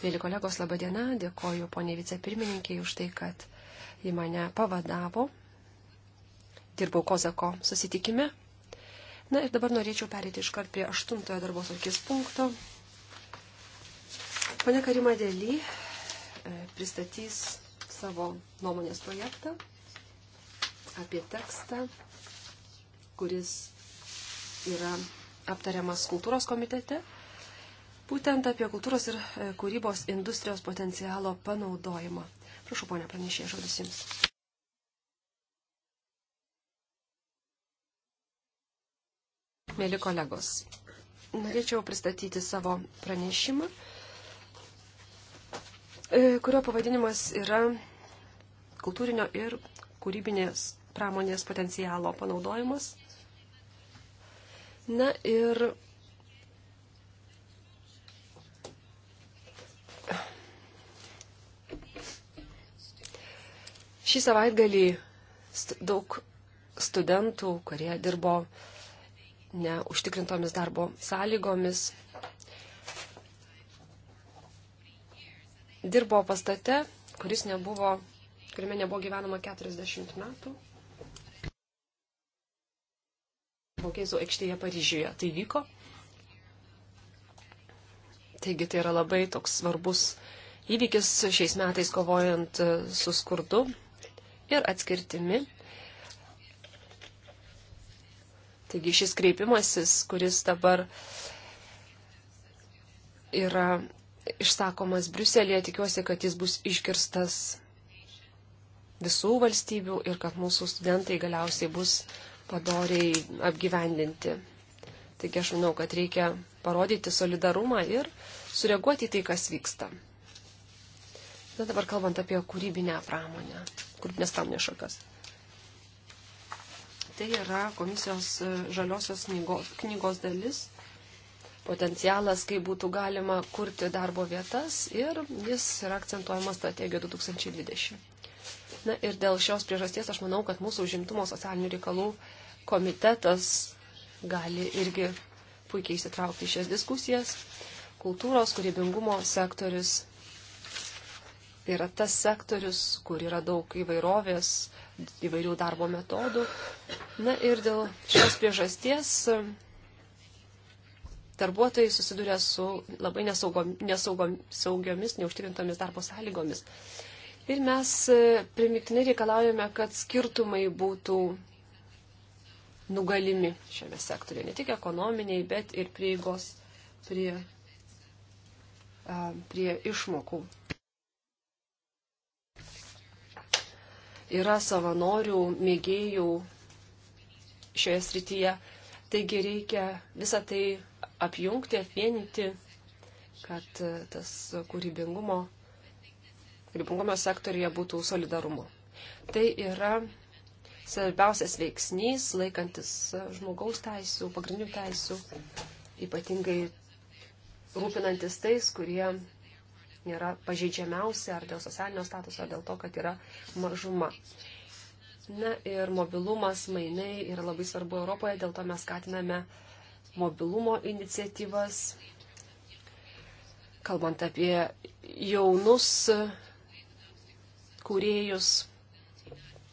Mėly kolegos, laba diena, dėkoju ponė vicepirmininkiai už tai, kad į mane pavadavo. Dirbau Kozako susitikime. Na ir dabar norėčiau perėti iškart prie aštuntojo darbos arkės punkto. Pane Karima Dėly e, pristatys savo nuomonės projektą apie tekstą, kuris yra aptariamas kultūros komitete būtent apie kultūros ir e, kūrybos industrijos potencialo panaudojimą. Prašau, ponia pranešė, žodis jums. Mėly kolegos, norėčiau pristatyti savo pranešimą, e, kurio pavadinimas yra kultūrinio ir kūrybinės pramonės potencialo panaudojimas. Na ir Šį savaitgalį st daug studentų, kurie dirbo neužtikrintomis darbo sąlygomis, dirbo pastate, kuris nebuvo, kuriame nebuvo gyvenama 40 metų. Vokėzų aikštėje Paryžiuje tai vyko. Taigi tai yra labai toks svarbus įvykis šiais metais kovojant su skurdu ir atskirtimi. Taigi šis kreipimasis, kuris dabar yra išsakomas Briuselėje, tikiuosi, kad jis bus iškirstas visų valstybių ir kad mūsų studentai galiausiai bus padoriai apgyvendinti. Taigi aš manau, kad reikia parodyti solidarumą ir sureaguoti į tai, kas vyksta. Na dabar kalbant apie kūrybinę pramonę krūtinės pramonės šakas. Tai yra komisijos e, žaliosios knygos, knygos dalis, potencialas, kaip būtų galima kurti darbo vietas ir jis yra akcentuojamas strategijoje 2020. Na ir dėl šios priežasties aš manau, kad mūsų užimtumo socialinių reikalų komitetas gali irgi puikiai įsitraukti į šias diskusijas. Kultūros, kūrybingumo sektorius yra tas sektorius, kur yra daug įvairovės, įvairių darbo metodų. Na ir dėl šios priežasties darbuotojai susiduria su labai nesaugom, nesaugom, saugiomis, neužtikrintomis darbo sąlygomis. Ir mes e, primiktinai reikalaujame, kad skirtumai būtų nugalimi šiame sektoriuje. Ne tik ekonominiai, bet ir prieigos prie, prie išmokų. yra savanorių, mėgėjų šioje srityje. Taigi reikia visą tai apjungti, apvienyti, kad e, tas kūrybingumo, kūrybingumo sektorija būtų solidarumo. Tai yra svarbiausias veiksnys, laikantis žmogaus teisų, pagrindinių teisų, ypatingai rūpinantis tais, kurie nėra pažeidžiamiausia ar dėl socialinio statuso, ar dėl to, kad yra mažuma. Na ir mobilumas, mainai yra labai svarbu Europoje, dėl to mes skatiname mobilumo iniciatyvas. Kalbant apie jaunus kūrėjus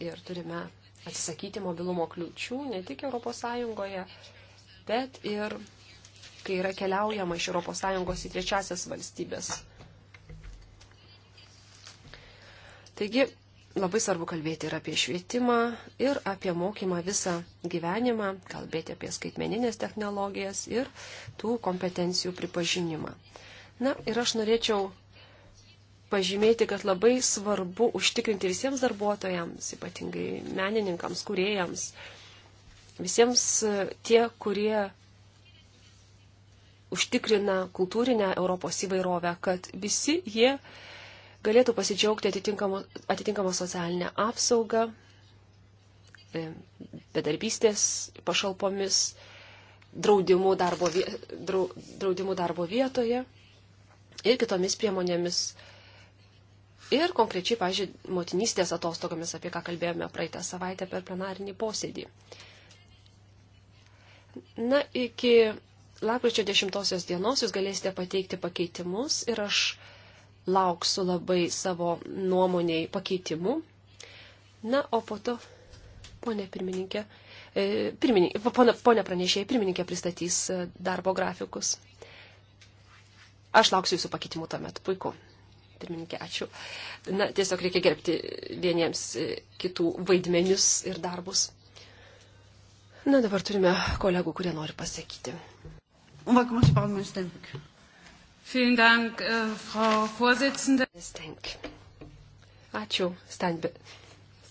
ir turime atsisakyti mobilumo kliūčių ne tik ES, bet ir kai yra keliaujama iš ES į trečiasias valstybės. Taigi labai svarbu kalbėti ir apie švietimą, ir apie mokymą visą gyvenimą, kalbėti apie skaitmeninės technologijas ir tų kompetencijų pripažinimą. Na ir aš norėčiau pažymėti, kad labai svarbu užtikrinti visiems darbuotojams, ypatingai menininkams, kuriejams, visiems e, tie, kurie užtikrina kultūrinę Europos įvairovę, kad visi jie galėtų pasidžiaugti atitinkamą socialinę apsaugą, e, bedarbystės pašalpomis, draudimu darbo, draudimu darbo vietoje ir kitomis priemonėmis. Ir konkrečiai, pažiūrėjau, motinystės atostogomis, apie ką kalbėjome praeitą savaitę per plenarinį posėdį. Na, iki lapkričio 10 dienos jūs galėsite pateikti pakeitimus ir aš lauksiu labai savo nuomoniai pakeitimų. Na, o po to, ponė pirmininkė, e, pirmininkė ponė, ponė pranešėjai, pirmininkė pristatys e, darbo grafikus. Aš lauksiu jūsų pakeitimų tuomet. Puiku. Pirmininkė, ačiū. Na, tiesiog reikia gerbti vieniems e, kitų vaidmenius ir darbus. Na, dabar turime kolegų, kurie nori pasakyti. On va commencer par le Stanbook. Vielen Dank, uh, Frau Vorsitzende. Stenk. Ačiū, Stanbe.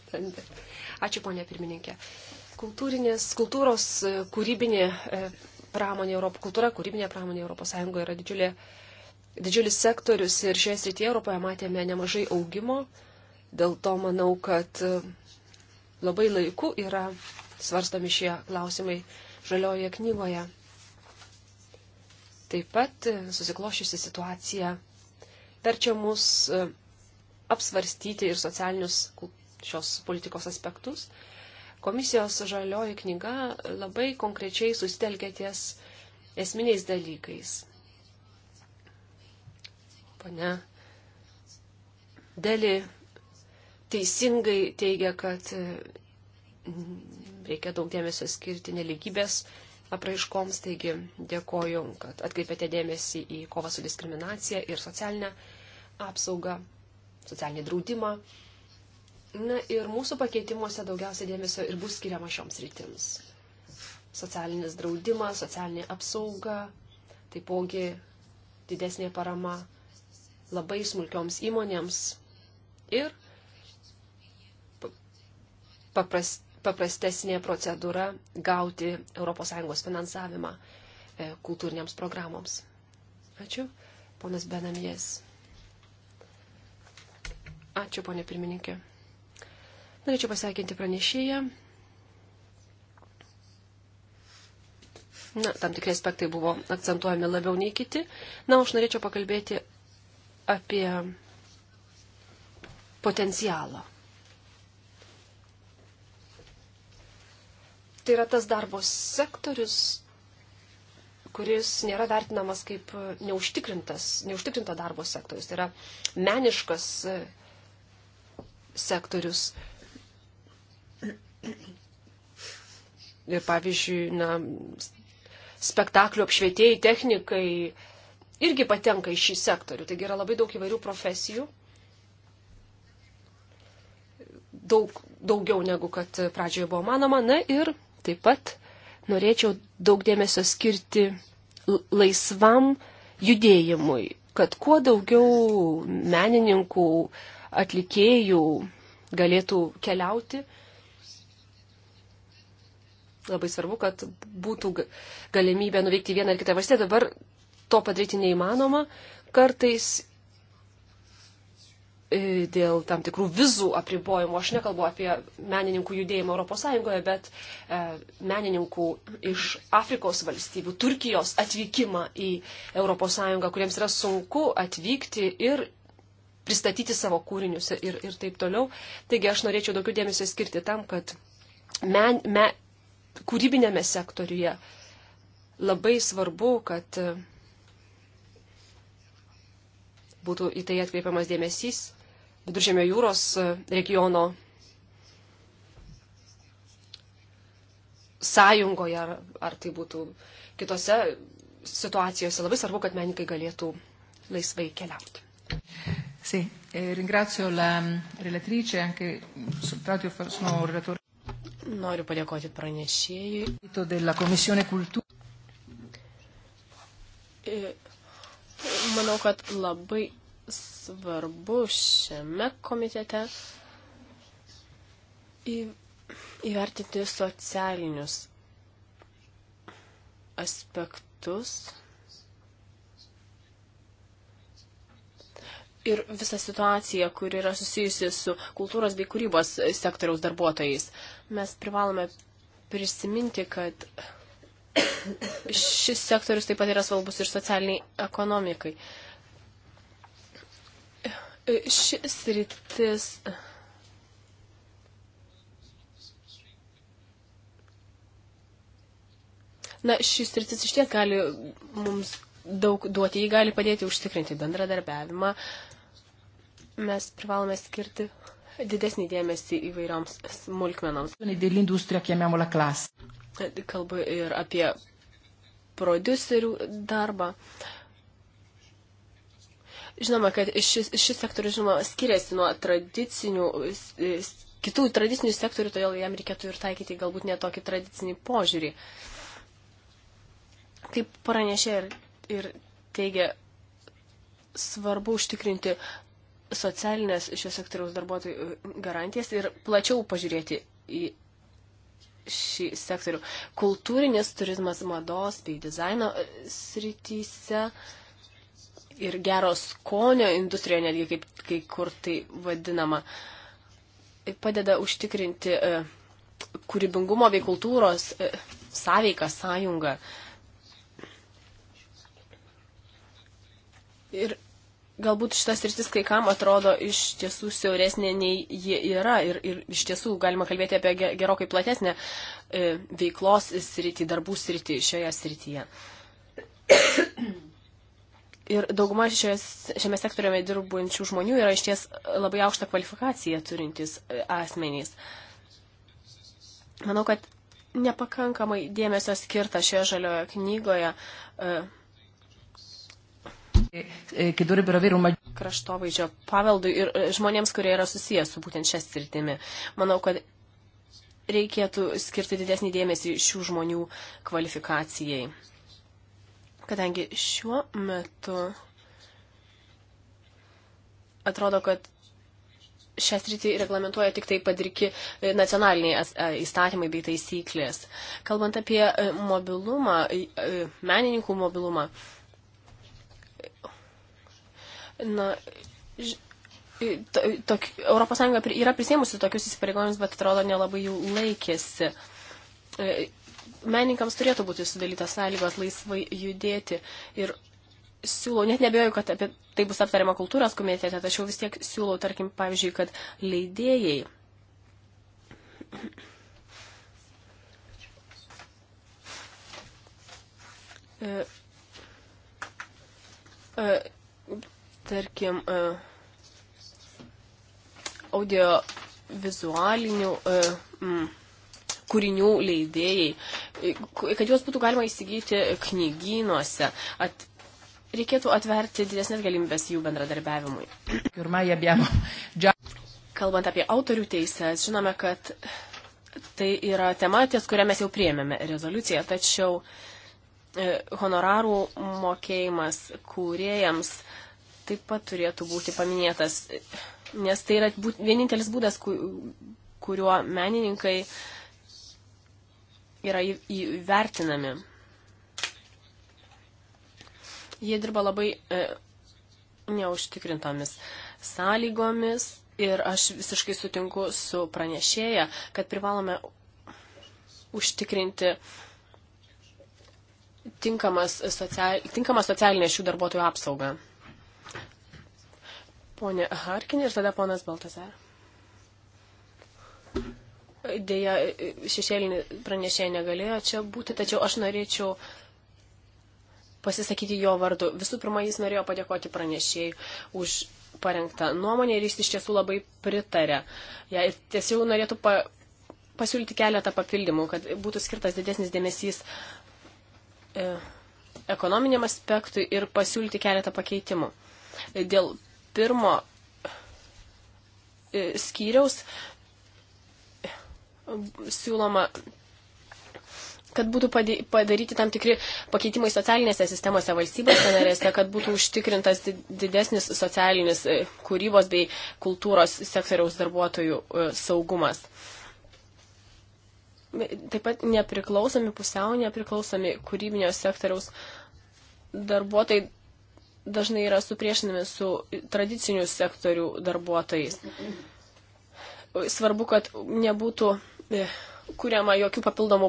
Stanbe. Ačiū, ponė pirmininkė. Kultūrinės, kultūros e, kūrybinė e, pramonė, Europo, kultūra kūrybinė pramonė Europos Sąjungoje yra didžiulė, didžiulis sektorius ir šioje srityje Europoje matėme nemažai augimo. Dėl to manau, kad e, labai laiku yra svarstami šie klausimai žaliojoje knygoje. Taip pat susiklošiusi situacija verčia mus e, apsvarstyti ir socialinius šios politikos aspektus. Komisijos žalioji knyga labai konkrečiai susitelkė ties esminiais dalykais. Pane Deli teisingai teigia, kad mm, reikia daug dėmesio skirti neligybės apraiškoms. Taigi dėkoju, kad atkreipėte dėmesį į kovą su diskriminacija ir socialinę apsaugą, socialinį draudimą. Na ir mūsų pakeitimuose daugiausia dėmesio ir bus skiriama šioms rytims. Socialinis draudimas, socialinė apsauga, taipogi didesnė parama labai smulkioms įmonėms ir paprast, paprastesnė procedūra gauti ES finansavimą e, kultūrinėms programoms. Ačiū. Ponas Benamies. Ačiū, ponė pirmininkė. Norėčiau pasveikinti pranešėją. Na, tam tikrai aspektai buvo akcentuojami labiau nei kiti. Na, aš norėčiau pakalbėti apie potencialą tai yra tas darbo sektorius, kuris nėra vertinamas kaip neužtikrinta darbo sektorius. Tai yra meniškas e, sektorius. Ir pavyzdžiui, na, spektaklių apšvietėjai, technikai irgi patenka į šį sektorių. Taigi yra labai daug įvairių profesijų. Daug, daugiau negu kad pradžioje buvo manoma. Na ir Taip pat norėčiau daug dėmesio skirti laisvam judėjimui, kad kuo daugiau menininkų, atlikėjų galėtų keliauti. Labai svarbu, kad būtų galimybė nuveikti vieną ar kitą valstybę. Dabar to padaryti neįmanoma. Kartais E, dėl tam tikrų vizų apribojimų. Aš nekalbu apie menininkų judėjimą ES, bet e, menininkų iš Afrikos valstybių, Turkijos atvykimą į ES, kuriems yra sunku atvykti ir pristatyti savo kūrinius ir, ir taip toliau. Taigi aš norėčiau daugiau dėmesio skirti tam, kad men, me, kūrybinėme sektoriuje labai svarbu, kad e, būtų į tai atkreipiamas dėmesys Viduržėmio jūros e, regiono sąjungoje, ar, ar tai būtų kitose situacijose. Labai svarbu, kad menininkai galėtų laisvai keliauti. Sì, eh, ringrazio la mm, relatrice, anche soltanto io sono un relatore. Noriu padėkoti pranešėjai. E, manau, kad labai svarbu šiame komitete įvertinti socialinius aspektus ir visą situaciją, kur yra susijusi su kultūros bei kūrybos sektoriaus darbuotojais. Mes privalome prisiminti, kad šis sektorius taip pat yra svarbus ir socialiniai ekonomikai. Uh, Šis rytis. Na, šis rytis iš tiek gali mums daug duoti, jį gali padėti užtikrinti bendradarbiavimą. Mes privalome skirti didesnį dėmesį įvairioms smulkmenoms. Kalbu ir apie producerių darbą. Uh, Žinoma, kad šis, šis sektorius, žinoma, skiriasi nuo tradicinių, kitų tradicinių sektorių, todėl jam reikėtų ir taikyti galbūt netokį tradicinį požiūrį. Kaip pranešė ir, ir teigia, svarbu užtikrinti socialinės šio sektoriaus darbuotojų garantijas ir plačiau pažiūrėti į šį sektorių. Kultūrinis turizmas mados bei dizaino srityse. Uh, ir geros skonio industrija, netgi kaip kai kur tai vadinama, e, padeda užtikrinti e, kūrybingumo bei kultūros e, sąveiką, sąjungą. Ir galbūt šitas rytis kai kam atrodo iš tiesų siauresnė nei ji yra ir, ir iš tiesų galima kalbėti apie gerokai platesnę e, veiklos sritį, darbų sritį šioje srityje. Ir dauguma šios, šiame sektoriuje dirbančių žmonių yra iš ties labai aukštą kvalifikaciją turintys e, asmenys. Manau, kad nepakankamai dėmesio skirta šioje žalioje knygoje e, e, kraštovaizdžio paveldui ir žmonėms, kurie yra susijęs su būtent šias sritimi. Manau, kad reikėtų skirti didesnį dėmesį šių žmonių kvalifikacijai kadangi šiuo metu atrodo, kad šią sritį reglamentuoja tik tai padirki e, nacionaliniai e, įstatymai bei taisyklės. Kalbant apie e, mobilumą, menininkų mobilumą, na, tok, Europos Sąjunga yra prisėmusi tokius įsipareigojimus, bet atrodo nelabai jų laikėsi menininkams turėtų būti sudalytas sąlygos laisvai judėti. Ir siūlau, net nebejoju, kad apie tai bus aptariama kultūros komitete, tačiau vis tiek siūlau, tarkim, pavyzdžiui, kad leidėjai. E, e, tarkim, e, audio vizualinių e, mm, kūrinių leidėjai, kad juos būtų galima įsigyti knygynuose. At, reikėtų atverti didesnės galimybės jų bendradarbiavimui. Kalbant apie autorių teisės, žinome, kad tai yra tema, ties kurią mes jau priėmėme rezoliuciją, tačiau e, honorarų mokėjimas kūrėjams taip pat turėtų būti paminėtas, nes tai yra vienintelis būdas, kuriuo menininkai uh, yra įvertinami. Jie dirba labai e, neužtikrintomis sąlygomis ir aš visiškai sutinku su pranešėja, kad privalome užtikrinti tinkamas social, tinkamą socialinę šių darbuotojų apsaugą. Pone Harkin ir tada ponas Baltazar. Deja, šešėlinį pranešėją negalėjo čia būti, tačiau aš norėčiau pasisakyti jo vardu. Visų pirma, jis norėjo padėkoti pranešėjai už parengtą nuomonę ir jis iš tiesų labai pritarė. Ja, ir tiesiog norėtų pa, pasiūlyti keletą papildymų, kad būtų skirtas didesnis dėmesys e, ekonominiam aspektui ir pasiūlyti keletą pakeitimų. Dėl pirmo e, skyriaus siūloma kad būtų padaryti tam tikri pakeitimai socialinėse sistemose valstybėse narėse, kad būtų užtikrintas didesnis socialinis e, kūrybos bei kultūros sektoriaus darbuotojų e, saugumas. Taip pat nepriklausomi, pusiau nepriklausomi kūrybinio sektoriaus darbuotojai dažnai yra supriešinami su tradicinių sektorių darbuotojais. Svarbu, kad nebūtų kuriama jokių papildomų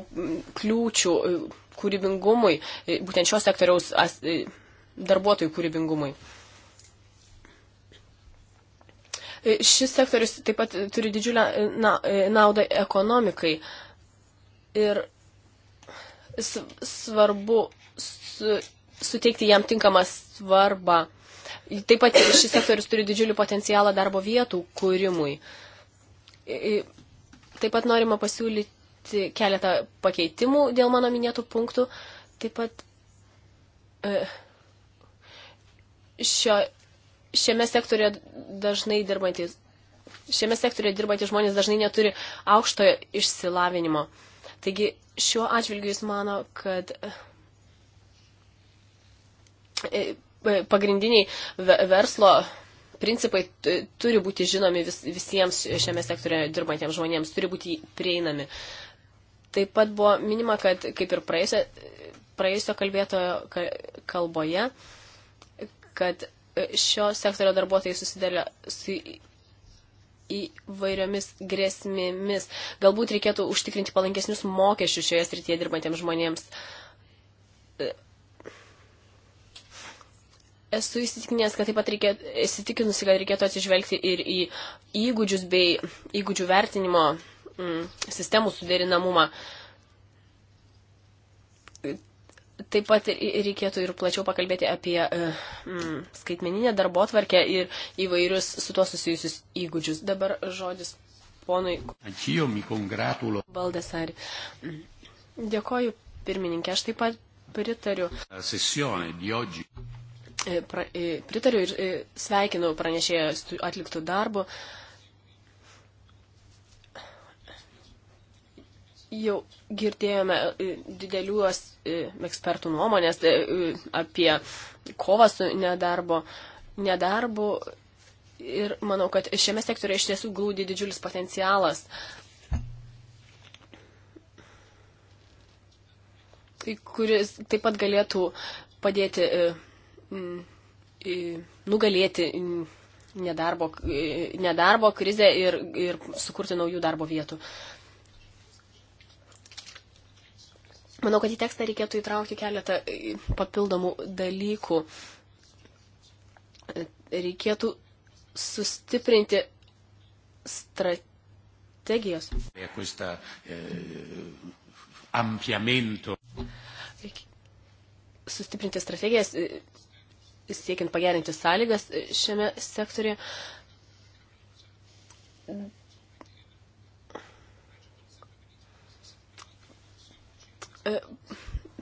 kliūčių e, kūrybingumui, e, būtent šios sektoriaus e, darbuotojų kūrybingumui. Šis sektorius taip pat turi didžiulę naudą ekonomikai ir svarbu su, suteikti jam tinkamą svarbą. Taip pat šis sektorius turi didžiulį potencialą darbo vietų kūrimui Taip pat norima pasiūlyti keletą pakeitimų dėl mano minėtų punktų. Taip pat e, šio, šiame sektorė dažnai dirbantis. Šiame sektorė dirbantys žmonės dažnai neturi aukštojo išsilavinimo. Taigi šiuo atžvilgiu jis mano, kad e, e, pagrindiniai verslo principai turi būti žinomi vis, visiems šiame sektorėje dirbantiems žmonėms, turi būti prieinami. Taip pat buvo minima, kad kaip ir praėjusio, praėjusio kalbėtojo kalboje, kad šio sektorio darbuotojai susidarė su įvairiomis grėsmėmis. Galbūt reikėtų užtikrinti palankesnius mokesčius šioje srityje dirbantiems žmonėms esu įsitikinęs, kad taip pat reikia, įsitikinusi, kad reikėtų atsižvelgti ir į įgūdžius bei įgūdžių vertinimo mm, sistemų suderinamumą. Taip pat reikėtų ir plačiau pakalbėti apie e, mm, skaitmeninę darbo tvarkę ir įvairius su tuo susijusius įgūdžius. Dabar žodis ponui. Ačiū, mi congratulo. Baldesari. Dėkoju, pirmininkė, aš taip pat pritariu. Sesione di oggi E, e, pritariu ir e, sveikinu pranešėją atliktų darbų. Jau girdėjome didelių ekspertų nuomonės apie kovą su nedarbo, nedarbu ir manau, kad šiame sektoriuje iš tiesų glūdi didžiulis potencialas. kuris taip pat galėtų padėti nugalėti nedarbo, nedarbo krizę ir, ir sukurti naujų darbo vietų. Manau, kad į tekstą reikėtų įtraukti keletą papildomų dalykų. Reikėtų sustiprinti strategijos. Eh, sustiprinti strategijas siekiant pagerinti sąlygas šiame sektorėje. E,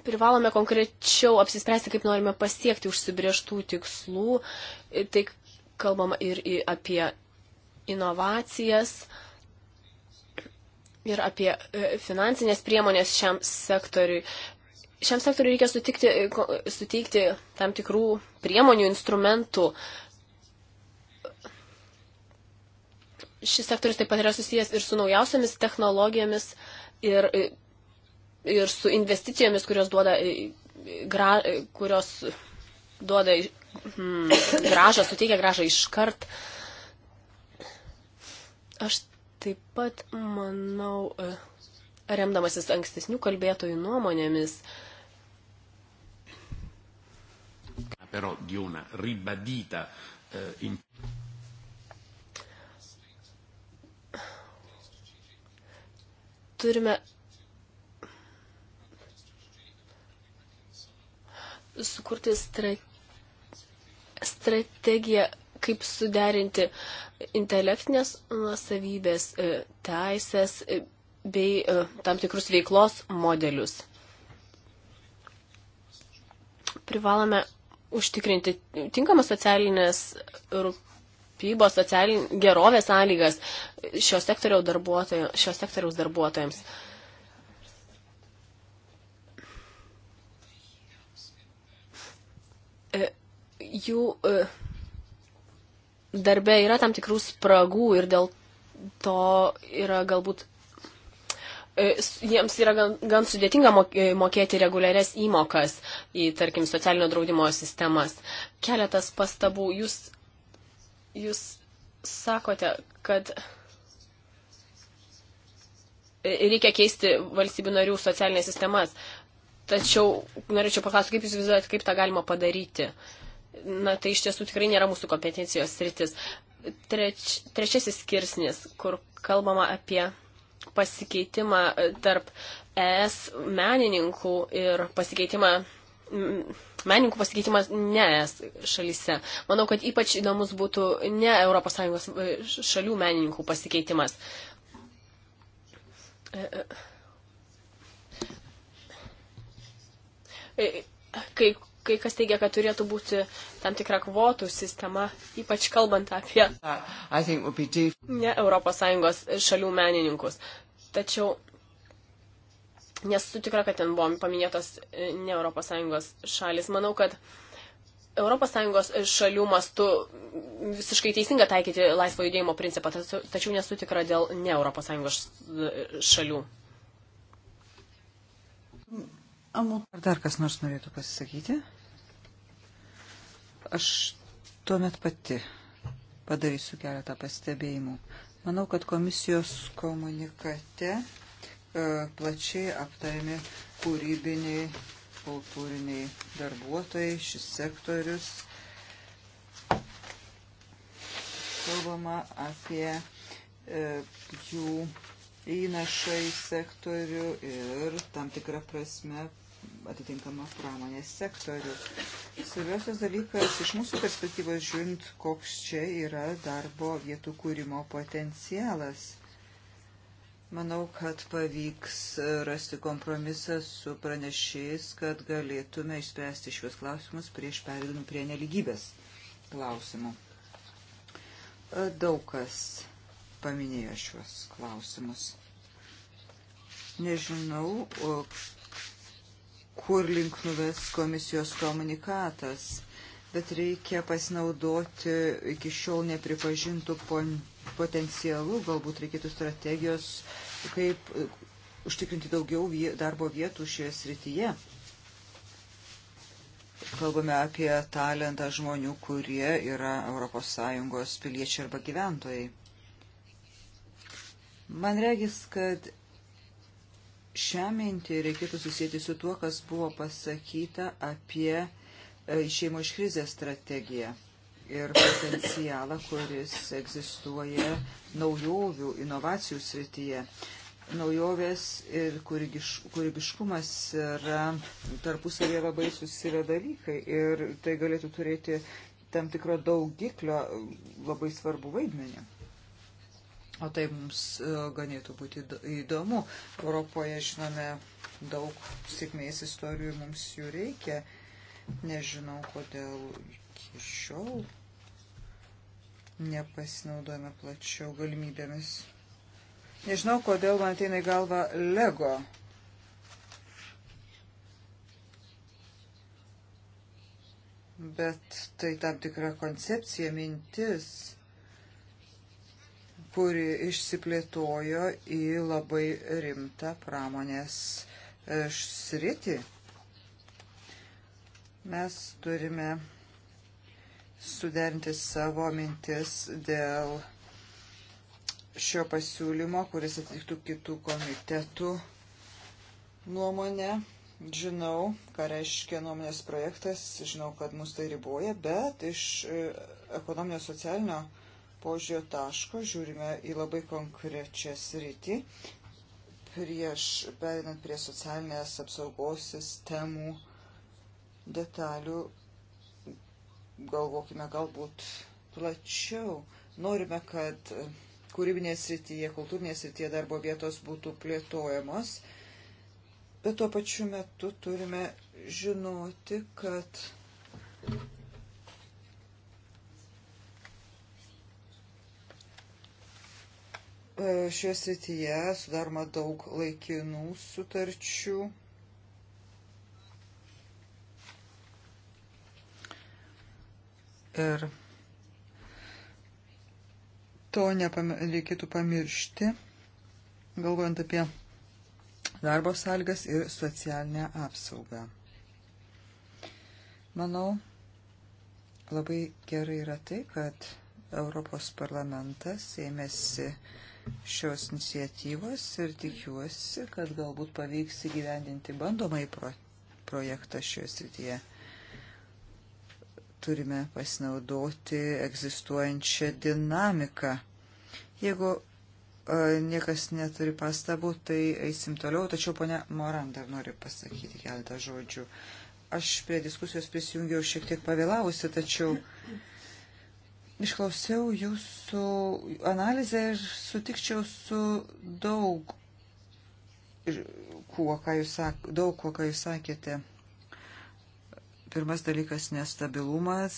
privalome konkrečiau apsispręsti, kaip norime pasiekti užsibrieštų tikslų. E, tai kalbama ir apie inovacijas ir apie e, finansinės priemonės šiam sektoriui šiam sektoriu reikia sutikti, suteikti tam tikrų priemonių, instrumentų. Šis sektorius taip pat yra susijęs ir su naujausiamis technologijomis, ir, ir su investicijomis, kurios duoda, gra, kurios duoda hmm, gražą, suteikia gražą iškart. Aš taip pat manau, remdamasis ankstesnių kalbėtojų nuomonėmis, uh, però di una ribadita eh, in... Turime sukurti stra... strategiją, kaip suderinti intelektinės nuosavybės e, teisės e, bei e, tam tikrus veiklos modelius. Privalome užtikrinti tinkamas socialinės rūpybos, socialin, gerovės sąlygas šio, darbuotojų, šio sektoriaus darbuotojams. E, jų e, darbe yra tam tikrų spragų ir dėl to yra galbūt E, jiems yra gan, gan sudėtinga e, mokėti reguliarias įmokas į, tarkim, socialinio draudimo sistemas. Keletas pastabų. Jūs, jūs sakote, kad e, reikia keisti valstybių narių socialinės sistemas. Tačiau norėčiau paklausti, kaip jūs vizuojate, kaip tą galima padaryti. Na, tai iš tiesų tikrai nėra mūsų kompetencijos sritis. Treč, trečiasis skirsnis, kur kalbama apie pasikeitimą e, tarp ES menininkų ir pasikeitimą menininkų pasikeitimas ne ES šalyse. Manau, kad ypač įdomus būtų ne ES e, šalių menininkų pasikeitimas. E, kai kai kas teigia, kad turėtų būti tam tikra kvotų sistema, ypač kalbant apie ne ES šalių menininkus. Tačiau nesu tikra, kad ten buvo paminėtos e, ne ES šalis. Manau, kad ES šalių mastu visiškai teisinga taikyti laisvo judėjimo principą, tačiau nesu tikra dėl ne ES e, šalių. Ar dar kas nors norėtų pasisakyti? Aš tuomet pati padarysiu keletą pastebėjimų. Manau, kad komisijos komunikate e, plačiai aptariami kūrybiniai, kultūriniai darbuotojai, šis sektorius. Kalbama apie e, jų įnašą į sektorių ir tam tikrą prasme atitinkamą pramonės sektorių. Svarbiausias dalykas iš mūsų perspektyvos žiūrint, koks čia yra darbo vietų kūrimo potencialas. Manau, kad pavyks rasti kompromisą su pranešėjais, kad galėtume išspręsti šios klausimus prieš perėdami prie neligybės klausimų. Daug kas paminėjo šios klausimus. Nežinau, kur link nuves komisijos komunikatas, bet reikia pasinaudoti iki šiol nepripažintų potencialų, galbūt reikėtų strategijos, kaip uh, užtikrinti daugiau darbo vietų šioje srityje kalbame apie talentą žmonių, kurie yra ES piliečiai arba gyventojai. Man regis, kad šią mintį reikėtų susijęti su tuo, kas buvo pasakyta apie išėjimo e, iš krizės strategiją ir potencialą, kuris egzistuoja naujovių, inovacijų srityje. Naujovės ir kūrybiškumas yra tarpusavėje labai susivę dalykai ir tai galėtų turėti tam tikro daugiklio e, labai svarbu vaidmenį. O tai mums e, ganėtų būti įdomu. Europoje žinome daug sėkmės istorijų, mums jų reikia. Nežinau, kodėl iki šiol nepasinaudojame plačiau galimybėmis. Nežinau, kodėl man ateina į galvą Lego. Bet tai tam tikra koncepcija, mintis kuri išsiplėtojo į labai rimtą pramonės e, sritį. Mes turime suderinti savo mintis dėl šio pasiūlymo, kuris atitiktų kitų komitetų nuomonę. Žinau, ką reiškia nuomonės projektas, žinau, kad mus tai riboja, bet iš e, ekonominio socialinio uh, požiūrio taško, žiūrime į labai konkrečią sritį. Prieš perinant prie socialinės apsaugos sistemų detalių, galvokime galbūt plačiau. Norime, kad kūrybinėje srityje, kultūrinėje srityje darbo vietos būtų plėtojamos, bet tuo pačiu metu turime žinoti, kad E, šioje srityje sudaroma daug laikinų sutarčių. Ir to nepam reikėtų pamiršti, galvojant apie darbo sąlygas ir socialinę apsaugą. Manau, labai gerai yra tai, kad Europos parlamentas ėmėsi šios iniciatyvos ir tikiuosi, kad galbūt pavyks įgyvendinti bandomai pro projektą šioje srityje. Turime pasinaudoti egzistuojančią dinamiką. Jeigu e, niekas neturi pastabų, tai eisim toliau, tačiau ponia Moran dar nori pasakyti keletą žodžių. Aš prie diskusijos prisijungiau šiek tiek pavėlavusi, tačiau išklausiau jūsų analizę ir sutikčiau su daug kuo, ką jūs, sak, daug kuo, ką jūs sakėte. Pirmas dalykas - nestabilumas,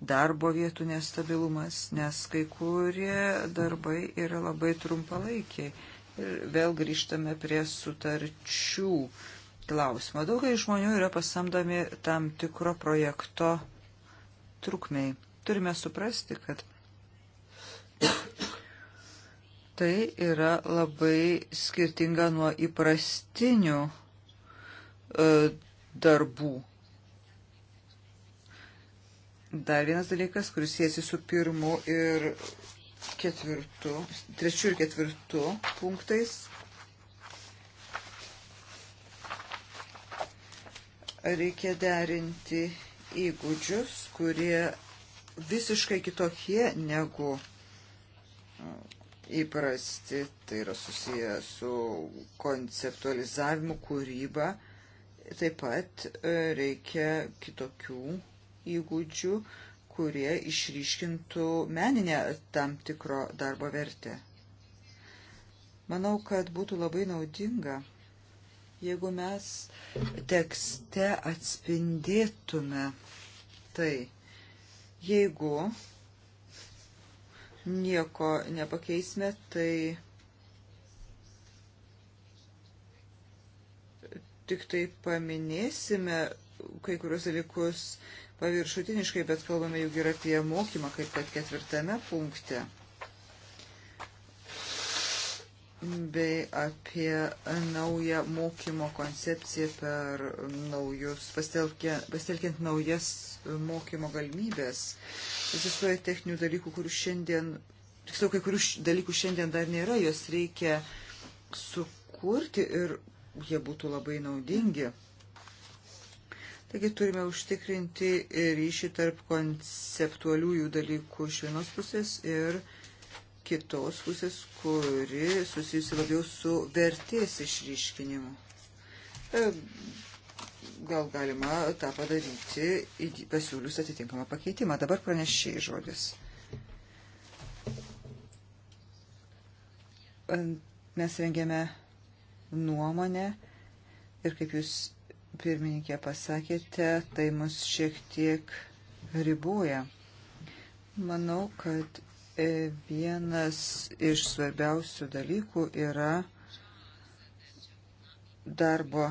darbo vietų nestabilumas, nes kai kurie darbai yra labai trumpalaikiai. Ir vėl grįžtame prie sutarčių. Uh, klausimo. Daugai žmonių yra pasamdomi tam tikro projekto trukmiai. Turime suprasti, kad tai yra labai skirtinga nuo įprastinių e, darbų. Dar vienas dalykas, kuris siejasi su pirmu ir ketvirtu, trečiu ir ketvirtu punktais Reikia derinti įgūdžius, kurie visiškai kitokie negu įprasti. Tai yra susiję su konceptualizavimu, kūryba. Taip pat e, reikia kitokių įgūdžių, kurie išryškintų meninę tam tikro darbo vertę. Manau, kad būtų labai naudinga jeigu mes tekste atspindėtume tai, jeigu nieko nepakeisime, tai tik tai paminėsime kai kurios dalykus paviršutiniškai, bet kalbame juk ir apie mokymą, kaip kad ketvirtame punkte bei apie naują mokymo koncepciją per naujus, pasitelkiant naujas mokymo galimybės. Egzistuoja techninių dalykų, kurių šiandien, tiksliau, kai kurių dalykų šiandien dar nėra, jos reikia sukurti ir jie būtų labai naudingi. Taigi turime užtikrinti ryšį tarp konceptualiųjų dalykų iš vienos pusės ir uh, kitos pusės, kuri susijusi labiau su vertės išryškinimu. E, gal galima tą padaryti pasiūlius atitinkamą pakeitimą. Dabar pranešiai žodis. E, mes rengėme nuomonę ir kaip jūs pirmininkė pasakėte, tai mus šiek tiek riboja. Manau, kad E, vienas iš svarbiausių dalykų yra darbo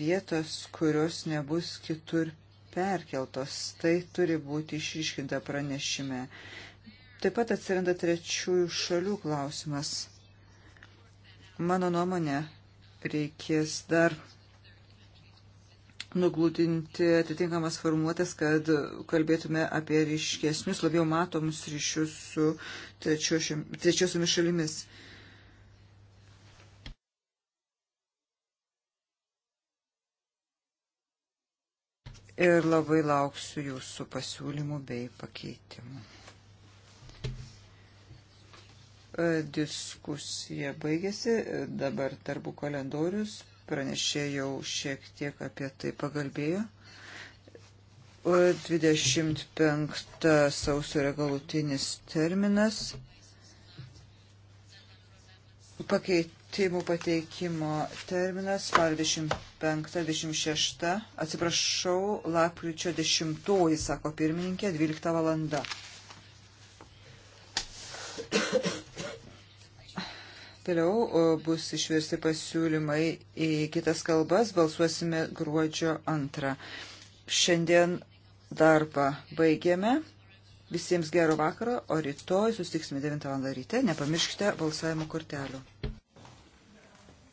vietos, kurios nebus kitur perkeltos. Tai turi būti išryškinta pranešime. Taip pat atsiranda trečiųjų šalių klausimas. Mano nuomonė, reikės dar nuglūdinti atitinkamas formuotės, kad kalbėtume apie ryškesnius, labiau matomus ryšius su trečiosiomis šalimis. Ir labai lauksiu jūsų pasiūlymų bei pakeitimų. Diskusija baigėsi, dabar darbų kalendorius pranešė jau šiek tiek apie tai pagalbėjo. 25 sausio yra galutinis terminas. Pakeitimų pateikimo terminas spalio 25-26, atsiprašau, lapkričio 10, sako pirmininkė, 12 valanda. Vėliau bus išversti pasiūlymai į kitas kalbas, balsuosime gruodžio antrą. Šiandien darbą baigėme. Visiems gero vakaro, o rytoj susitiksime 9 val. ryte. Nepamirškite balsavimo kortelių.